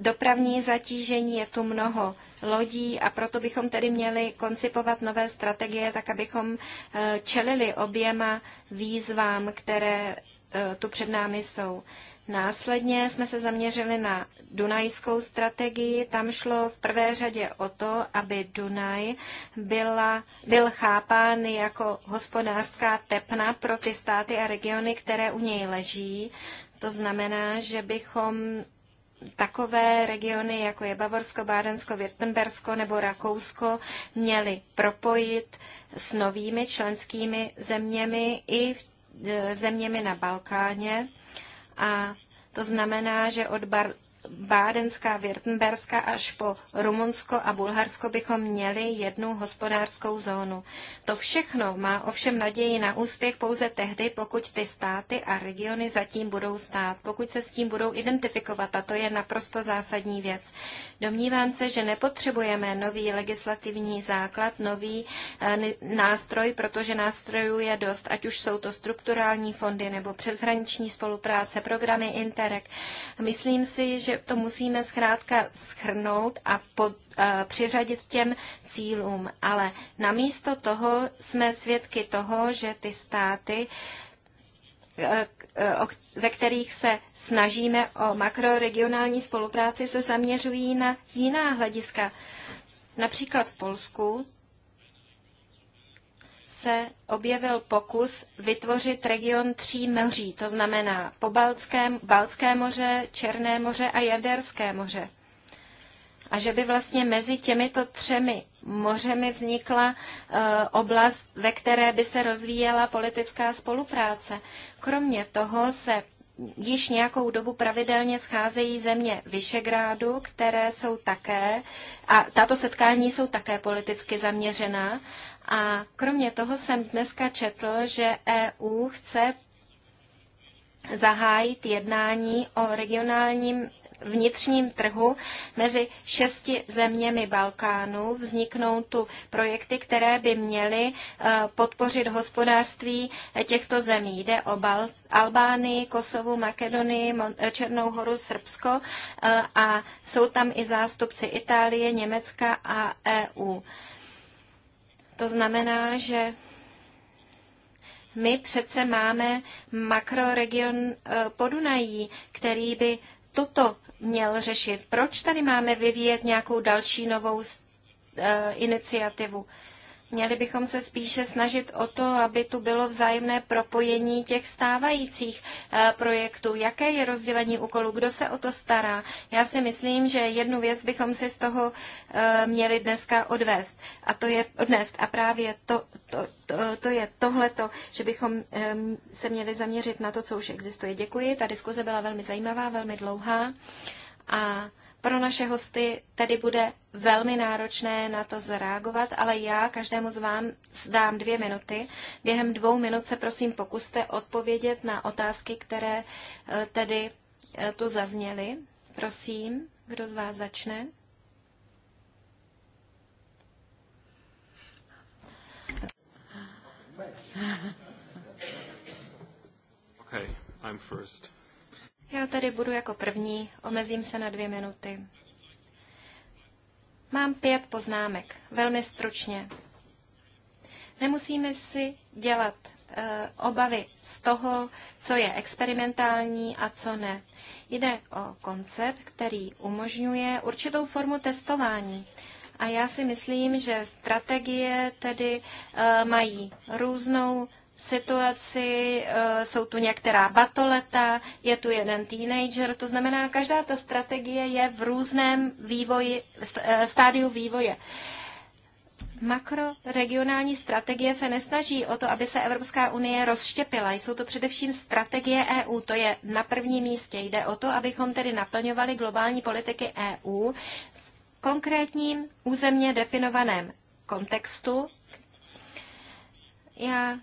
dopravní zatížení, je tu mnoho lodí a proto bychom tedy měli koncipovat nové strategie, tak abychom eh, čelili oběma výzvám, které eh, tu před námi jsou. Následně jsme se zaměřili na dunajskou strategii. Tam šlo v prvé řadě o to, aby Dunaj byla, byl chápán jako hospodářská tepna pro ty státy a regiony, které u něj leží. To znamená, že bychom takové regiony, jako je Bavorsko, Bádensko, Württembersko nebo Rakousko, měli propojit s novými členskými zeměmi i e, zeměmi na Balkáně. A to znamená, že od Bar- Bádenská, Württemberská až po Rumunsko a Bulharsko bychom měli jednu hospodářskou zónu. To všechno má ovšem naději na úspěch pouze tehdy, pokud ty státy a regiony zatím budou stát, pokud se s tím budou identifikovat a to je naprosto zásadní věc. Domnívám se, že nepotřebujeme nový legislativní základ, nový eh, nástroj, protože nástrojů je dost, ať už jsou to strukturální fondy nebo přeshraniční spolupráce, programy Interreg. Myslím si, že to musíme zkrátka schrnout a pod eh, přiřadit těm cílům, ale namísto toho jsme svědky toho, že ty státy uh, Eh, ve kterých se snažíme o makroregionální spolupráci, se zaměřují na jiná hlediska. Například v Polsku se objevil pokus vytvořit region tří moří, to znamená po Pobaltské, Baltské moře, Černé moře a Jaderské moře a že by vlastně mezi těmito třemi mořemi vznikla eh, oblast, ve které by se rozvíjela politická spolupráce. Kromě toho se již nějakou dobu pravidelně scházejí země Vyšegrádu, které jsou také, a tato setkání jsou také politicky zaměřená. A kromě toho jsem dneska četl, že EU chce zahájit jednání o regionálním vnitřním trhu mezi šesti zeměmi Balkánu. Vzniknou tu projekty, které by měly eh, podpořit hospodářství eh, těchto zemí. Jde o Bal- Albánii, Kosovu, Makedonii, eh, Černou horu, Srbsko a jsou tam i zástupci Itálie, Německa a EU. To znamená, že my přece máme makroregion Podunají, který by toto měl řešit. Proč tady máme vyvíjet nějakou další novou eh, iniciativu? Měli bychom se spíše snažit o to, aby tu bylo vzájemné propojení těch stávajících eh, projektů. Jaké je rozdělení úkolů? Kdo se o to stará? Já si myslím, že jednu věc bychom si z toho eh, měli dneska odvést. A to je odnést. A právě to, to, to, to je tohleto, že bychom se měli zaměřit na to, co už existuje. Děkuji. Ta diskuze byla velmi zajímavá, velmi dlouhá. A pro naše hosty tedy bude velmi náročné na to zareagovat, ale já každému z vám dám dvě minuty. Během dvou minut se prosím pokuste odpovědět na otázky, které eh, tedy eh, tu zazněly. Prosím, kdo z vás začne? Okay, I'm first. Já tady budu jako první, omezím se na dvě minuty. Mám pět poznámek, velmi stručně. Nemusíme si dělat e, obavy z toho, co je experimentální a co ne. Jde o koncept, který umožňuje určitou formu testování. A já si myslím, že strategie tedy e, mají různou situaci, eh, jsou tu některá batoleta, je tu jeden teenager, to znamená, každá ta strategie je v různém vývoji, eh, stádiu vývoje. Makroregionální strategie se nesnaží o to, aby se Evropská unie rozštěpila. Jsou to především strategie EU, to je na prvním místě. Jde o to, abychom tedy naplňovali globální politiky EU v konkrétním územně definovaném kontextu. Já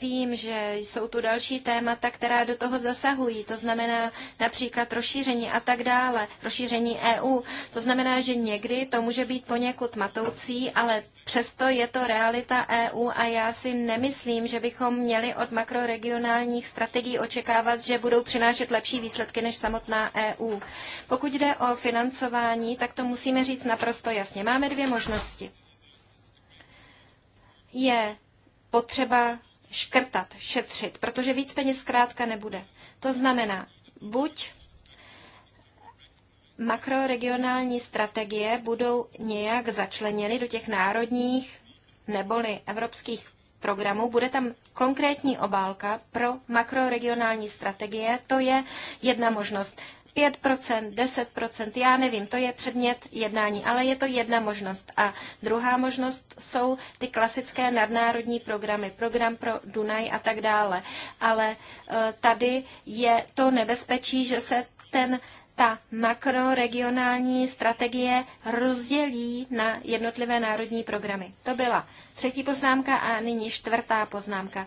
Vím, že jsou tu další témata, která do toho zasahují, to znamená například rozšíření a tak dále, rozšíření EU. To znamená, že někdy to může být poněkud matoucí, ale Přesto je to realita EU a já si nemyslím, že bychom měli od makroregionálních strategií očekávat, že budou přinášet lepší výsledky než samotná EU. Pokud jde o financování, tak to musíme říct naprosto jasně. Máme dvě možnosti. Je potřeba škrtat, šetřit, protože víc peněz zkrátka nebude. To znamená, buď makroregionální strategie budou nějak začleněny do těch národních neboli evropských programů. Bude tam konkrétní obálka pro makroregionální strategie. To je jedna možnost. 5%, 10%, já nevím, to je předmět jednání, ale je to jedna možnost. A druhá možnost jsou ty klasické nadnárodní programy, program pro Dunaj a tak dále. Ale eh, tady je to nebezpečí, že se ten ta makroregionální strategie rozdělí na jednotlivé národní programy. To byla třetí poznámka a nyní čtvrtá poznámka.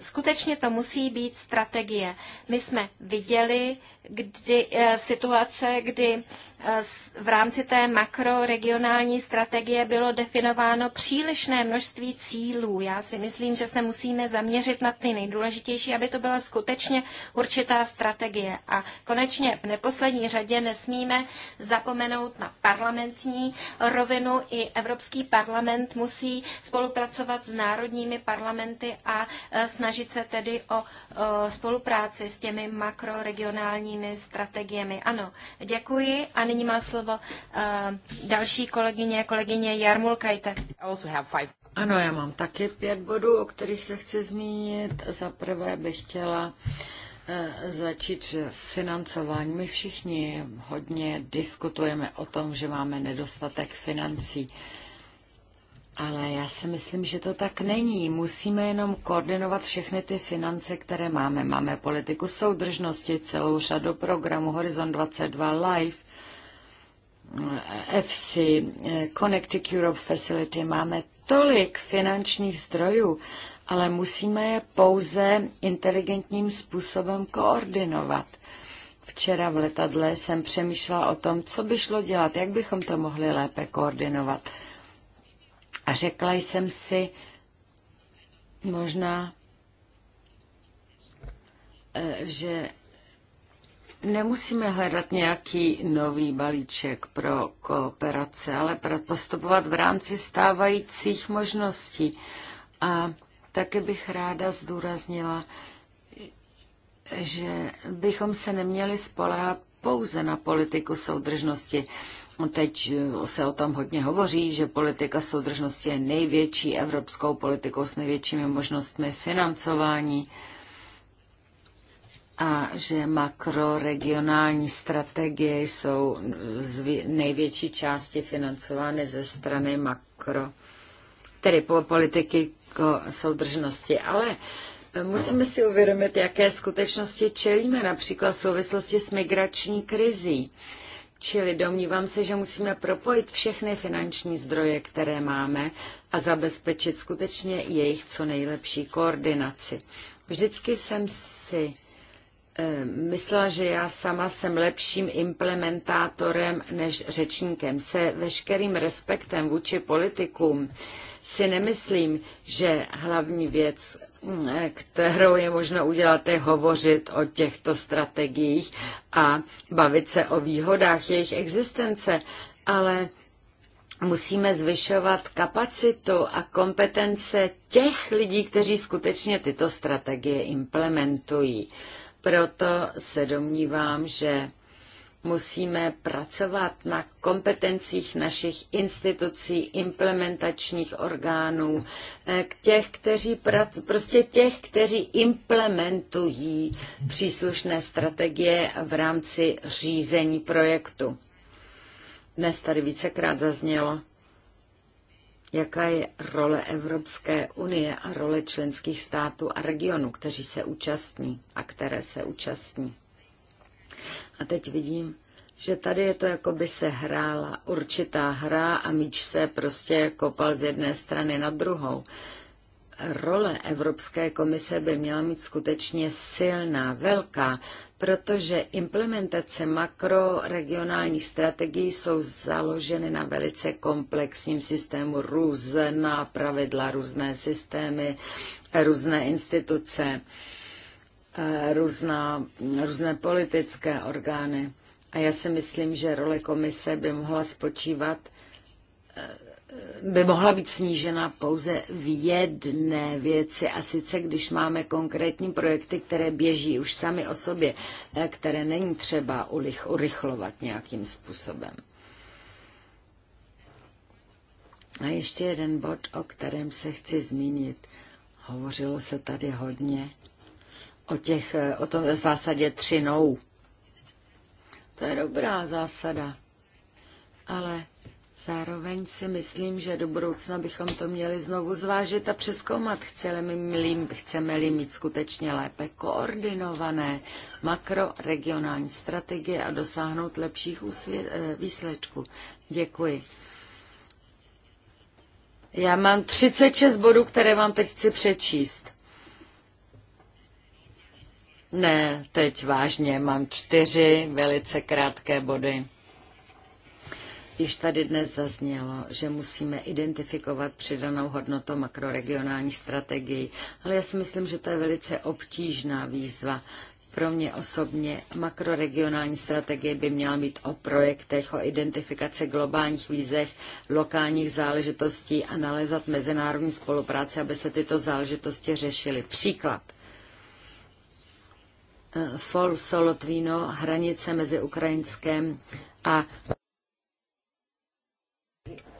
Skutečně to musí být strategie. My jsme viděli kdy, eh, situace, kdy eh, v rámci té makroregionální strategie bylo definováno přílišné množství cílů. Já si myslím, že se musíme zaměřit na ty nejdůležitější, aby to byla skutečně určitá strategie. A konečně v neposlední první řadě nesmíme zapomenout na parlamentní rovinu. I Evropský parlament musí spolupracovat s národními parlamenty a e, snažit se tedy o e, spolupráci s těmi makroregionálními strategiemi. Ano, děkuji a nyní má slovo e, další kolegyně, kolegyně Jarmulkajte. Ano, já mám taky pět bodů, o kterých se chci zmínit. Za prvé bych chtěla uh, Eh, začít financování. My všichni hodně diskutujeme o tom, že máme nedostatek financí. Ale já si myslím, že to tak není. Musíme jenom koordinovat všechny ty finance, které máme. Máme politiku soudržnosti, celou řadu programů Horizon 22 Live, eh, FC, eh, Connecting Europe Facility. Máme tolik finančních zdrojů ale musíme je pouze inteligentním způsobem koordinovat. Včera v letadle jsem přemýšlela o tom, co by šlo dělat, jak bychom to mohli lépe koordinovat. A řekla jsem si, možná, e, že nemusíme hledat nějaký nový balíček pro kooperace, ale postupovat v rámci stávajících možností. A také bych ráda zdůraznila, že bychom se neměli spolehat pouze na politiku soudržnosti. Teď se o tom hodně hovoří, že politika soudržnosti je největší evropskou politikou s největšími možnostmi financování a že makroregionální strategie jsou z největší části financovány ze strany makro, tedy politiky k jako soudržnosti, ale musíme si uvědomit, jaké skutečnosti čelíme, například v souvislosti s migrační krizí. Čili domnívám se, že musíme propojit všechny finanční zdroje, které máme a zabezpečit skutečně jejich co nejlepší koordinaci. Vždycky jsem si Ehm, myslela, že já sama jsem lepším implementátorem než řečníkem. Se veškerým respektem vůči politikům si nemyslím, že hlavní věc, mm, kterou je možno udělat, je hovořit o těchto strategiích a bavit se o výhodách jejich existence, ale musíme zvyšovat kapacitu a kompetence těch lidí, kteří skutečně tyto strategie implementují. Proto se domnívám, že musíme pracovat na kompetencích našich institucí, implementačních orgánů, eh, k těch, kteří prac, prostě těch, kteří implementují příslušné strategie v rámci řízení projektu. Dnes tady vícekrát zaznělo, jaká je role Evropské unie a role členských států a regionů, kteří se účastní a které se účastní. A teď vidím, že tady je to, jako by se hrála určitá hra a míč se prostě kopal z jedné strany na druhou role Evropské komise by měla mít skutečně silná, velká, protože implementace makroregionálních strategií jsou založeny na velice komplexním systému, různá pravidla, různé systémy, různé instituce, eh, různá, různé politické orgány. A já si myslím, že role komise by mohla spočívat eh, by mohla být snížena pouze v jedné věci a sice když máme konkrétní projekty, které běží už sami o sobě, eh, které není třeba urychlovat nějakým způsobem. A ještě jeden bod, o kterém se chci zmínit. Hovořilo se tady hodně o, těch, eh, o tom zásadě tři To je dobrá zásada, ale Zároveň si myslím, že do budoucna bychom to měli znovu zvážit a přeskoumat. Chceme-li, chceme-li mít skutečně lépe koordinované makroregionální strategie a dosáhnout lepších eh, výsledků. Děkuji. Já mám 36 bodů, které vám teď chci přečíst. Ne, teď vážně, mám čtyři velice krátké body. Již tady dnes zaznělo, že musíme identifikovat přidanou hodnotu makroregionálních strategií, ale já si myslím, že to je velice obtížná výzva. Pro mě osobně makroregionální strategie by měla být o projektech, o identifikaci globálních výzech, lokálních záležitostí a nalézat mezinárodní spolupráci, aby se tyto záležitosti řešily. Příklad. Fol hranice mezi Ukrajinskem a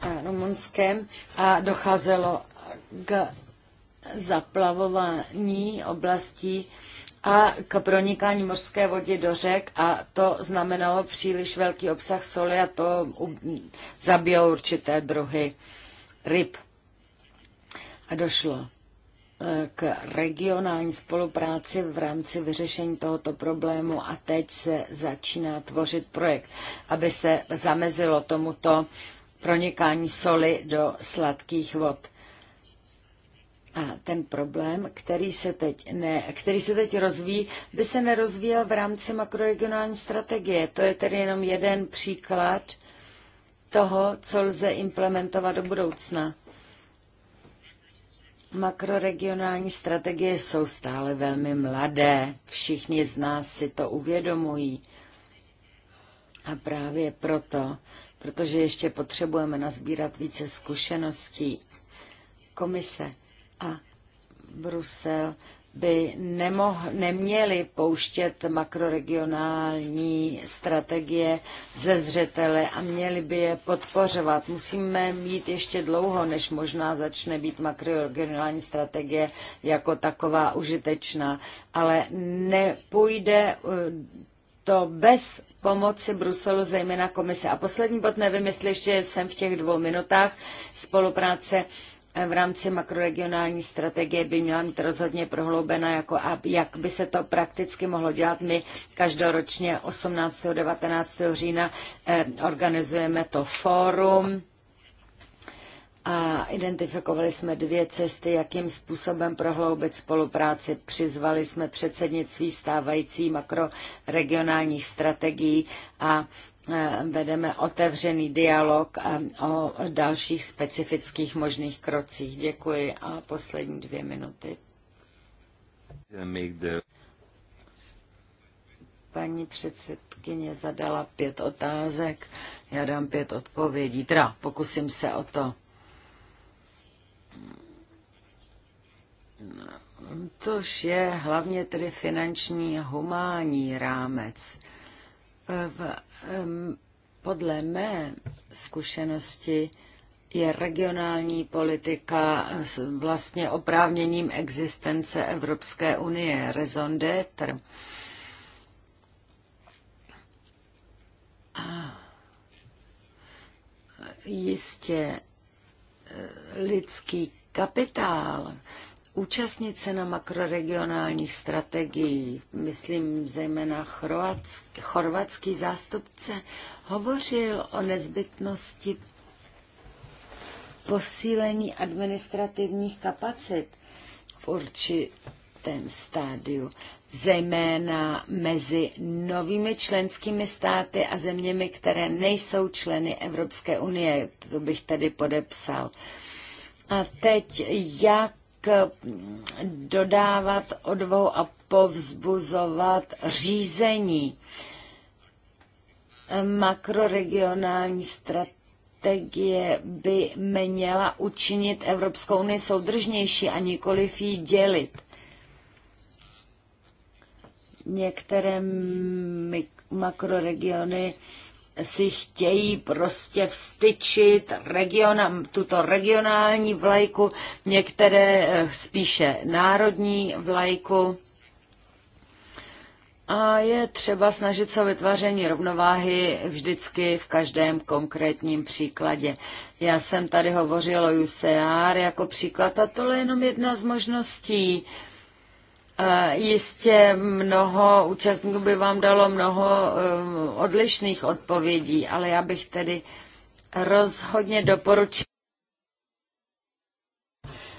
Eh, rumunském a docházelo k zaplavování oblastí a k pronikání mořské vody do řek a to znamenalo příliš velký obsah soli a to zabíjelo určité druhy ryb. A došlo eh, k regionální spolupráci v rámci vyřešení tohoto problému a teď se začíná tvořit projekt, aby se zamezilo tomuto pronikání soli do sladkých vod. A ten problém, který se teď, ne, který se teď rozvíjí, by se nerozvíjel v rámci makroregionální strategie. To je tedy jenom jeden příklad toho, co lze implementovat do budoucna. Makroregionální strategie jsou stále velmi mladé, všichni z nás si to uvědomují. A právě proto protože ještě potřebujeme nazbírat více zkušeností. Komise a Brusel by nemoh, neměli pouštět makroregionální strategie ze zřetele a měli by je podpořovat. Musíme mít ještě dlouho, než možná začne být makroregionální strategie jako taková užitečná, ale nepůjde eh, to bez pomoci Bruselu, zejména komise. A poslední bod, nevím, jestli ještě jsem v těch dvou minutách, spolupráce eh, v rámci makroregionální strategie by měla mít rozhodně prohloubena, jako a jak by se to prakticky mohlo dělat. My každoročně 18. 19. října eh, organizujeme to fórum a identifikovali jsme dvě cesty, jakým způsobem prohloubit spolupráci. Přizvali jsme předsednictví stávající makroregionálních strategií a eh, vedeme otevřený dialog eh, o dalších specifických možných krocích. Děkuji a poslední dvě minuty. Paní předsedkyně zadala pět otázek, já dám pět odpovědí, teda pokusím se o to. Tož je hlavně tedy finanční humánní rámec. V, podle mé zkušenosti je regionální politika vlastně oprávněním existence Evropské unie, raison d'être. Jistě eh, lidský kapitál, Účastnit se na makroregionálních strategií, myslím zejména chorvatský, chorvatský zástupce, hovořil o nezbytnosti posílení administrativních kapacit v určitém stádiu, zejména mezi novými členskými státy a zeměmi, které nejsou členy Evropské unie. To bych tady podepsal. A teď, jak dodávat odvou a povzbuzovat řízení. Makroregionální strategie by měla učinit Evropskou unii soudržnější a nikoliv ji dělit. Některé makroregiony si chtějí prostě vstyčit region, tuto regionální vlajku, některé eh, spíše národní vlajku. A je třeba snažit se o vytváření rovnováhy vždycky v každém konkrétním příkladě. Já jsem tady hovořil o UCR jako příklad a tohle je jenom jedna z možností. Jistě mnoho účastníků by vám dalo mnoho eh, odlišných odpovědí, ale já bych tedy rozhodně doporučil,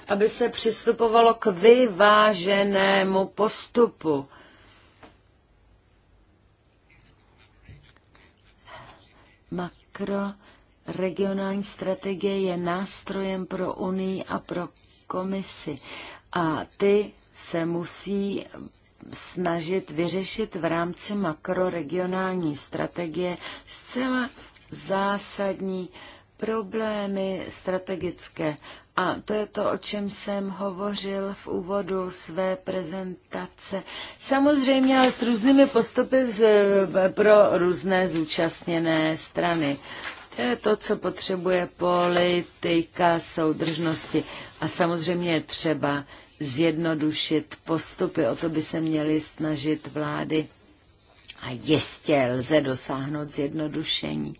aby se přistupovalo k vyváženému postupu. Makroregionální strategie je nástrojem pro Unii a pro komisi. A ty se musí snažit vyřešit v rámci makroregionální strategie zcela zásadní problémy strategické. A to je to, o čem jsem hovořil v úvodu své prezentace. Samozřejmě ale s různými postupy eh, pro různé zúčastněné strany. To je to, co potřebuje politika soudržnosti. A samozřejmě je třeba zjednodušit postupy, o to by se měly snažit vlády. A jistě lze dosáhnout zjednodušení.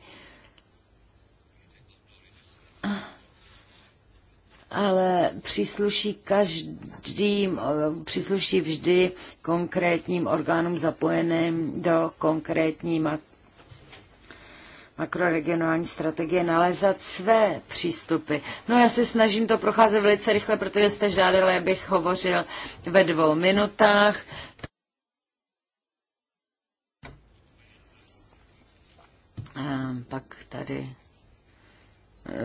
ale přísluší každým, přísluší vždy konkrétním orgánům zapojeným do konkrétní makroregionální strategie nalézat své přístupy. No já se snažím to procházet velice rychle, protože jste žádali, abych hovořil ve dvou minutách. A pak tady eh,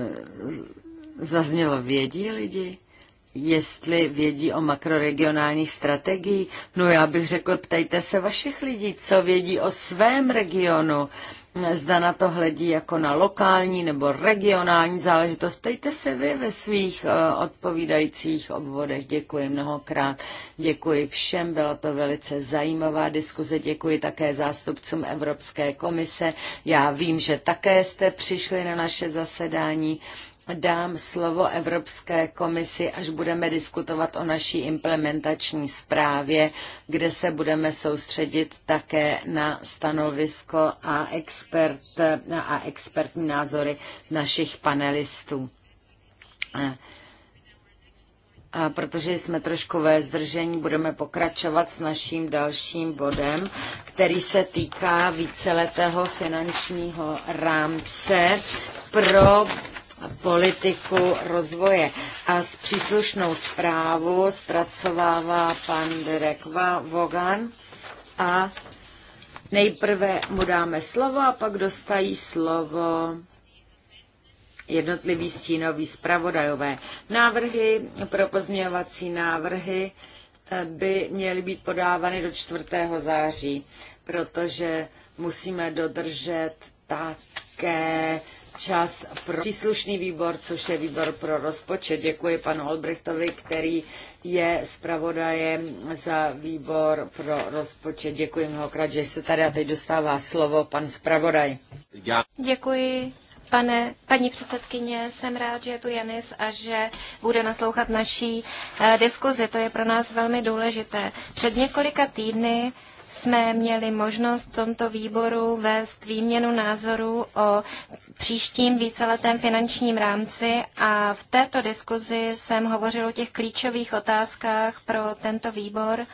zaznělo, vědí lidi, jestli vědí o makroregionálních strategiích. No já bych řekl, ptejte se vašich lidí, co vědí o svém regionu, zda na to hledí jako na lokální nebo regionální záležitost. Ptejte se vy ve svých eh, odpovídajících obvodech. Děkuji mnohokrát. Děkuji všem. Byla to velice zajímavá diskuze. Děkuji také zástupcům Evropské komise. Já vím, že také jste přišli na naše zasedání dám slovo Evropské komisi, až budeme diskutovat o naší implementační zprávě, kde se budeme soustředit také na stanovisko a, expert, a expertní názory našich panelistů. A protože jsme trošku ve zdržení, budeme pokračovat s naším dalším bodem, který se týká víceletého finančního rámce pro politiku rozvoje. A s příslušnou zprávu zpracovává pan Derek Vogan a nejprve mu dáme slovo a pak dostají slovo jednotliví stínoví zpravodajové. Návrhy pro pozměňovací návrhy eh, by měly být podávány do 4. září, protože musíme dodržet také čas pro příslušný výbor, což je výbor pro rozpočet. Děkuji panu Olbrechtovi, který je zpravodajem za výbor pro rozpočet. Děkuji mnohokrát, že jste tady a teď dostává slovo pan zpravodaj. Děkuji, pane, paní předsedkyně. Jsem rád, že je tu Janis a že bude naslouchat naší eh, diskuzi. To je pro nás velmi důležité. Před několika týdny jsme měli možnost v tomto výboru vést výměnu názorů o příštím víceletém finančním rámci a v této diskuzi jsem hovořil o těch klíčových otázkách pro tento výbor.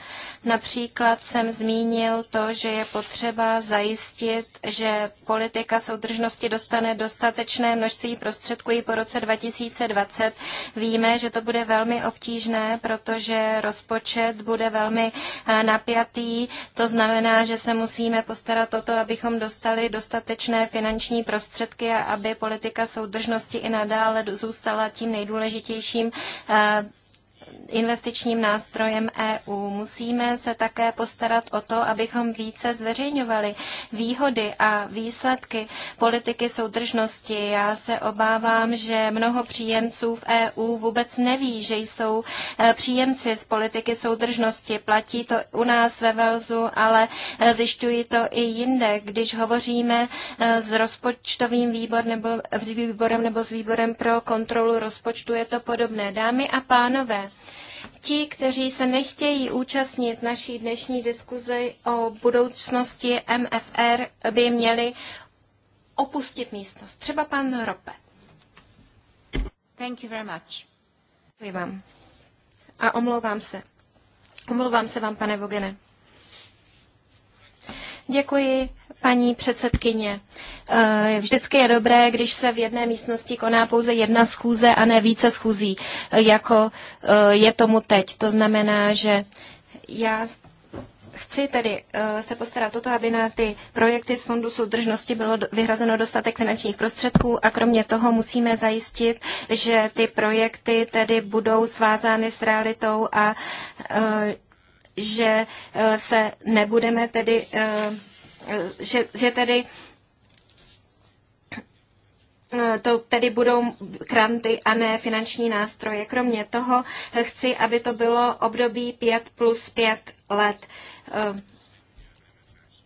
Například jsem zmínil to, že je potřeba zajistit, že politika soudržnosti dostane dostatečné množství prostředků i po roce 2020. Víme, že to bude velmi obtížné, protože rozpočet bude velmi eh, napjatý. To znamená, že se musíme postarat o to, abychom dostali dostatečné finanční prostředky aby politika soudržnosti i nadále zůstala tím nejdůležitějším eh, investičním nástrojem EU. Musíme se také postarat o to, abychom více zveřejňovali výhody a výsledky politiky soudržnosti. Já se obávám, že mnoho příjemců v EU vůbec neví, že jsou e, příjemci z politiky soudržnosti. Platí to u nás ve Velzu, ale e, zjišťují to i jinde, když hovoříme e, s rozpočtovým výbor nebo, s výborem nebo s výborem pro kontrolu rozpočtu, je to podobné. Dámy a pánové, Ti, kteří se nechtějí účastnit naší dnešní diskuzi o budoucnosti MFR, by měli opustit místnost. Třeba pan Rope. Thank you very much. Děkuji vám. A omlouvám se. Omlouvám se vám, pane Vogene. Děkuji, paní předsedkyně. Eh, vždycky je dobré, když se v jedné místnosti koná pouze jedna schůze a ne více schůzí, eh, jako eh, je tomu teď. To znamená, že já chci tedy se postarat o to, aby na ty projekty z Fondu soudržnosti bylo vyhrazeno dostatek finančních prostředků a kromě toho musíme zajistit, že ty projekty tedy budou svázány s realitou a že eh, se nebudeme tedy, eh, že, že tedy eh, to tedy budou kranty a ne finanční nástroje. Kromě toho chci, aby to bylo období 5 plus 5 let.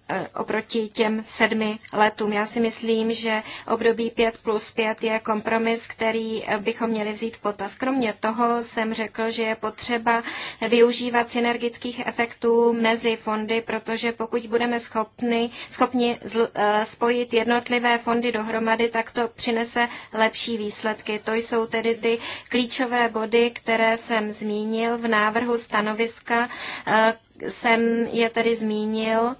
E, oproti těm sedmi letům. Já si myslím, že období 5 plus 5 je kompromis, který e, bychom měli vzít v potaz. Kromě toho jsem řekl, že je potřeba využívat synergických efektů mezi fondy, protože pokud budeme schopni, schopni zl, e, spojit jednotlivé fondy dohromady, tak to přinese lepší výsledky. To jsou tedy ty klíčové body, které jsem zmínil v návrhu stanoviska. Jsem je tedy zmínil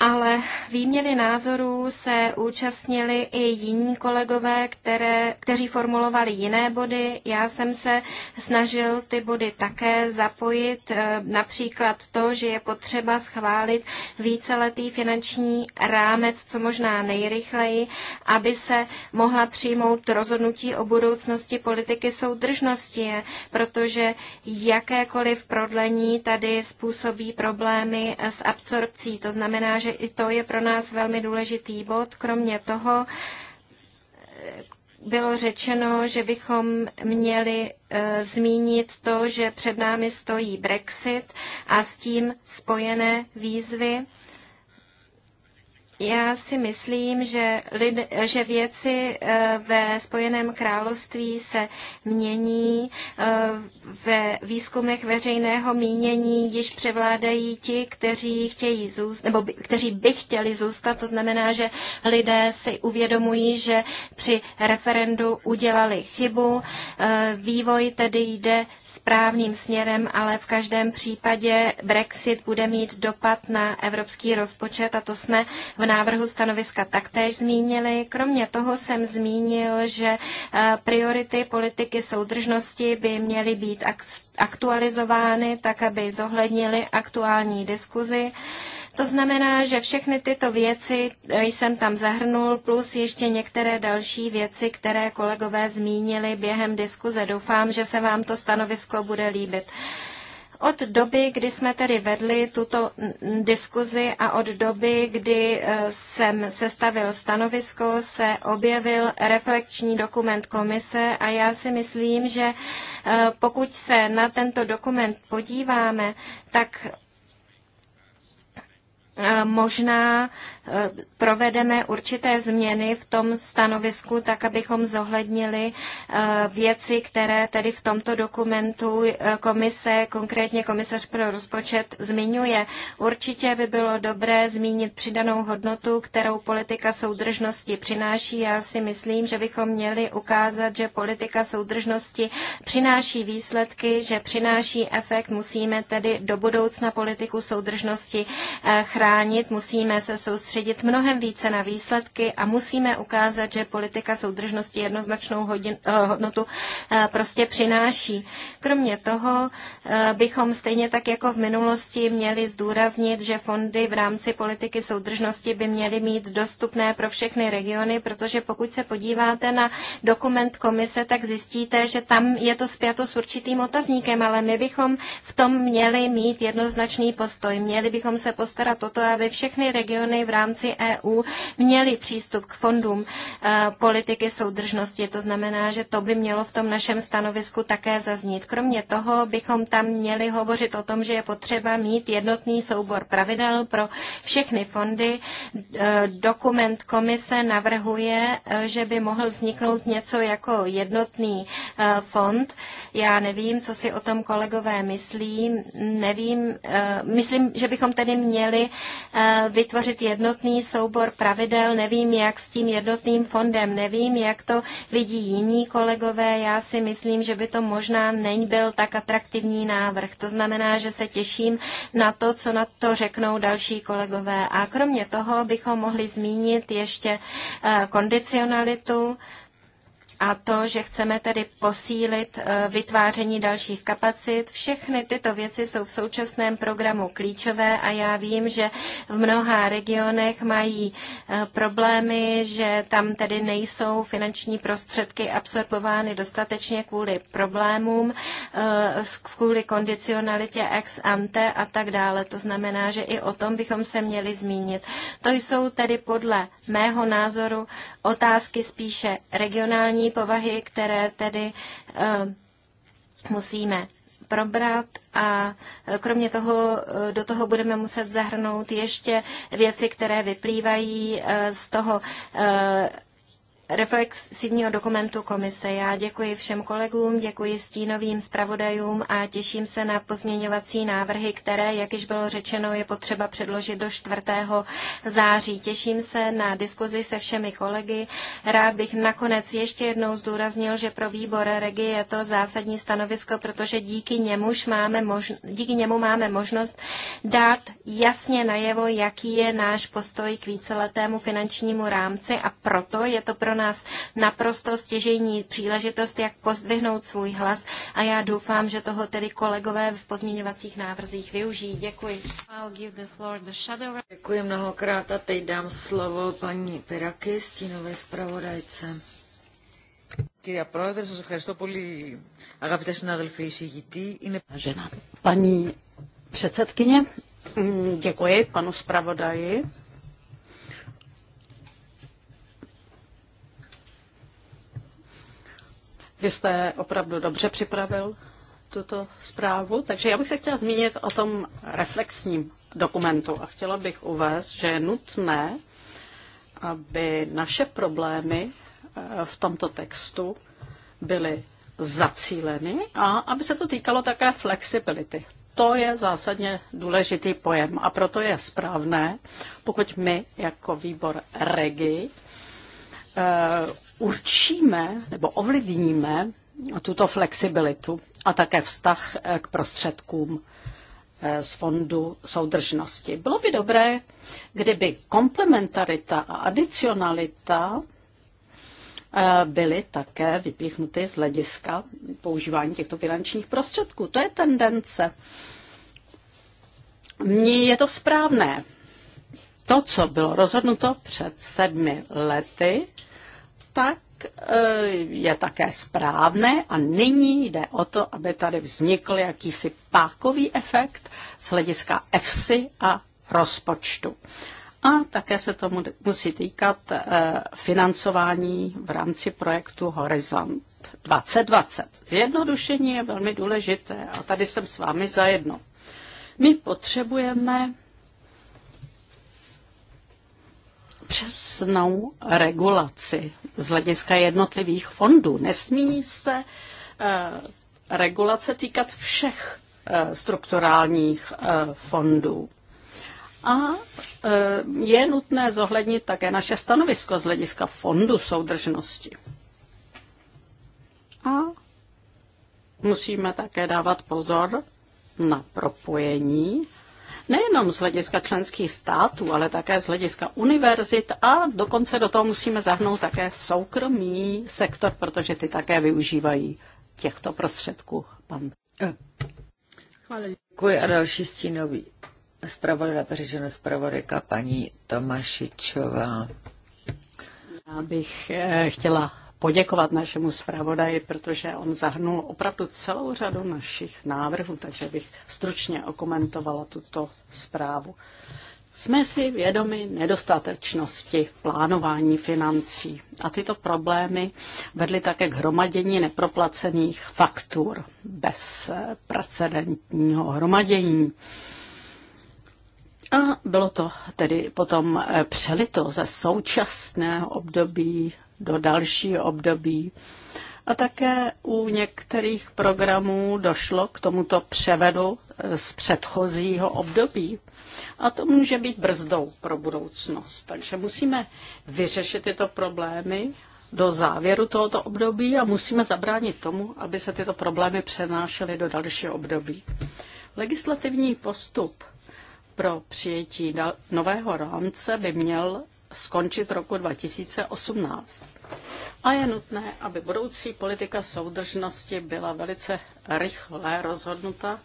ale výměny názorů se účastnili i jiní kolegové, které, kteří formulovali jiné body. Já jsem se snažil ty body také zapojit, eh, například to, že je potřeba schválit víceletý finanční rámec, co možná nejrychleji, aby se mohla přijmout rozhodnutí o budoucnosti politiky soudržnosti, protože jakékoliv prodlení tady způsobí problémy s absorpcí. To znamená, že takže i to je pro nás velmi důležitý bod. Kromě toho bylo řečeno, že bychom měli e, zmínit to, že před námi stojí Brexit a s tím spojené výzvy. Já si myslím, že, lid, že věci eh, ve Spojeném království se mění. Eh, ve výzkumech veřejného mínění již převládají ti, kteří chtějí zůstat, nebo by, kteří by chtěli zůstat. To znamená, že lidé si uvědomují, že při referendu udělali chybu. Eh, vývoj tedy jde správným směrem, ale v každém případě Brexit bude mít dopad na evropský rozpočet a to jsme v návrhu stanoviska taktéž zmínili. Kromě toho jsem zmínil, že eh, priority politiky soudržnosti by měly být aktualizovány tak, aby zohlednili aktuální diskuzi. To znamená, že všechny tyto věci eh, jsem tam zahrnul, plus ještě některé další věci, které kolegové zmínili během diskuze. Doufám, že se vám to stanovisko bude líbit. Od doby, kdy jsme tedy vedli tuto diskuzi a od doby, kdy eh, jsem sestavil stanovisko, se objevil reflekční dokument komise a já si myslím, že eh, pokud se na tento dokument podíváme, tak Eh, možná eh, provedeme určité změny v tom stanovisku, tak abychom zohlednili eh, věci, které tedy v tomto dokumentu komise, konkrétně komisař pro rozpočet, zmiňuje. Určitě by bylo dobré zmínit přidanou hodnotu, kterou politika soudržnosti přináší. Já si myslím, že bychom měli ukázat, že politika soudržnosti přináší výsledky, že přináší efekt. Musíme tedy do budoucna politiku soudržnosti chránit bránit, musíme se soustředit mnohem více na výsledky a musíme ukázat, že politika soudržnosti jednoznačnou hodin, eh, hodnotu eh, prostě přináší. Kromě toho eh, bychom stejně tak jako v minulosti měli zdůraznit, že fondy v rámci politiky soudržnosti by měly mít dostupné pro všechny regiony, protože pokud se podíváte na dokument komise, tak zjistíte, že tam je to spjato s určitým otazníkem, ale my bychom v tom měli mít jednoznačný postoj. Měli bychom se postarat o to, to, aby všechny regiony v rámci EU měly přístup k fondům eh, politiky soudržnosti. To znamená, že to by mělo v tom našem stanovisku také zaznít. Kromě toho bychom tam měli hovořit o tom, že je potřeba mít jednotný soubor pravidel pro všechny fondy. Eh, dokument komise navrhuje, eh, že by mohl vzniknout něco jako jednotný fond. Já nevím, co si o tom kolegové myslí. Nevím, myslím, že bychom tedy měli Eh, vytvořit jednotný soubor pravidel. Nevím, jak s tím jednotným fondem, nevím, jak to vidí jiní kolegové. Já si myslím, že by to možná není byl tak atraktivní návrh. To znamená, že se těším na to, co na to řeknou další kolegové. A kromě toho bychom mohli zmínit ještě eh, kondicionalitu a to, že chceme tedy posílit eh, vytváření dalších kapacit. Všechny tyto věci jsou v současném programu klíčové a já vím, že v mnoha regionech mají eh, problémy, že tam tedy nejsou finanční prostředky absorbovány dostatečně kvůli problémům, eh, kvůli kondicionalitě ex ante a tak dále. To znamená, že i o tom bychom se měli zmínit. To jsou tedy podle mého názoru otázky spíše regionální povahy, které tedy eh, musíme probrat a eh, kromě toho eh, do toho budeme muset zahrnout ještě věci, které vyplývají z toho reflexivního dokumentu komise. Já děkuji všem kolegům, děkuji stínovým zpravodajům a těším se na pozměňovací návrhy, které, jak již bylo řečeno, je potřeba předložit do 4. září. Těším se na diskuzi se všemi kolegy. Rád bych nakonec ještě jednou zdůraznil, že pro výbor Regi je to zásadní stanovisko, protože díky, němuž máme možno, díky němu máme možnost dát jasně najevo, jaký je náš postoj k víceletému finančnímu rámci a proto je to pro nás naprosto stěžejní příležitost, jak pozdvihnout svůj hlas a já doufám, že toho tedy kolegové v pozměňovacích návrzích využijí. Děkuji. Děkuji mnohokrát a teď dám slovo paní Piraky, stínové zpravodajce. Κυρία Πρόεδρε, σας ευχαριστώ πολύ αγαπητέ συνάδελφοι εισηγητή. Είναι... Paní předsedkyně, děkuji panu zpravodaji Vy jste opravdu dobře připravil tuto zprávu, takže já bych se chtěla zmínit o tom reflexním dokumentu a chtěla bych uvést, že je nutné, aby naše problémy eh, v tomto textu byly zacíleny a aby se to týkalo také flexibility. To je zásadně důležitý pojem a proto je správné, pokud my jako výbor REGI eh, určíme nebo ovlivníme tuto flexibilitu a také vztah eh, k prostředkům eh, z fondu soudržnosti. Bylo by dobré, kdyby komplementarita a adicionalita eh, byly také vypíchnuty z hlediska používání těchto finančních prostředků. To je tendence. Mně je to správné. To, co bylo rozhodnuto před sedmi lety, tak eh, je také správné a nyní jde o to, aby tady vznikl jakýsi pákový efekt z hlediska EFSI a rozpočtu. A také se to musí týkat eh, financování v rámci projektu Horizont 2020. Zjednodušení je velmi důležité a tady jsem s vámi zajedno. My potřebujeme přesnou regulaci z hlediska jednotlivých fondů. Nesmí se eh, regulace týkat všech eh, strukturálních eh, fondů. A je nutné zohlednit také naše stanovisko z hlediska fondu soudržnosti. A musíme také dávat pozor na propojení nejenom z hlediska členských států, ale také z hlediska univerzit a dokonce do toho musíme zahrnout také soukromý sektor, protože ty také využívají těchto prostředků. Pan. Děkuji a další stínový. zpravodajka, přežena zpravodajka paní Tomašičová. Já bych eh, chtěla poděkovat našemu zpravodaji, protože on zahrnul opravdu celou řadu našich návrhů, takže bych stručně okomentovala tuto zprávu. Jsme si vědomi nedostatečnosti plánování financí a tyto problémy vedly také k hromadění neproplacených faktur bez precedentního hromadění. A bylo to tedy potom přelito ze současného období do dalšího období. A také u některých programů došlo k tomuto převedu eh, z předchozího období. A to může být brzdou pro budoucnost. Takže musíme vyřešit tyto problémy do závěru tohoto období a musíme zabránit tomu, aby se tyto problémy přenášely do dalšího období. Legislativní postup pro přijetí nového rámce by měl skončit roku 2018. A je nutné, aby budoucí politika soudržnosti byla velice rychle rozhodnuta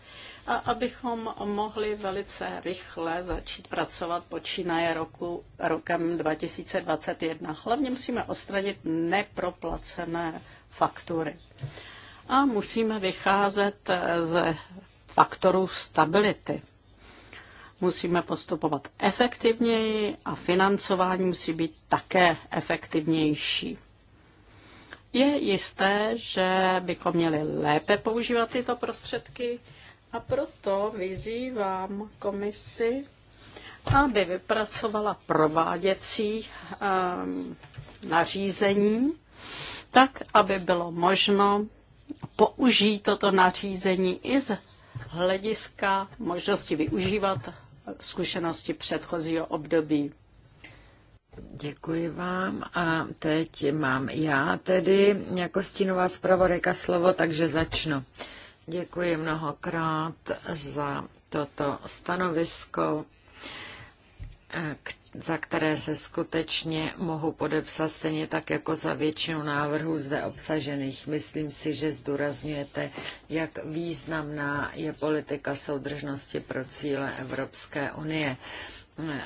a abychom mohli velice rychle začít pracovat počínaje roku, rokem 2021. Hlavně musíme odstranit neproplacené faktury. A musíme vycházet ze faktoru stability musíme postupovat efektivněji a financování musí být také efektivnější. Je jisté, že bychom měli lépe používat tyto prostředky a proto vyzývám komisi, aby vypracovala prováděcí um, nařízení, tak, aby bylo možno použít toto nařízení i z hlediska možnosti využívat zkušenosti předchozího období. Děkuji vám a teď mám já tedy jako stínová zpravodajka slovo, takže začnu. Děkuji mnohokrát za toto stanovisko, které za které se skutečně mohu podepsat stejně tak jako za většinu návrhů zde obsažených. Myslím si, že zdůrazňujete, jak významná je politika soudržnosti pro cíle Evropské unie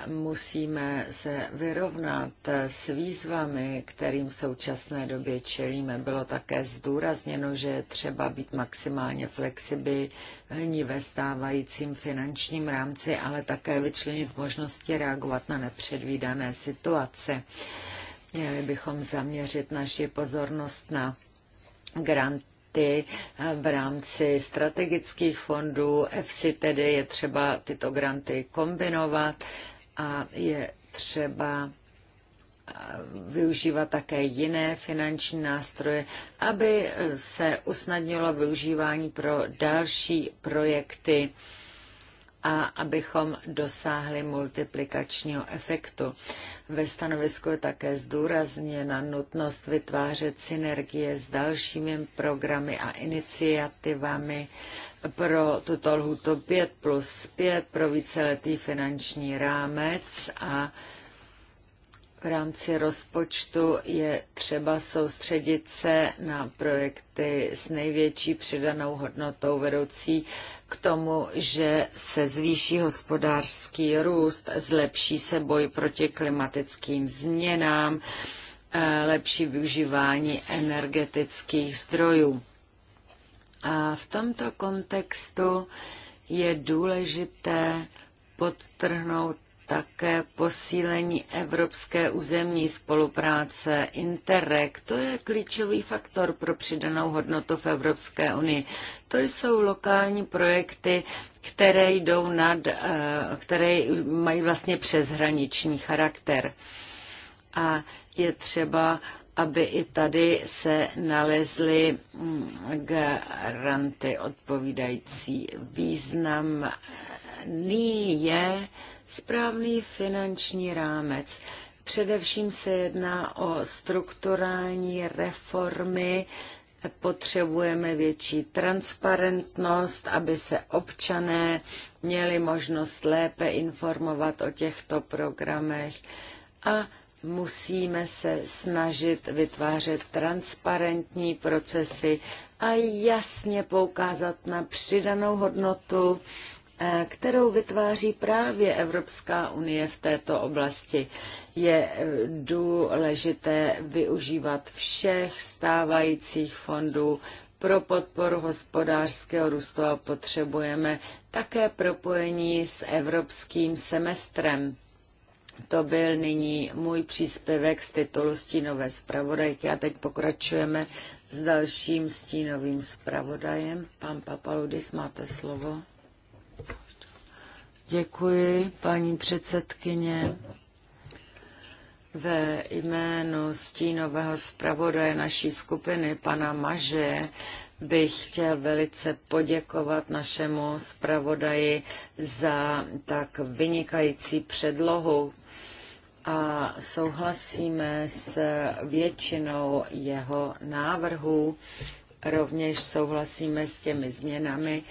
musíme se vyrovnat s výzvami, kterým v současné době čelíme. Bylo také zdůrazněno, že je třeba být maximálně flexibilní ve stávajícím finančním rámci, ale také vyčlenit možnosti reagovat na nepředvídané situace. Měli bychom zaměřit naši pozornost na grant ty v rámci strategických fondů. EFSI tedy je třeba tyto granty kombinovat a je třeba eh, využívat také jiné finanční nástroje, aby se usnadnilo využívání pro další projekty a abychom dosáhli multiplikačního efektu. Ve stanovisku je také zdůrazněna nutnost vytvářet synergie s dalšími programy a iniciativami pro tuto lhuto 5 plus 5 pro víceletý finanční rámec a v rámci rozpočtu je třeba soustředit se na projekty s největší přidanou hodnotou vedoucí k tomu, že se zvýší hospodářský růst, zlepší se boj proti klimatickým změnám, eh, lepší využívání energetických zdrojů. A v tomto kontextu je důležité podtrhnout také posílení evropské územní spolupráce, Interreg, to je klíčový faktor pro přidanou hodnotu v Evropské unii. To jsou lokální projekty, které, jdou nad, eh, které mají vlastně přeshraniční charakter. A je třeba aby i tady se nalezly mm, garanty odpovídající. Ní je Správný finanční rámec. Především se jedná o strukturální reformy. Potřebujeme větší transparentnost, aby se občané měli možnost lépe informovat o těchto programech a musíme se snažit vytvářet transparentní procesy a jasně poukázat na přidanou hodnotu Eh, kterou vytváří právě Evropská unie v této oblasti. Je eh, důležité využívat všech stávajících fondů pro podporu hospodářského růstu a potřebujeme také propojení s evropským semestrem. To byl nyní můj příspěvek z titulu Stínové zpravodajky a teď pokračujeme s dalším stínovým zpravodajem. Pan Papaludis, máte slovo. Děkuji, paní předsedkyně. Ve jménu stínového zpravodaje naší skupiny, pana Maže, bych chtěl velice poděkovat našemu zpravodaji za tak vynikající předlohu a souhlasíme s většinou jeho návrhů. Rovněž souhlasíme s těmi změnami,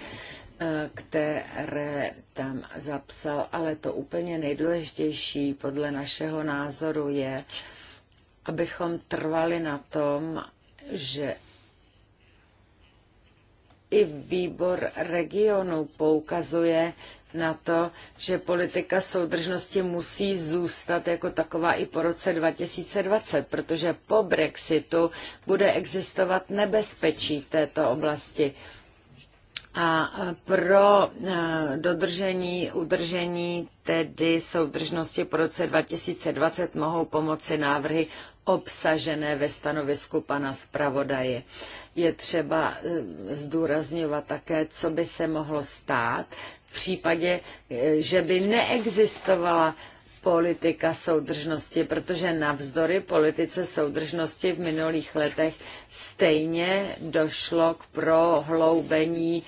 které tam zapsal, ale to úplně nejdůležitější podle našeho názoru je, abychom trvali na tom, že i výbor regionu poukazuje na to, že politika soudržnosti musí zůstat jako taková i po roce 2020, protože po Brexitu bude existovat nebezpečí v této oblasti a pro eh, dodržení, udržení tedy soudržnosti po roce 2020 mohou pomoci návrhy obsažené ve stanovisku pana zpravodaje. Je třeba eh, zdůrazňovat také, co by se mohlo stát v případě, eh, že by neexistovala politika soudržnosti, protože navzdory politice soudržnosti v minulých letech stejně došlo k prohloubení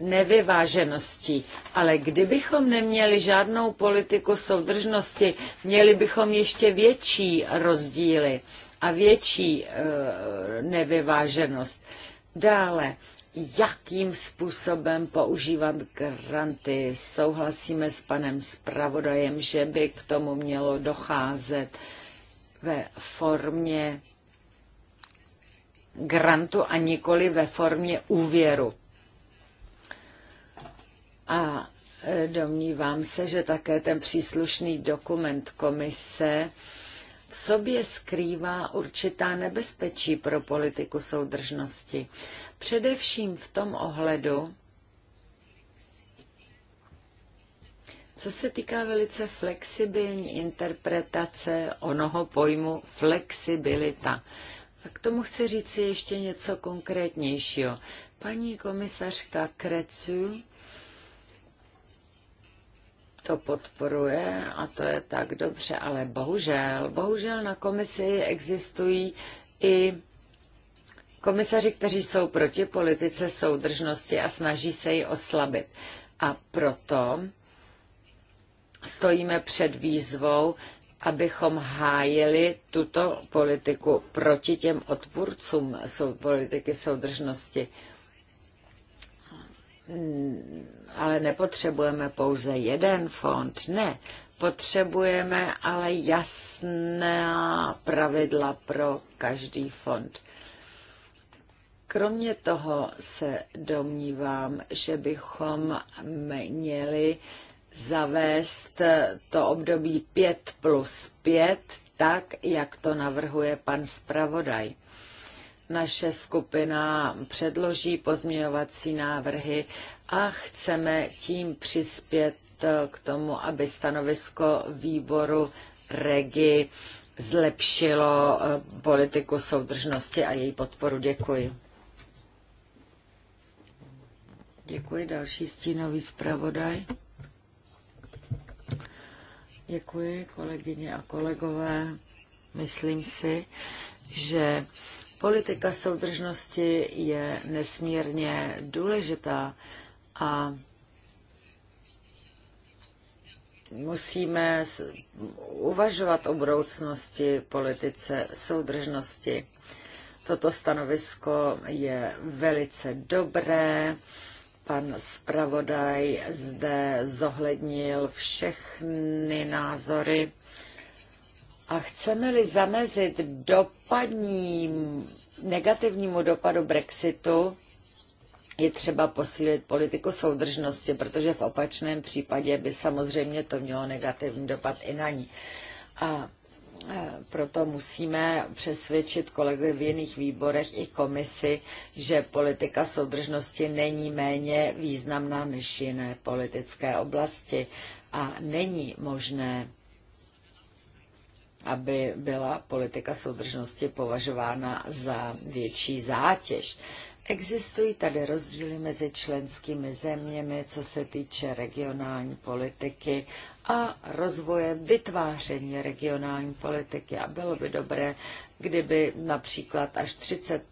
nevyvážeností. Ale kdybychom neměli žádnou politiku soudržnosti, měli bychom ještě větší rozdíly a větší e, nevyváženost. Dále, jakým způsobem používat granty. Souhlasíme s panem zpravodajem, že by k tomu mělo docházet ve formě grantu a nikoli ve formě úvěru. A e, domnívám se, že také ten příslušný dokument komise v sobě skrývá určitá nebezpečí pro politiku soudržnosti. Především v tom ohledu, Co se týká velice flexibilní interpretace onoho pojmu flexibilita, a k tomu chci říct si ještě něco konkrétnějšího. Paní komisařka Krecu to podporuje a to je tak dobře, ale bohužel, bohužel na komisi existují i komisaři, kteří jsou proti politice soudržnosti a snaží se ji oslabit. A proto stojíme před výzvou, abychom hájili tuto politiku proti těm odpůrcům politiky soudržnosti ale nepotřebujeme pouze jeden fond, ne. Potřebujeme ale jasná pravidla pro každý fond. Kromě toho se domnívám, že bychom měli zavést to období 5 plus 5, tak, jak to navrhuje pan zpravodaj. Naše skupina předloží pozměňovací návrhy a chceme tím přispět eh, k tomu, aby stanovisko výboru REGI zlepšilo eh, politiku soudržnosti a její podporu. Děkuji. Děkuji. Další stínový zpravodaj. Děkuji, kolegyně a kolegové. Myslím si, že politika soudržnosti je nesmírně důležitá a musíme uvažovat o budoucnosti politice soudržnosti. Toto stanovisko je velice dobré. Pan zpravodaj zde zohlednil všechny názory. A chceme-li zamezit dopadním, negativnímu dopadu Brexitu, je třeba posílit politiku soudržnosti, protože v opačném případě by samozřejmě to mělo negativní dopad i na ní. A e, proto musíme přesvědčit kolegy v jiných výborech i komisi, že politika soudržnosti není méně významná než jiné politické oblasti a není možné, aby byla politika soudržnosti považována za větší zátěž. Existují tady rozdíly mezi členskými zeměmi, co se týče regionální politiky a rozvoje vytváření regionální politiky. A bylo by dobré, kdyby například až 30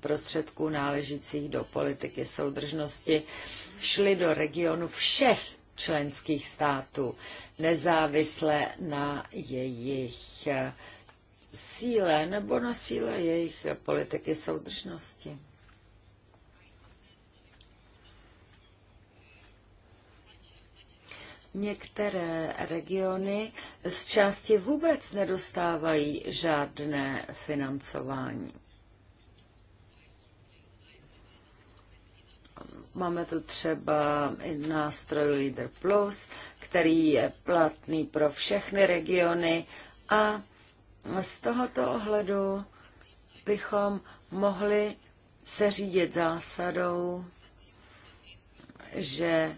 prostředků náležících do politiky soudržnosti šly do regionu všech členských států, nezávisle na jejich síle nebo na síle jejich politiky soudržnosti. Některé regiony z části vůbec nedostávají žádné financování. Máme tu třeba nástroj Leader Plus, který je platný pro všechny regiony a z tohoto ohledu bychom mohli se řídit zásadou, že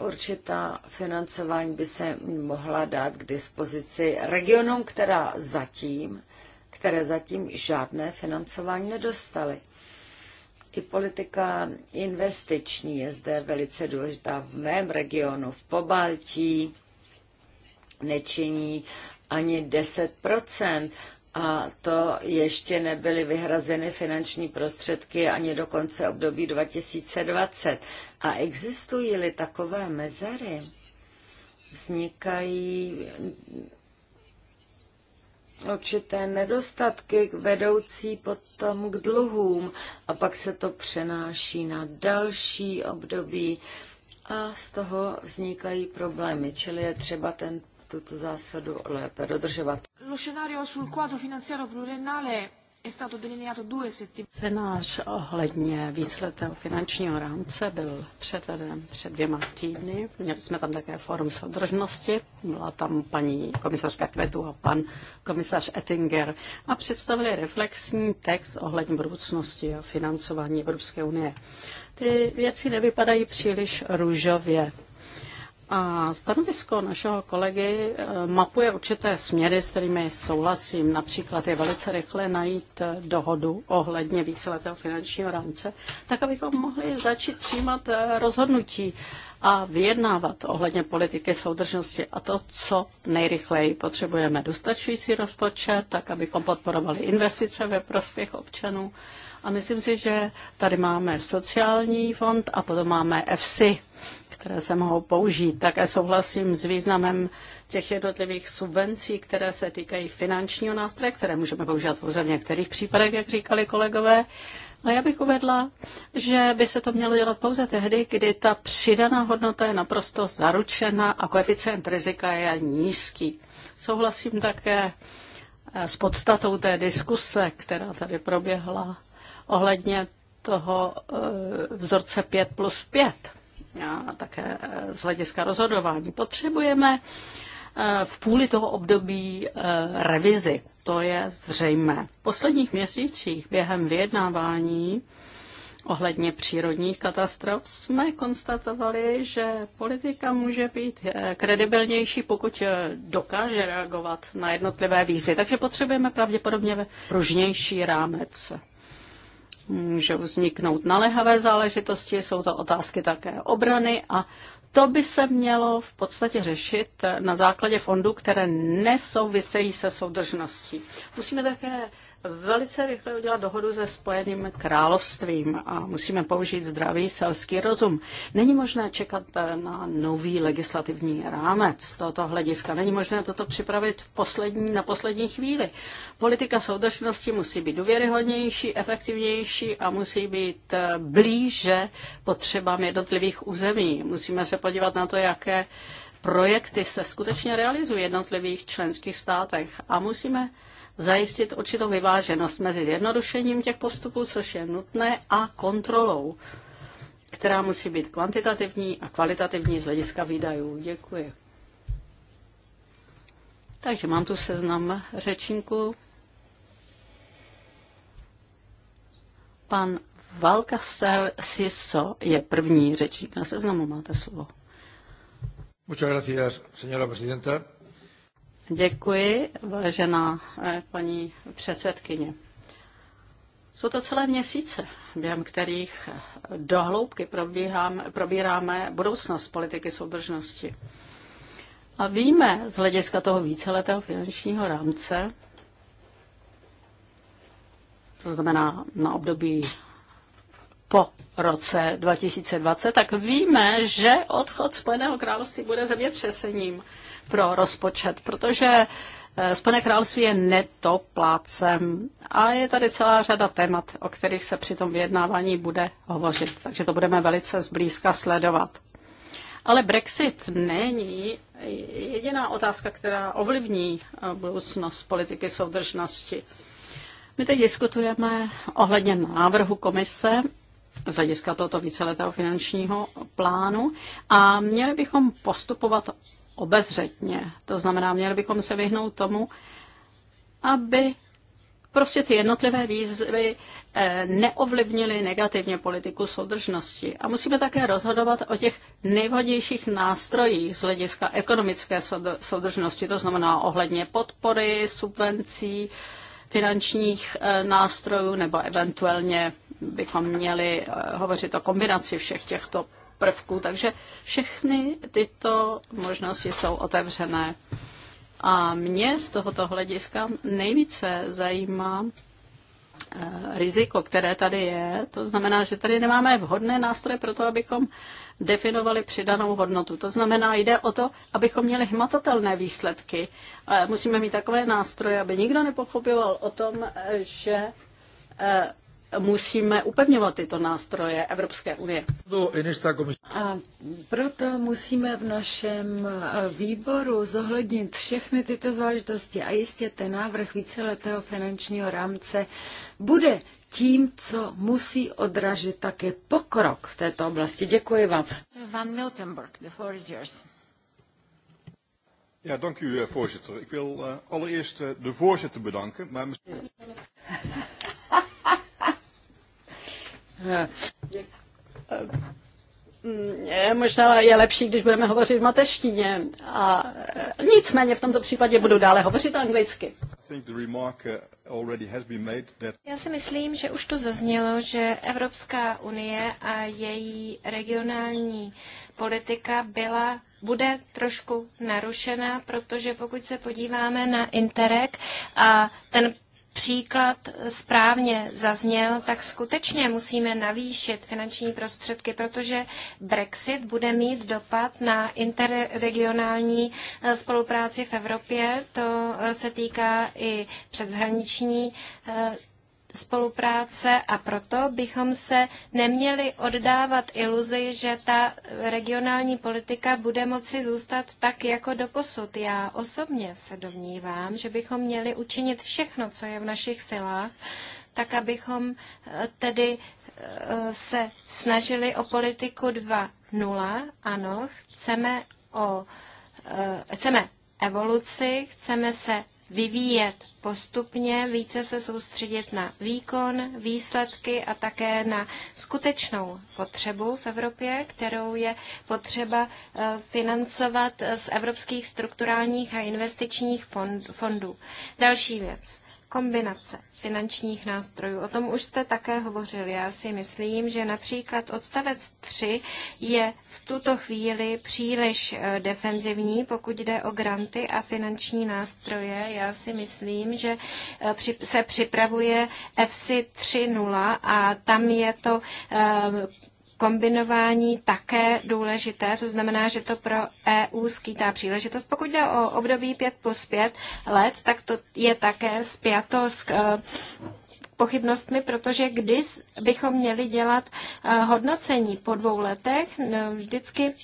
určitá financování by se mohla dát k dispozici regionům, která zatím, které zatím žádné financování nedostaly. I politika investiční je zde velice důležitá v mém regionu, v Pobaltí, nečiní ani 10 a to ještě nebyly vyhrazeny finanční prostředky ani do konce období 2020. A existují-li takové mezery, vznikají určité nedostatky vedoucí potom k dluhům a pak se to přenáší na další období a z toho vznikají problémy, čili je třeba ten tuto zásadu lépe dodržovat. Lo Scénář ohledně výsledného finančního rámce byl předveden před dvěma týdny. Měli jsme tam také fórum soudržnosti. Byla tam paní komisařka Kvetu a pan komisař Ettinger a představili reflexní text ohledně budoucnosti a financování Evropské unie. Ty věci nevypadají příliš růžově. A stanovisko našeho kolegy eh, mapuje určité směry, s kterými souhlasím. Například je velice rychle najít eh, dohodu ohledně víceletého finančního rámce, tak abychom mohli začít přijímat eh, rozhodnutí a vyjednávat ohledně politiky soudržnosti a to, co nejrychleji potřebujeme. Dostačující rozpočet, tak abychom podporovali investice ve prospěch občanů. A myslím si, že tady máme sociální fond a potom máme EFSI které se mohou použít. Také souhlasím s významem těch jednotlivých subvencí, které se týkají finančního nástroje, které můžeme používat pouze v některých případech, jak říkali kolegové. Ale já bych uvedla, že by se to mělo dělat pouze tehdy, kdy ta přidaná hodnota je naprosto zaručena a koeficient rizika je nízký. Souhlasím také eh, s podstatou té diskuse, která tady proběhla ohledně toho eh, vzorce 5 plus 5 a také eh, z hlediska rozhodování. Potřebujeme eh, v půli toho období eh, revizi. To je zřejmé. V posledních měsících během vyjednávání ohledně přírodních katastrof jsme konstatovali, že politika může být kredibilnější, pokud dokáže reagovat na jednotlivé výzvy. Takže potřebujeme pravděpodobně pružnější rámec můžou vzniknout naléhavé záležitosti, jsou to otázky také obrany a to by se mělo v podstatě řešit na základě fondů, které nesouvisejí se soudržností. Musíme také velice rychle udělat dohodu se Spojeným královstvím a musíme použít zdravý selský rozum. Není možné čekat eh, na nový legislativní rámec z tohoto hlediska. Není možné toto připravit v poslední, na poslední chvíli. Politika soudržnosti musí být důvěryhodnější, efektivnější a musí být eh, blíže potřebám jednotlivých území. Musíme se podívat na to, jaké projekty se skutečně realizují v jednotlivých členských státech a musíme zajistit určitou vyváženost mezi zjednodušením těch postupů, což je nutné, a kontrolou, která musí být kvantitativní a kvalitativní z hlediska výdajů. Děkuji. Takže mám tu seznam řečníků. Pan Valkasel Siso je první řečník na seznamu. Máte slovo. Muchas gracias, señora presidenta. Děkuji, vážená eh, paní předsedkyně. Jsou to celé měsíce, během kterých eh, dohloubky probíháme, probíráme budoucnost politiky soudržnosti. A víme z hlediska toho víceletého finančního rámce, to znamená na období po roce 2020, tak víme, že odchod Spojeného království bude zemětřesením pro rozpočet, protože eh, Spojené království je netoplácem a je tady celá řada témat, o kterých se při tom vyjednávání bude hovořit, takže to budeme velice zblízka sledovat. Ale Brexit není jediná otázka, která ovlivní eh, budoucnost politiky soudržnosti. My teď diskutujeme ohledně návrhu komise z hlediska tohoto víceletého finančního plánu a měli bychom postupovat obezřetně. To znamená, měli bychom se vyhnout tomu, aby prostě ty jednotlivé výzvy eh, neovlivnily negativně politiku soudržnosti. A musíme také rozhodovat o těch nejvhodnějších nástrojích z hlediska ekonomické soudržnosti, to znamená ohledně podpory, subvencí, finančních eh, nástrojů, nebo eventuálně bychom měli eh, hovořit o kombinaci všech těchto prvků, takže všechny tyto možnosti jsou otevřené. A mě z tohoto hlediska nejvíce zajímá eh, riziko, které tady je. To znamená, že tady nemáme vhodné nástroje pro to, abychom definovali přidanou hodnotu. To znamená, jde o to, abychom měli hmatatelné výsledky. Musíme mít takové nástroje, aby nikdo nepochopil o tom, eh, že eh, musíme upevňovat tyto nástroje Evropské unie. No, a proto musíme v našem eh, výboru zohlednit všechny tyto záležitosti a jistě ten návrh víceletého finančního rámce bude tím, co musí odražit také pokrok v této oblasti. Děkuji vám. Van Miltenburg, the floor is yours. Ja, dank u eh, voorzitter. Ik wil uh, allereerst uh, de voorzitter bedanken, maar misschien... Eh, mm, eh, možná je lepší, když budeme hovořit v mateštině. A eh, nicméně v tomto případě budu dále hovořit anglicky. Já si myslím, že už to zaznělo, že Evropská unie a její regionální politika byla bude trošku narušena, protože pokud se podíváme na Interreg a ten příklad správně zazněl, tak skutečně musíme navýšit finanční prostředky, protože Brexit bude mít dopad na interregionální eh, spolupráci v Evropě. To eh, se týká i přeshraniční eh, spolupráce a proto bychom se neměli oddávat iluzi, že ta regionální politika bude moci zůstat tak jako doposud. Já osobně se domnívám, že bychom měli učinit všechno, co je v našich silách, tak abychom eh, tedy eh, se snažili o politiku 2.0. Ano, chceme o eh, chceme evoluci, chceme se vyvíjet postupně, více se soustředit na výkon, výsledky a také na skutečnou potřebu v Evropě, kterou je potřeba eh, financovat z evropských strukturálních a investičních fondů. Další věc kombinace finančních nástrojů. O tom už jste také hovořili. Já si myslím, že například odstavec 3 je v tuto chvíli příliš eh, defenzivní, pokud jde o granty a finanční nástroje. Já si myslím, že eh, se připravuje FC 3.0 a tam je to eh, kombinování také důležité, to znamená, že to pro EU skýtá příležitost. Pokud jde o období 5 plus 5 let, tak to je také zpěto s eh, pochybnostmi, protože když bychom měli dělat eh, hodnocení po dvou letech, vždycky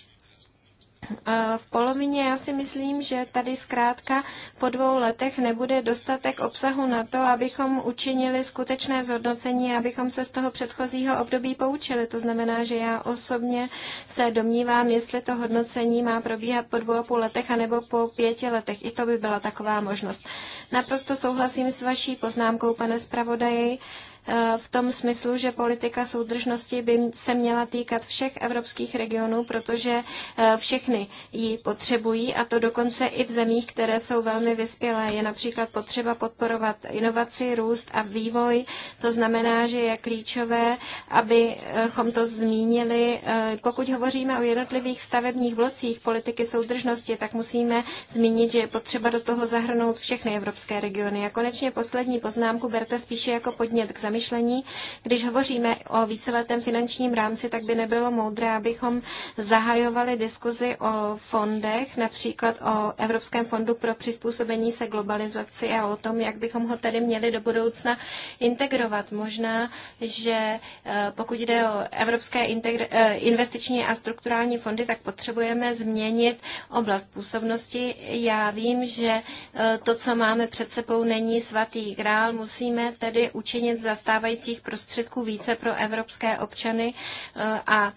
v polovině já si myslím, že tady zkrátka po dvou letech nebude dostatek obsahu na to, abychom učinili skutečné zhodnocení, abychom se z toho předchozího období poučili. To znamená, že já osobně se domnívám, jestli to hodnocení má probíhat po dvou a půl letech anebo po pěti letech. I to by byla taková možnost. Naprosto souhlasím s vaší poznámkou, pane zpravodaji. Eh, v tom smyslu, že politika soudržnosti by se měla týkat všech evropských regionů, protože eh, všechny ji potřebují a to dokonce i v zemích, které jsou velmi vyspělé. Je například potřeba podporovat inovaci, růst a vývoj. To znamená, že je klíčové, abychom to zmínili. Eh, pokud hovoříme o jednotlivých stavebních blocích politiky soudržnosti, tak musíme zmínit, že je potřeba do toho zahrnout všechny evropské regiony. A konečně poslední poznámku berte spíše jako podnět k zem zamyšlení. Když hovoříme o víceletém finančním rámci, tak by nebylo moudré, abychom zahajovali diskuzi o fondech, například o Evropském fondu pro přizpůsobení se globalizaci a o tom, jak bychom ho tedy měli do budoucna integrovat. Možná, že eh, pokud jde o Evropské eh, investiční a strukturální fondy, tak potřebujeme změnit oblast působnosti. Já vím, že eh, to, co máme před sebou, není svatý grál. Musíme tedy učinit za stávajících prostředků více pro evropské občany eh, a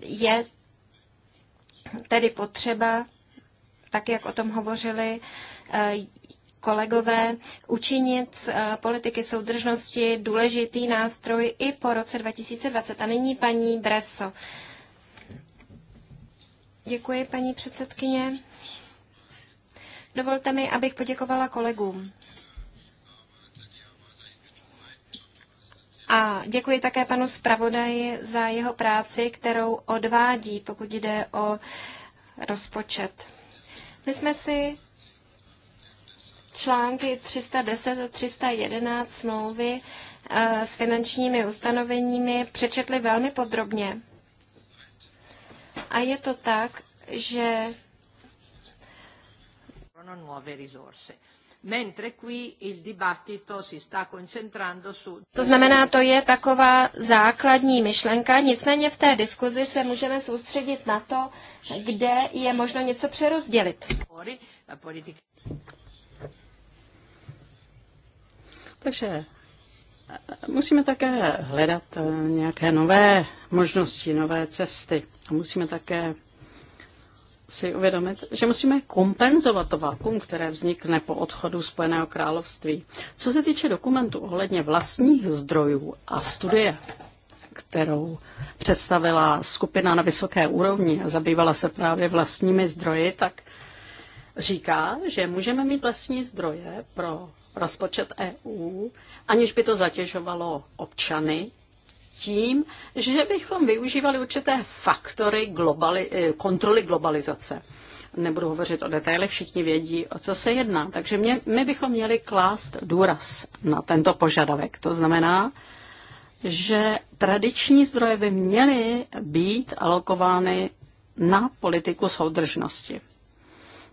je tedy potřeba, tak jak o tom hovořili eh, kolegové, učinit z eh, politiky soudržnosti důležitý nástroj i po roce 2020. A nyní paní Breso. Děkuji, paní předsedkyně. Dovolte mi, abych poděkovala kolegům A děkuji také panu zpravodaji za jeho práci, kterou odvádí, pokud jde o rozpočet. My jsme si články 310 a 311 smlouvy eh, s finančními ustanoveními přečetli velmi podrobně. A je to tak, že mentre qui il dibattito si sta concentrando su... To znamená, to je taková základní myšlenka, nicméně v té diskuzi se můžeme soustředit na to, kde je možno něco přerozdělit. Takže eh, musíme také hledat eh, nějaké nové možnosti, nové cesty. A musíme také si uvědomit, že musíme kompenzovat to vákum, které vznikne po odchodu Spojeného království. Co se týče dokumentu ohledně vlastních zdrojů a studie, kterou představila skupina na vysoké úrovni a zabývala se právě vlastními zdroji, tak říká, že můžeme mít vlastní zdroje pro rozpočet EU, aniž by to zatěžovalo občany tím, že bychom využívali určité faktory globali, eh, kontroly globalizace. Nebudu hovořit o detailech, všichni vědí, o co se jedná. Takže mě, my bychom měli klást důraz na tento požadavek. To znamená, že tradiční zdroje by měly být alokovány na politiku soudržnosti.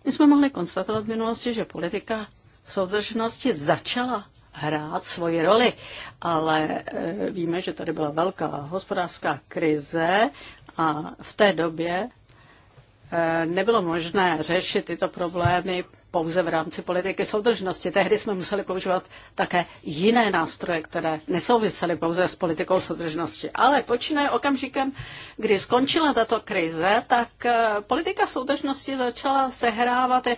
My jsme mohli konstatovat v minulosti, že politika soudržnosti začala hrát svoji roli, ale e, víme, že tady byla velká hospodářská krize a v té době e, nebylo možné řešit tyto problémy pouze v rámci politiky soudržnosti. Tehdy jsme museli používat také jiné nástroje, které nesouvisely pouze s politikou soudržnosti. Ale počínaje okamžikem, kdy skončila tato krize, tak e, politika soudržnosti začala sehrávat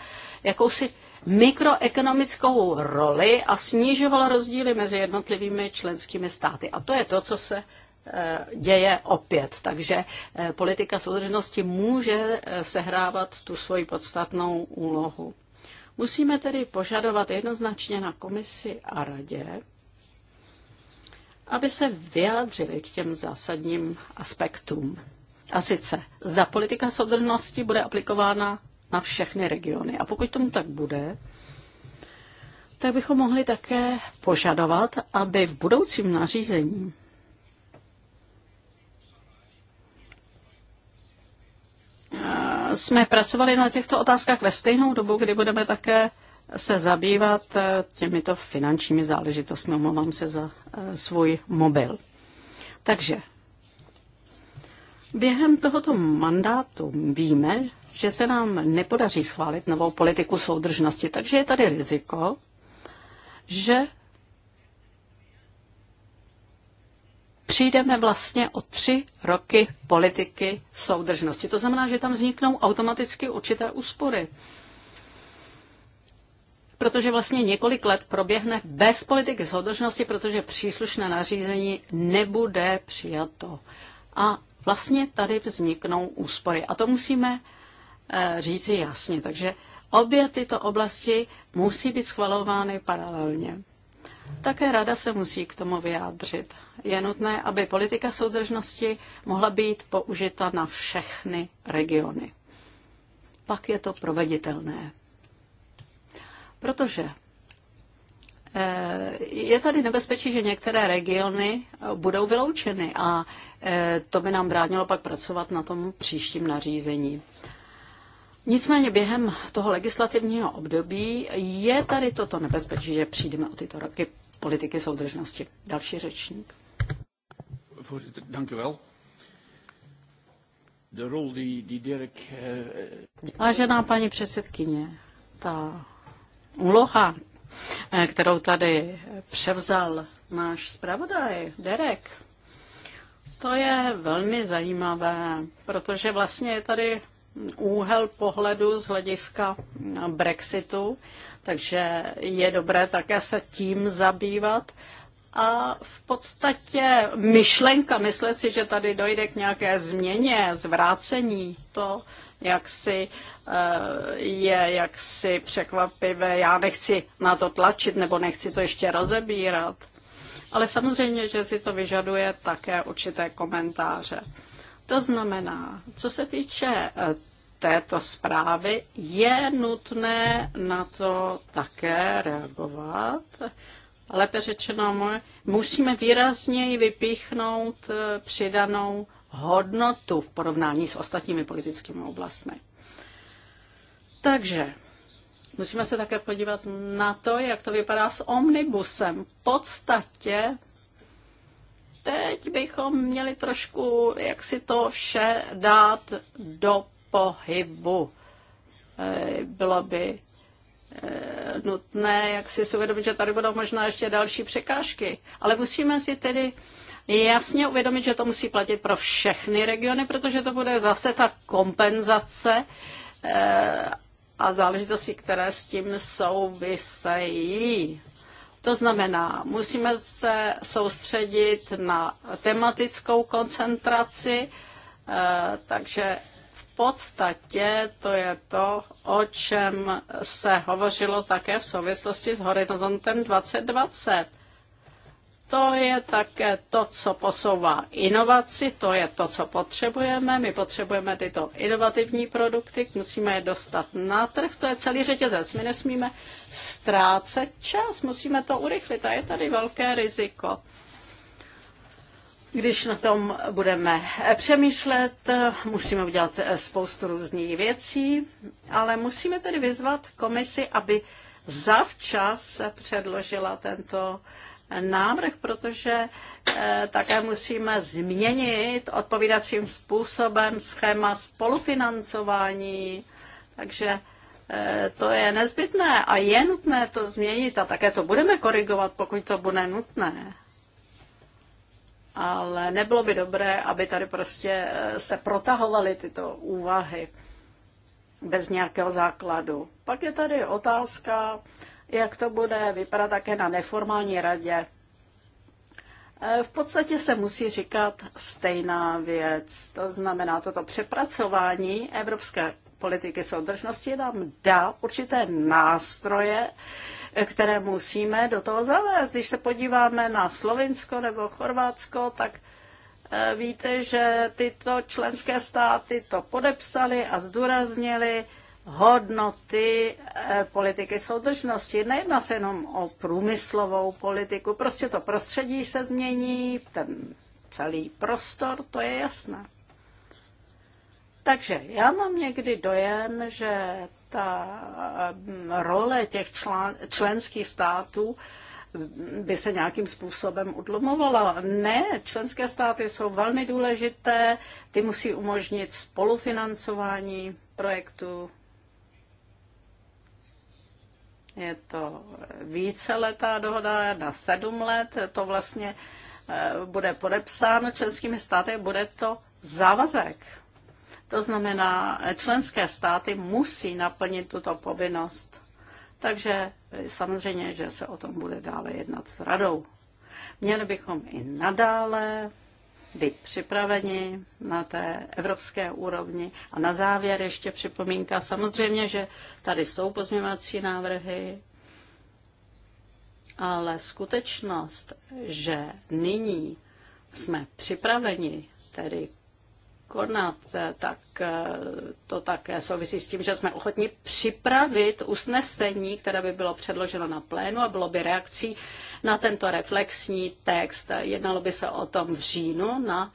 jakousi mikroekonomickou roli a snižoval rozdíly mezi jednotlivými členskými státy. A to je to, co se eh, děje opět. Takže eh, politika soudržnosti může eh, sehrávat tu svoji podstatnou úlohu. Musíme tedy požadovat jednoznačně na komisi a radě, aby se vyjádřili k těm zásadním aspektům. A sice, zda politika soudržnosti bude aplikována na všechny regiony. A pokud tomu tak bude, tak bychom mohli také požadovat, aby v budoucím nařízení jsme pracovali na těchto otázkách ve stejnou dobu, kdy budeme také se zabývat eh, těmito finančními záležitostmi. Omlouvám se za eh, svůj mobil. Takže během tohoto mandátu víme, že se nám nepodaří schválit novou politiku soudržnosti. Takže je tady riziko, že přijdeme vlastně o tři roky politiky soudržnosti. To znamená, že tam vzniknou automaticky určité úspory. Protože vlastně několik let proběhne bez politiky soudržnosti, protože příslušné nařízení nebude přijato. A vlastně tady vzniknou úspory. A to musíme Eh, říci jasně. Takže obě tyto oblasti musí být schvalovány paralelně. Také rada se musí k tomu vyjádřit. Je nutné, aby politika soudržnosti mohla být použita na všechny regiony. Pak je to proveditelné. Protože eh, je tady nebezpečí, že některé regiony budou vyloučeny a eh, to by nám bránilo pak pracovat na tom příštím nařízení. Nicméně během toho legislativního období je tady toto nebezpečí, že přijdeme o tyto roky politiky soudržnosti. Další řečník. Eh, Vážená paní předsedkyně, ta úloha, eh, kterou tady převzal náš zpravodaj Derek, to je velmi zajímavé, protože vlastně je tady úhel pohledu z hlediska Brexitu, takže je dobré také se tím zabývat. A v podstatě myšlenka, myslet si, že tady dojde k nějaké změně, zvrácení, to jaksi eh, je jaksi překvapivé. Já nechci na to tlačit nebo nechci to ještě rozebírat. Ale samozřejmě, že si to vyžaduje také určité komentáře. To znamená, co se týče eh, této zprávy, je nutné na to také reagovat. Lépe řečeno, musíme výrazněji vypíchnout eh, přidanou hodnotu v porovnání s ostatními politickými oblastmi. Takže musíme se také podívat na to, jak to vypadá s omnibusem. V podstatě teď bychom měli trošku, jak si to vše dát do pohybu. Eh, bylo by eh, nutné, jak si uvědomit, že tady budou možná ještě další překážky. Ale musíme si tedy jasně uvědomit, že to musí platit pro všechny regiony, protože to bude zase ta kompenzace eh, a záležitosti, které s tím souvisejí. To znamená, musíme se soustředit na tematickou koncentraci, eh, takže v podstatě to je to, o čem se hovořilo také v souvislosti s horizontem 2020. To je také to, co posouvá inovaci, to je to, co potřebujeme. My potřebujeme tyto inovativní produkty, musíme je dostat na trh, to je celý řetězec. My nesmíme ztrácet čas, musíme to urychlit a je tady velké riziko. Když na tom budeme přemýšlet, musíme udělat spoustu různých věcí, ale musíme tedy vyzvat komisi, aby zavčas předložila tento uh, návrh, protože eh, také musíme změnit odpovídacím způsobem schéma spolufinancování, takže eh, to je nezbytné a je nutné to změnit a také to budeme korigovat, pokud to bude nutné. Ale nebylo by dobré, aby tady prostě eh, se protahovaly tyto úvahy bez nějakého základu. Pak je tady otázka jak to bude vypadat také na neformální radě. E, v podstatě se musí říkat stejná věc. To znamená, toto přepracování evropské politiky soudržnosti nám dá určité nástroje, které musíme do toho zavést. Když se podíváme na Slovinsko nebo Chorvatsko, tak e, víte, že tyto členské státy to podepsali a zdůraznili, hodnoty eh, politiky soudržnosti. Nejedná se jenom o průmyslovou politiku, prostě to prostředí se změní, ten celý prostor, to je jasné. Takže já mám někdy dojem, že ta mm, role těch člán, členských států mm, by se nějakým způsobem utlumovala. Ne, členské státy jsou velmi důležité, ty musí umožnit spolufinancování projektu je to víceletá dohoda na sedm let. To vlastně eh, bude podepsáno členskými státy, bude to závazek. To znamená, členské státy musí naplnit tuto povinnost. Takže samozřejmě, že se o tom bude dále jednat s radou. Měli bychom i nadále být připraveni na té evropské úrovni. A na závěr ještě připomínka. Samozřejmě, že tady jsou pozměňovací návrhy, ale skutečnost, že nyní jsme připraveni tedy konat, tak eh, to také souvisí s tím, že jsme ochotni připravit usnesení, které by bylo předloženo na plénu a bylo by reakcí na tento reflexní text. Jednalo by se o tom v říjnu na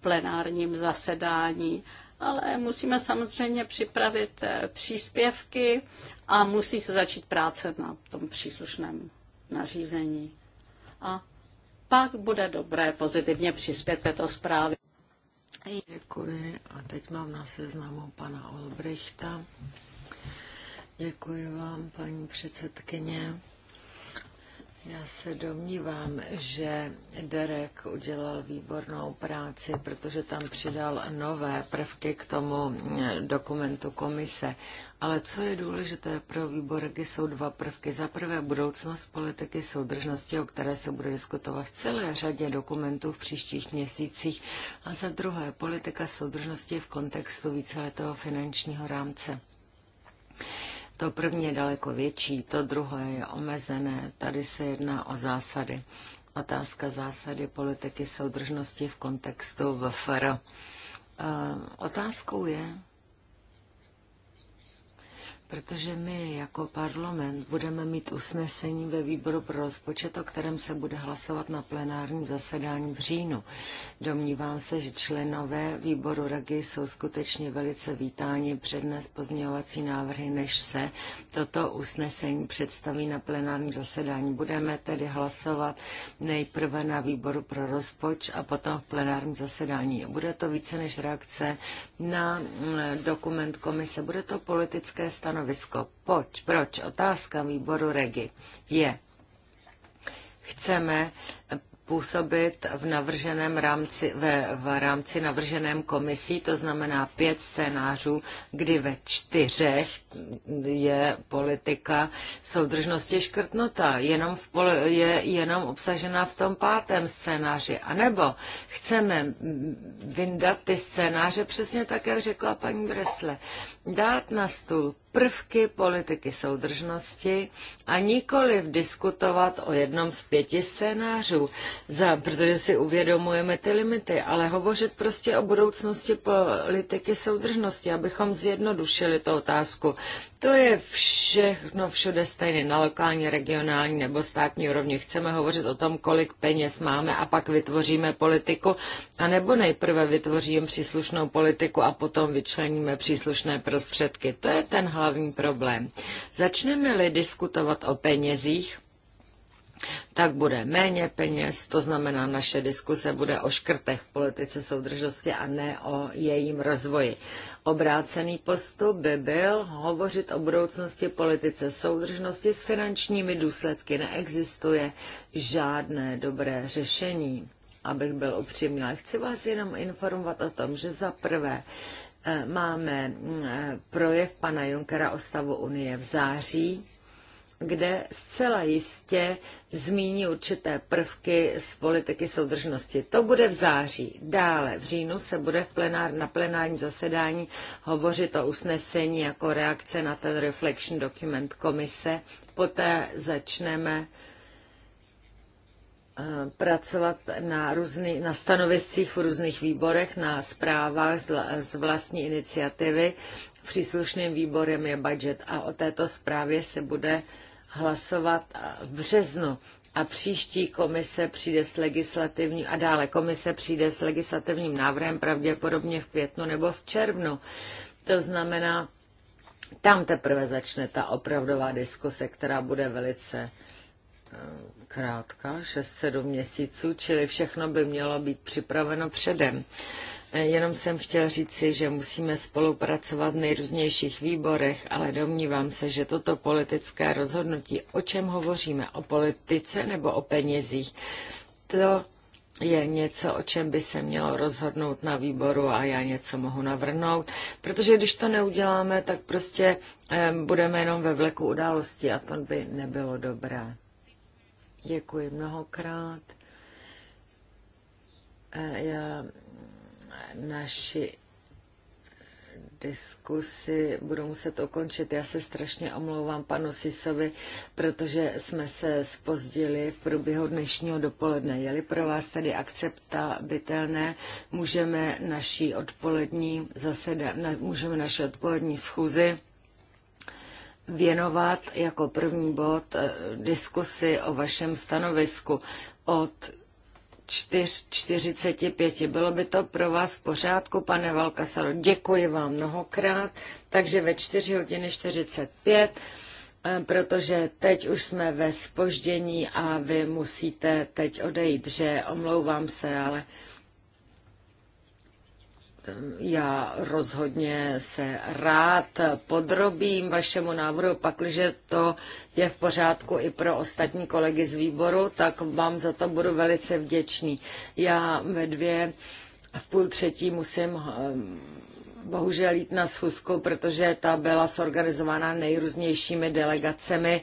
plenárním zasedání. Ale musíme samozřejmě připravit eh, příspěvky a musí se začít práce na tom příslušném nařízení. A pak bude dobré pozitivně přispět této zprávě. Děkuji. A teď mám na seznamu pana Olbrichta. Děkuji vám, paní předsedkyně. Já se domnívám, že Derek udělal výbornou práci, protože tam přidal nové prvky k tomu dokumentu komise. Ale co je důležité pro výbor regi, jsou dva prvky. Za prvé budoucnost politiky soudržnosti, o které se bude diskutovat v celé řadě dokumentů v příštích měsících. A za druhé politika soudržnosti v kontextu víceletého finančního rámce. To první je daleko větší, to druhé je omezené. Tady se jedná o zásady. Otázka zásady politiky soudržnosti v kontextu VFR. Eh, otázkou je, Protože my jako parlament budeme mít usnesení ve výboru pro rozpočet, o kterém se bude hlasovat na plenárním zasedání v říjnu. Domnívám se, že členové výboru RAGI jsou skutečně velice vítáni přednes pozměňovací návrhy, než se toto usnesení představí na plenárním zasedání. Budeme tedy hlasovat nejprve na výboru pro rozpočet a potom v plenárním zasedání. Bude to více než reakce na dokument komise. Bude to politické stanovisko stanovisko. Poč, proč? Otázka výboru Regi je, chceme působit v navrženém rámci, ve, v rámci navrženém komisí, to znamená pět scénářů, kdy ve čtyřech je politika soudržnosti škrtnutá, jenom v je jenom obsažená v tom pátém scénáři. A nebo chceme vyndat ty scénáře přesně tak, jak řekla paní Bresle, dát na stůl prvky politiky soudržnosti a nikoli diskutovat o jednom z pěti scénářů, za, protože si uvědomujeme ty limity, ale hovořit prostě o budoucnosti politiky soudržnosti, abychom zjednodušili tu otázku. To je všechno všude stejné, na lokální, regionální nebo státní úrovni. Chceme hovořit o tom, kolik peněz máme a pak vytvoříme politiku, anebo nejprve vytvoříme příslušnou politiku a potom vyčleníme příslušné prostředky. To je ten hlavní hlavní problém. Začneme-li diskutovat o penězích, tak bude méně peněz, to znamená, naše diskuse bude o škrtech v politice soudržnosti a ne o jejím rozvoji. Obrácený postup by byl hovořit o budoucnosti politice soudržnosti s finančními důsledky. Neexistuje žádné dobré řešení abych byl upřímný, ale chci vás jenom informovat o tom, že za prvé E, máme mm, e, projev pana Junkera o stavu Unie v září, kde zcela jistě zmíní určité prvky z politiky soudržnosti. To bude v září. Dále v říjnu se bude v plenár, na plenárním zasedání hovořit o usnesení jako reakce na ten reflection document komise. Poté začneme pracovat na, různý, na stanoviscích v různých výborech, na zprávách z, z vlastní iniciativy. Příslušným výborem je budget a o této zprávě se bude hlasovat v březnu a příští komise přijde s legislativním a dále komise přijde s legislativním návrhem pravděpodobně v květnu nebo v červnu. To znamená, tam teprve začne ta opravdová diskuse, která bude velice krátká, 6-7 měsíců, čili všechno by mělo být připraveno předem. E, jenom jsem chtěl říci, že musíme spolupracovat v nejrůznějších výborech, ale domnívám se, že toto politické rozhodnutí, o čem hovoříme, o politice nebo o penězích, to je něco, o čem by se mělo rozhodnout na výboru a já něco mohu navrhnout, protože když to neuděláme, tak prostě budeme jenom ve vleku události a to by nebylo dobré. Děkuji mnohokrát. E, já naši diskusi budu muset ukončit. Já se strašně omlouvám panu Sisovi, protože jsme se spozdili v průběhu dnešního dopoledne. Je-li pro vás tady akceptabitelné, můžeme naší odpolední zaseda, můžeme naše odpolední schůzi věnovat jako první bod eh, diskusi o vašem stanovisku od 4.45. Bylo by to pro vás v pořádku, pane Valkasaro? Děkuji vám mnohokrát. Takže ve 4 hodiny 45, eh, protože teď už jsme ve spoždění a vy musíte teď odejít, že omlouvám se, ale já rozhodně se rád podrobím vašemu návrhu, pakliže to je v pořádku i pro ostatní kolegy z výboru, tak vám za to budu velice vděčný. Já ve dvě v půl třetí musím eh, bohužel jít na schůzku, protože ta byla sorganizována nejrůznějšími delegacemi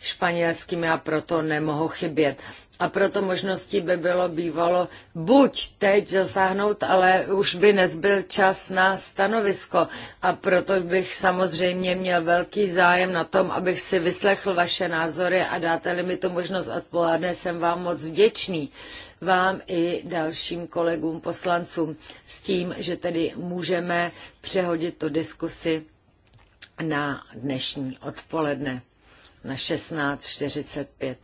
španělskými a proto nemohu chybět. A proto možností by bylo bývalo buď teď zasáhnout, ale už by nezbyl čas na stanovisko. A proto bych samozřejmě měl velký zájem na tom, abych si vyslechl vaše názory a dáte-li mi tu možnost odpoledne, jsem vám moc vděčný. Vám i dalším kolegům poslancům s tím, že tedy můžeme přehodit tu diskusi na dnešní odpoledne na 16.45.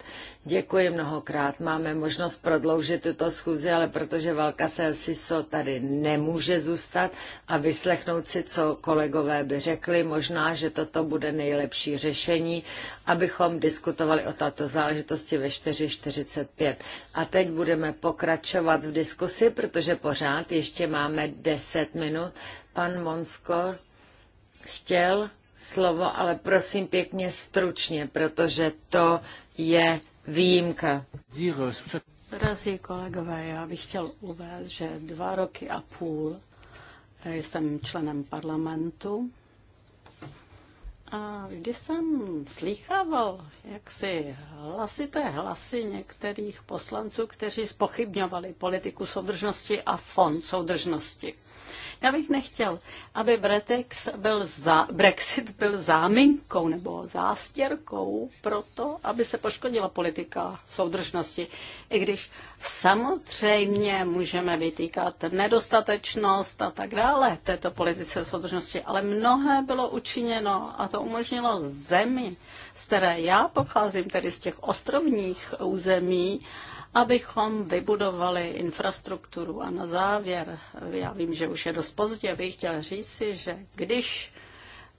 Děkuji mnohokrát. Máme možnost prodloužit tuto schůzi, ale protože Valka Selsiso tady nemůže zůstat a vyslechnout si, co kolegové by řekli, možná, že toto bude nejlepší řešení, abychom diskutovali o této záležitosti ve 4.45. A teď budeme pokračovat v diskusi, protože pořád ještě máme 10 minut. Pan Monskor chtěl slovo, ale prosím pěkně stručně, protože to je výjimka. Drazí kolegové, já bych chtěl uvést, že dva roky a půl eh, jsem členem parlamentu a když jsem slýchával jaksi hlasité hlasy některých poslanců, kteří spochybňovali politiku soudržnosti a fond soudržnosti, já bych nechtěl, aby Bretex byl za, Brexit byl záminkou nebo zástěrkou pro to, aby se poškodila politika soudržnosti. I když samozřejmě můžeme vytýkat nedostatečnost a tak dále této politice soudržnosti, ale mnohé bylo učiněno a to umožnilo zemi, z které já pocházím, tedy z těch ostrovních území, abychom vybudovali infrastrukturu. A na závěr, já vím, že už je dost pozdě, bych chtěl říci, že když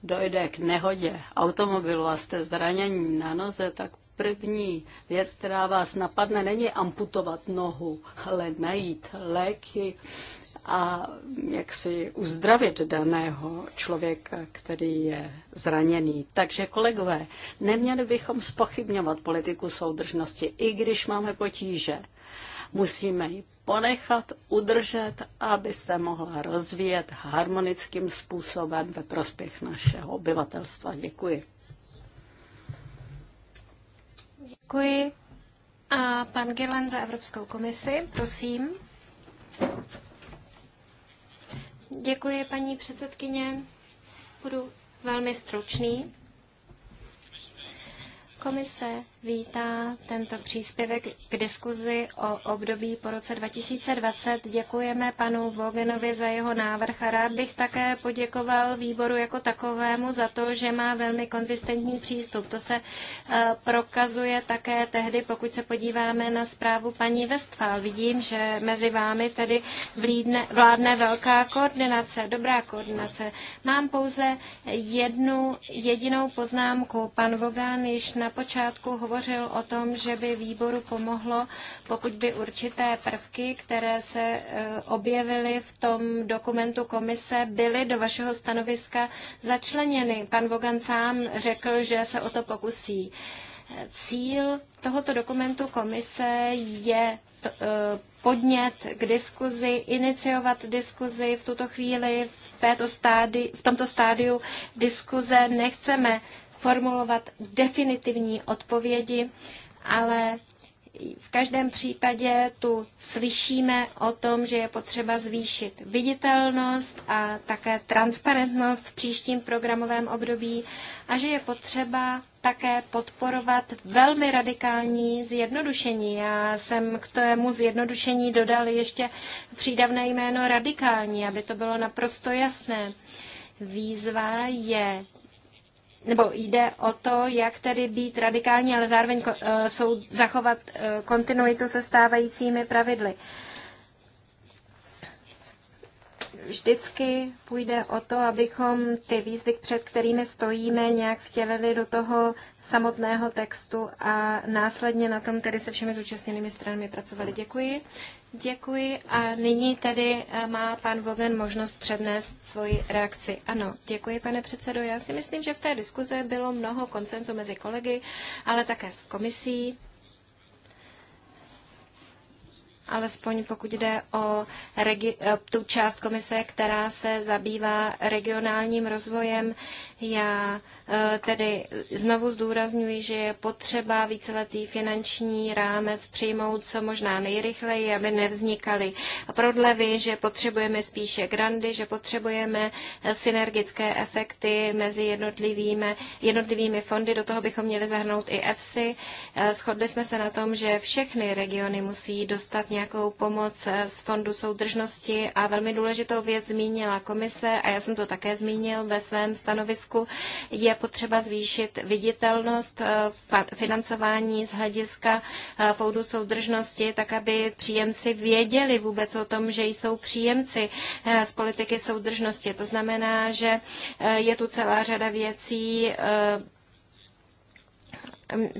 dojde k nehodě automobilu a jste zranění na noze, tak první věc, která vás napadne, není amputovat nohu, ale najít léky, a jak si uzdravit daného člověka, který je zraněný. Takže kolegové, neměli bychom spochybňovat politiku soudržnosti, i když máme potíže. Musíme ji ponechat, udržet, aby se mohla rozvíjet harmonickým způsobem ve prospěch našeho obyvatelstva. Děkuji. Děkuji. A pan Gilen za Evropskou komisi, prosím. Děkuji, paní předsedkyně. Budu velmi stručný. Komise vítá tento příspěvek k diskuzi o období po roce 2020. Děkujeme panu Vogenovi za jeho návrh a rád bych také poděkoval výboru jako takovému za to, že má velmi konzistentní přístup. To se eh, prokazuje také tehdy, pokud se podíváme na zprávu paní Westphal. Vidím, že mezi vámi tedy vlídne, vládne velká koordinace, dobrá koordinace. Mám pouze jednu jedinou poznámku. Pan Vogan již na počátku hovoří hovořil o tom, že by výboru pomohlo, pokud by určité prvky, které se e, objevily v tom dokumentu komise, byly do vašeho stanoviska začleněny. Pan Vogan sám řekl, že se o to pokusí. Cíl tohoto dokumentu komise je to, e, podnět k diskuzi, iniciovat diskuzi v tuto chvíli, v, této stádi, v tomto stádiu diskuze nechceme formulovat definitivní odpovědi, ale v každém případě tu slyšíme o tom, že je potřeba zvýšit viditelnost a také transparentnost v příštím programovém období a že je potřeba také podporovat velmi radikální zjednodušení. Já jsem k tomu zjednodušení dodal ještě přídavné jméno radikální, aby to bylo naprosto jasné. Výzva je nebo jde o to, jak tedy být radikální, ale zároveň jsou, eh, zachovat eh, kontinuitu se stávajícími pravidly vždycky půjde o to, abychom ty výzvy, před kterými stojíme, nějak vtělili do toho samotného textu a následně na tom tedy se všemi zúčastněnými stranami pracovali. Děkuji. Děkuji a nyní tedy eh, má pan Vogen možnost přednést svoji reakci. Ano, děkuji, pane předsedo. Já si myslím, že v té diskuze bylo mnoho koncenzu mezi kolegy, ale také s komisí alespoň pokud jde o tu část komise, která se zabývá regionálním rozvojem. Já eh, tedy znovu zdůrazňuji, že je potřeba víceletý finanční rámec přijmout co možná nejrychleji, aby nevznikaly prodlevy, že potřebujeme spíše grandy, že potřebujeme eh, synergické efekty mezi jednotlivými, jednotlivými fondy. Do toho bychom měli zahrnout i EFSI. Eh, shodli jsme se na tom, že všechny regiony musí dostat nějakou pomoc z Fondu soudržnosti a velmi důležitou věc zmínila komise a já jsem to také zmínil ve svém stanovisku Česku, Je potřeba zvýšit viditelnost eh, financování z hlediska eh, foudu soudržnosti, tak aby příjemci věděli vůbec o tom, že jsou příjemci eh, z politiky soudržnosti. To znamená, že je tu celá řada věcí,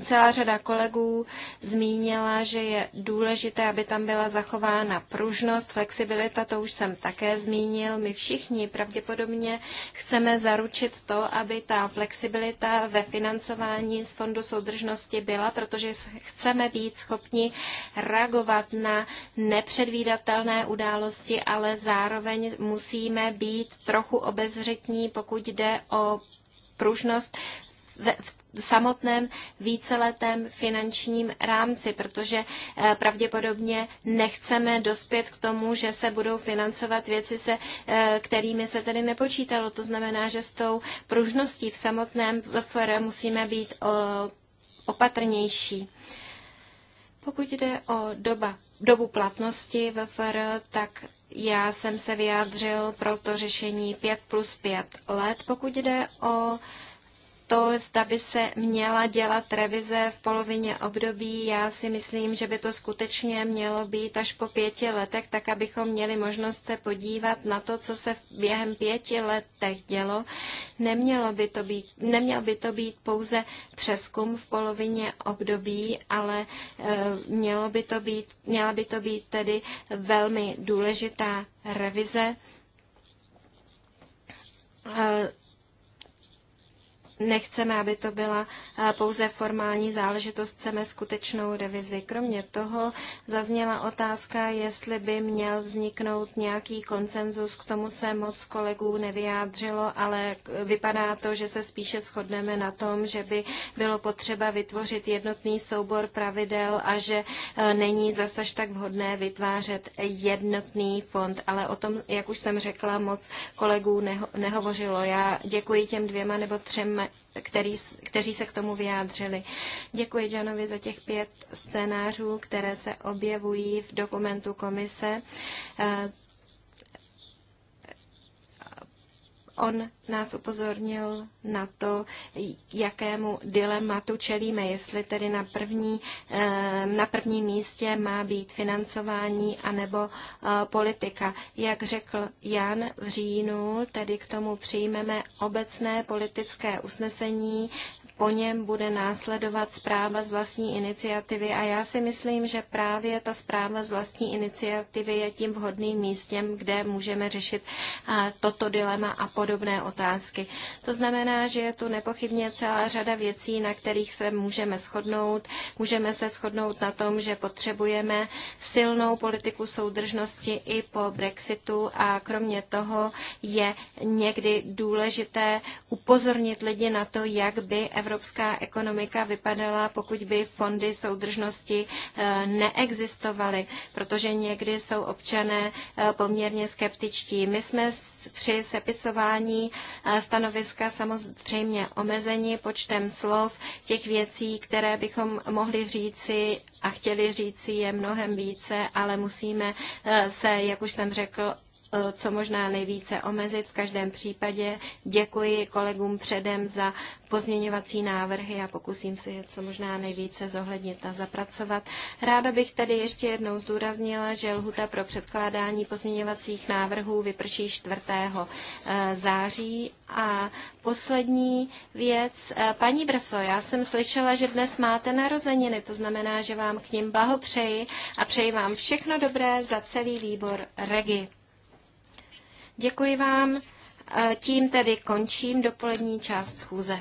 celá řada kolegů zmínila, že je důležité, aby tam byla zachována pružnost, flexibilita, to už jsem také zmínil. My všichni pravděpodobně chceme zaručit to, aby ta flexibilita ve financování z Fondu soudržnosti byla, protože chceme být schopni reagovat na nepředvídatelné události, ale zároveň musíme být trochu obezřetní, pokud jde o pružnost v samotném víceletém finančním rámci, protože eh, pravděpodobně nechceme dospět k tomu, že se budou financovat věci, se, eh, kterými se tedy nepočítalo. To znamená, že s tou pružností v samotném VFR musíme být eh, opatrnější. Pokud jde o doba, dobu platnosti VFR, tak já jsem se vyjádřil pro to řešení 5 plus 5 let. Pokud jde o to, zda by se měla dělat revize v polovině období, já si myslím, že by to skutečně mělo být až po pěti letech, tak abychom měli možnost se podívat na to, co se během pěti letech dělo. Nemělo by to být, neměl by to být pouze přeskum v polovině období, ale eh, mělo by to být, měla by to být tedy velmi důležitá revize eh, nechceme, aby to byla eh, pouze formální záležitost, chceme skutečnou revizi. Kromě toho zazněla otázka, jestli by měl vzniknout nějaký konsenzus, k tomu se moc kolegů nevyjádřilo, ale vypadá to, že se spíše shodneme na tom, že by bylo potřeba vytvořit jednotný soubor pravidel a že eh, není zase tak vhodné vytvářet jednotný fond, ale o tom, jak už jsem řekla, moc kolegů neho- nehovořilo. Já děkuji těm dvěma nebo třem který, kteří se k tomu vyjádřili. Děkuji Janovi za těch pět scénářů, které se objevují v dokumentu komise. Eh, On nás upozornil na to, jakému dilematu čelíme, jestli tedy na, první, eh, na prvním místě má být financování anebo eh, politika. Jak řekl Jan v říjnu, tedy k tomu přijmeme obecné politické usnesení po něm bude následovat zpráva z vlastní iniciativy a já si myslím, že právě ta zpráva z vlastní iniciativy je tím vhodným místem, kde můžeme řešit toto dilema a podobné otázky. To znamená, že je tu nepochybně celá řada věcí, na kterých se můžeme shodnout. Můžeme se shodnout na tom, že potřebujeme silnou politiku soudržnosti i po Brexitu a kromě toho je někdy důležité upozornit lidi na to, jak by evropská ekonomika vypadala, pokud by fondy soudržnosti eh, neexistovaly, protože někdy jsou občané eh, poměrně skeptičtí. My jsme při sepisování eh, stanoviska samozřejmě omezeni počtem slov, těch věcí, které bychom mohli říci a chtěli říci je mnohem více, ale musíme se, jak už jsem řekl, Eh, co možná nejvíce omezit. V každém případě děkuji kolegům předem za pozměňovací návrhy a pokusím se je co možná nejvíce zohlednit a zapracovat. Ráda bych tady ještě jednou zdůraznila, že lhuta pro předkládání pozměňovacích návrhů vyprší 4. Eh, září. A poslední věc. Eh, paní Brso, já jsem slyšela, že dnes máte narozeniny, to znamená, že vám k ním blahopřeji a přeji vám všechno dobré za celý výbor Regi. Děkuji vám. Tím tedy končím dopolední část schůze.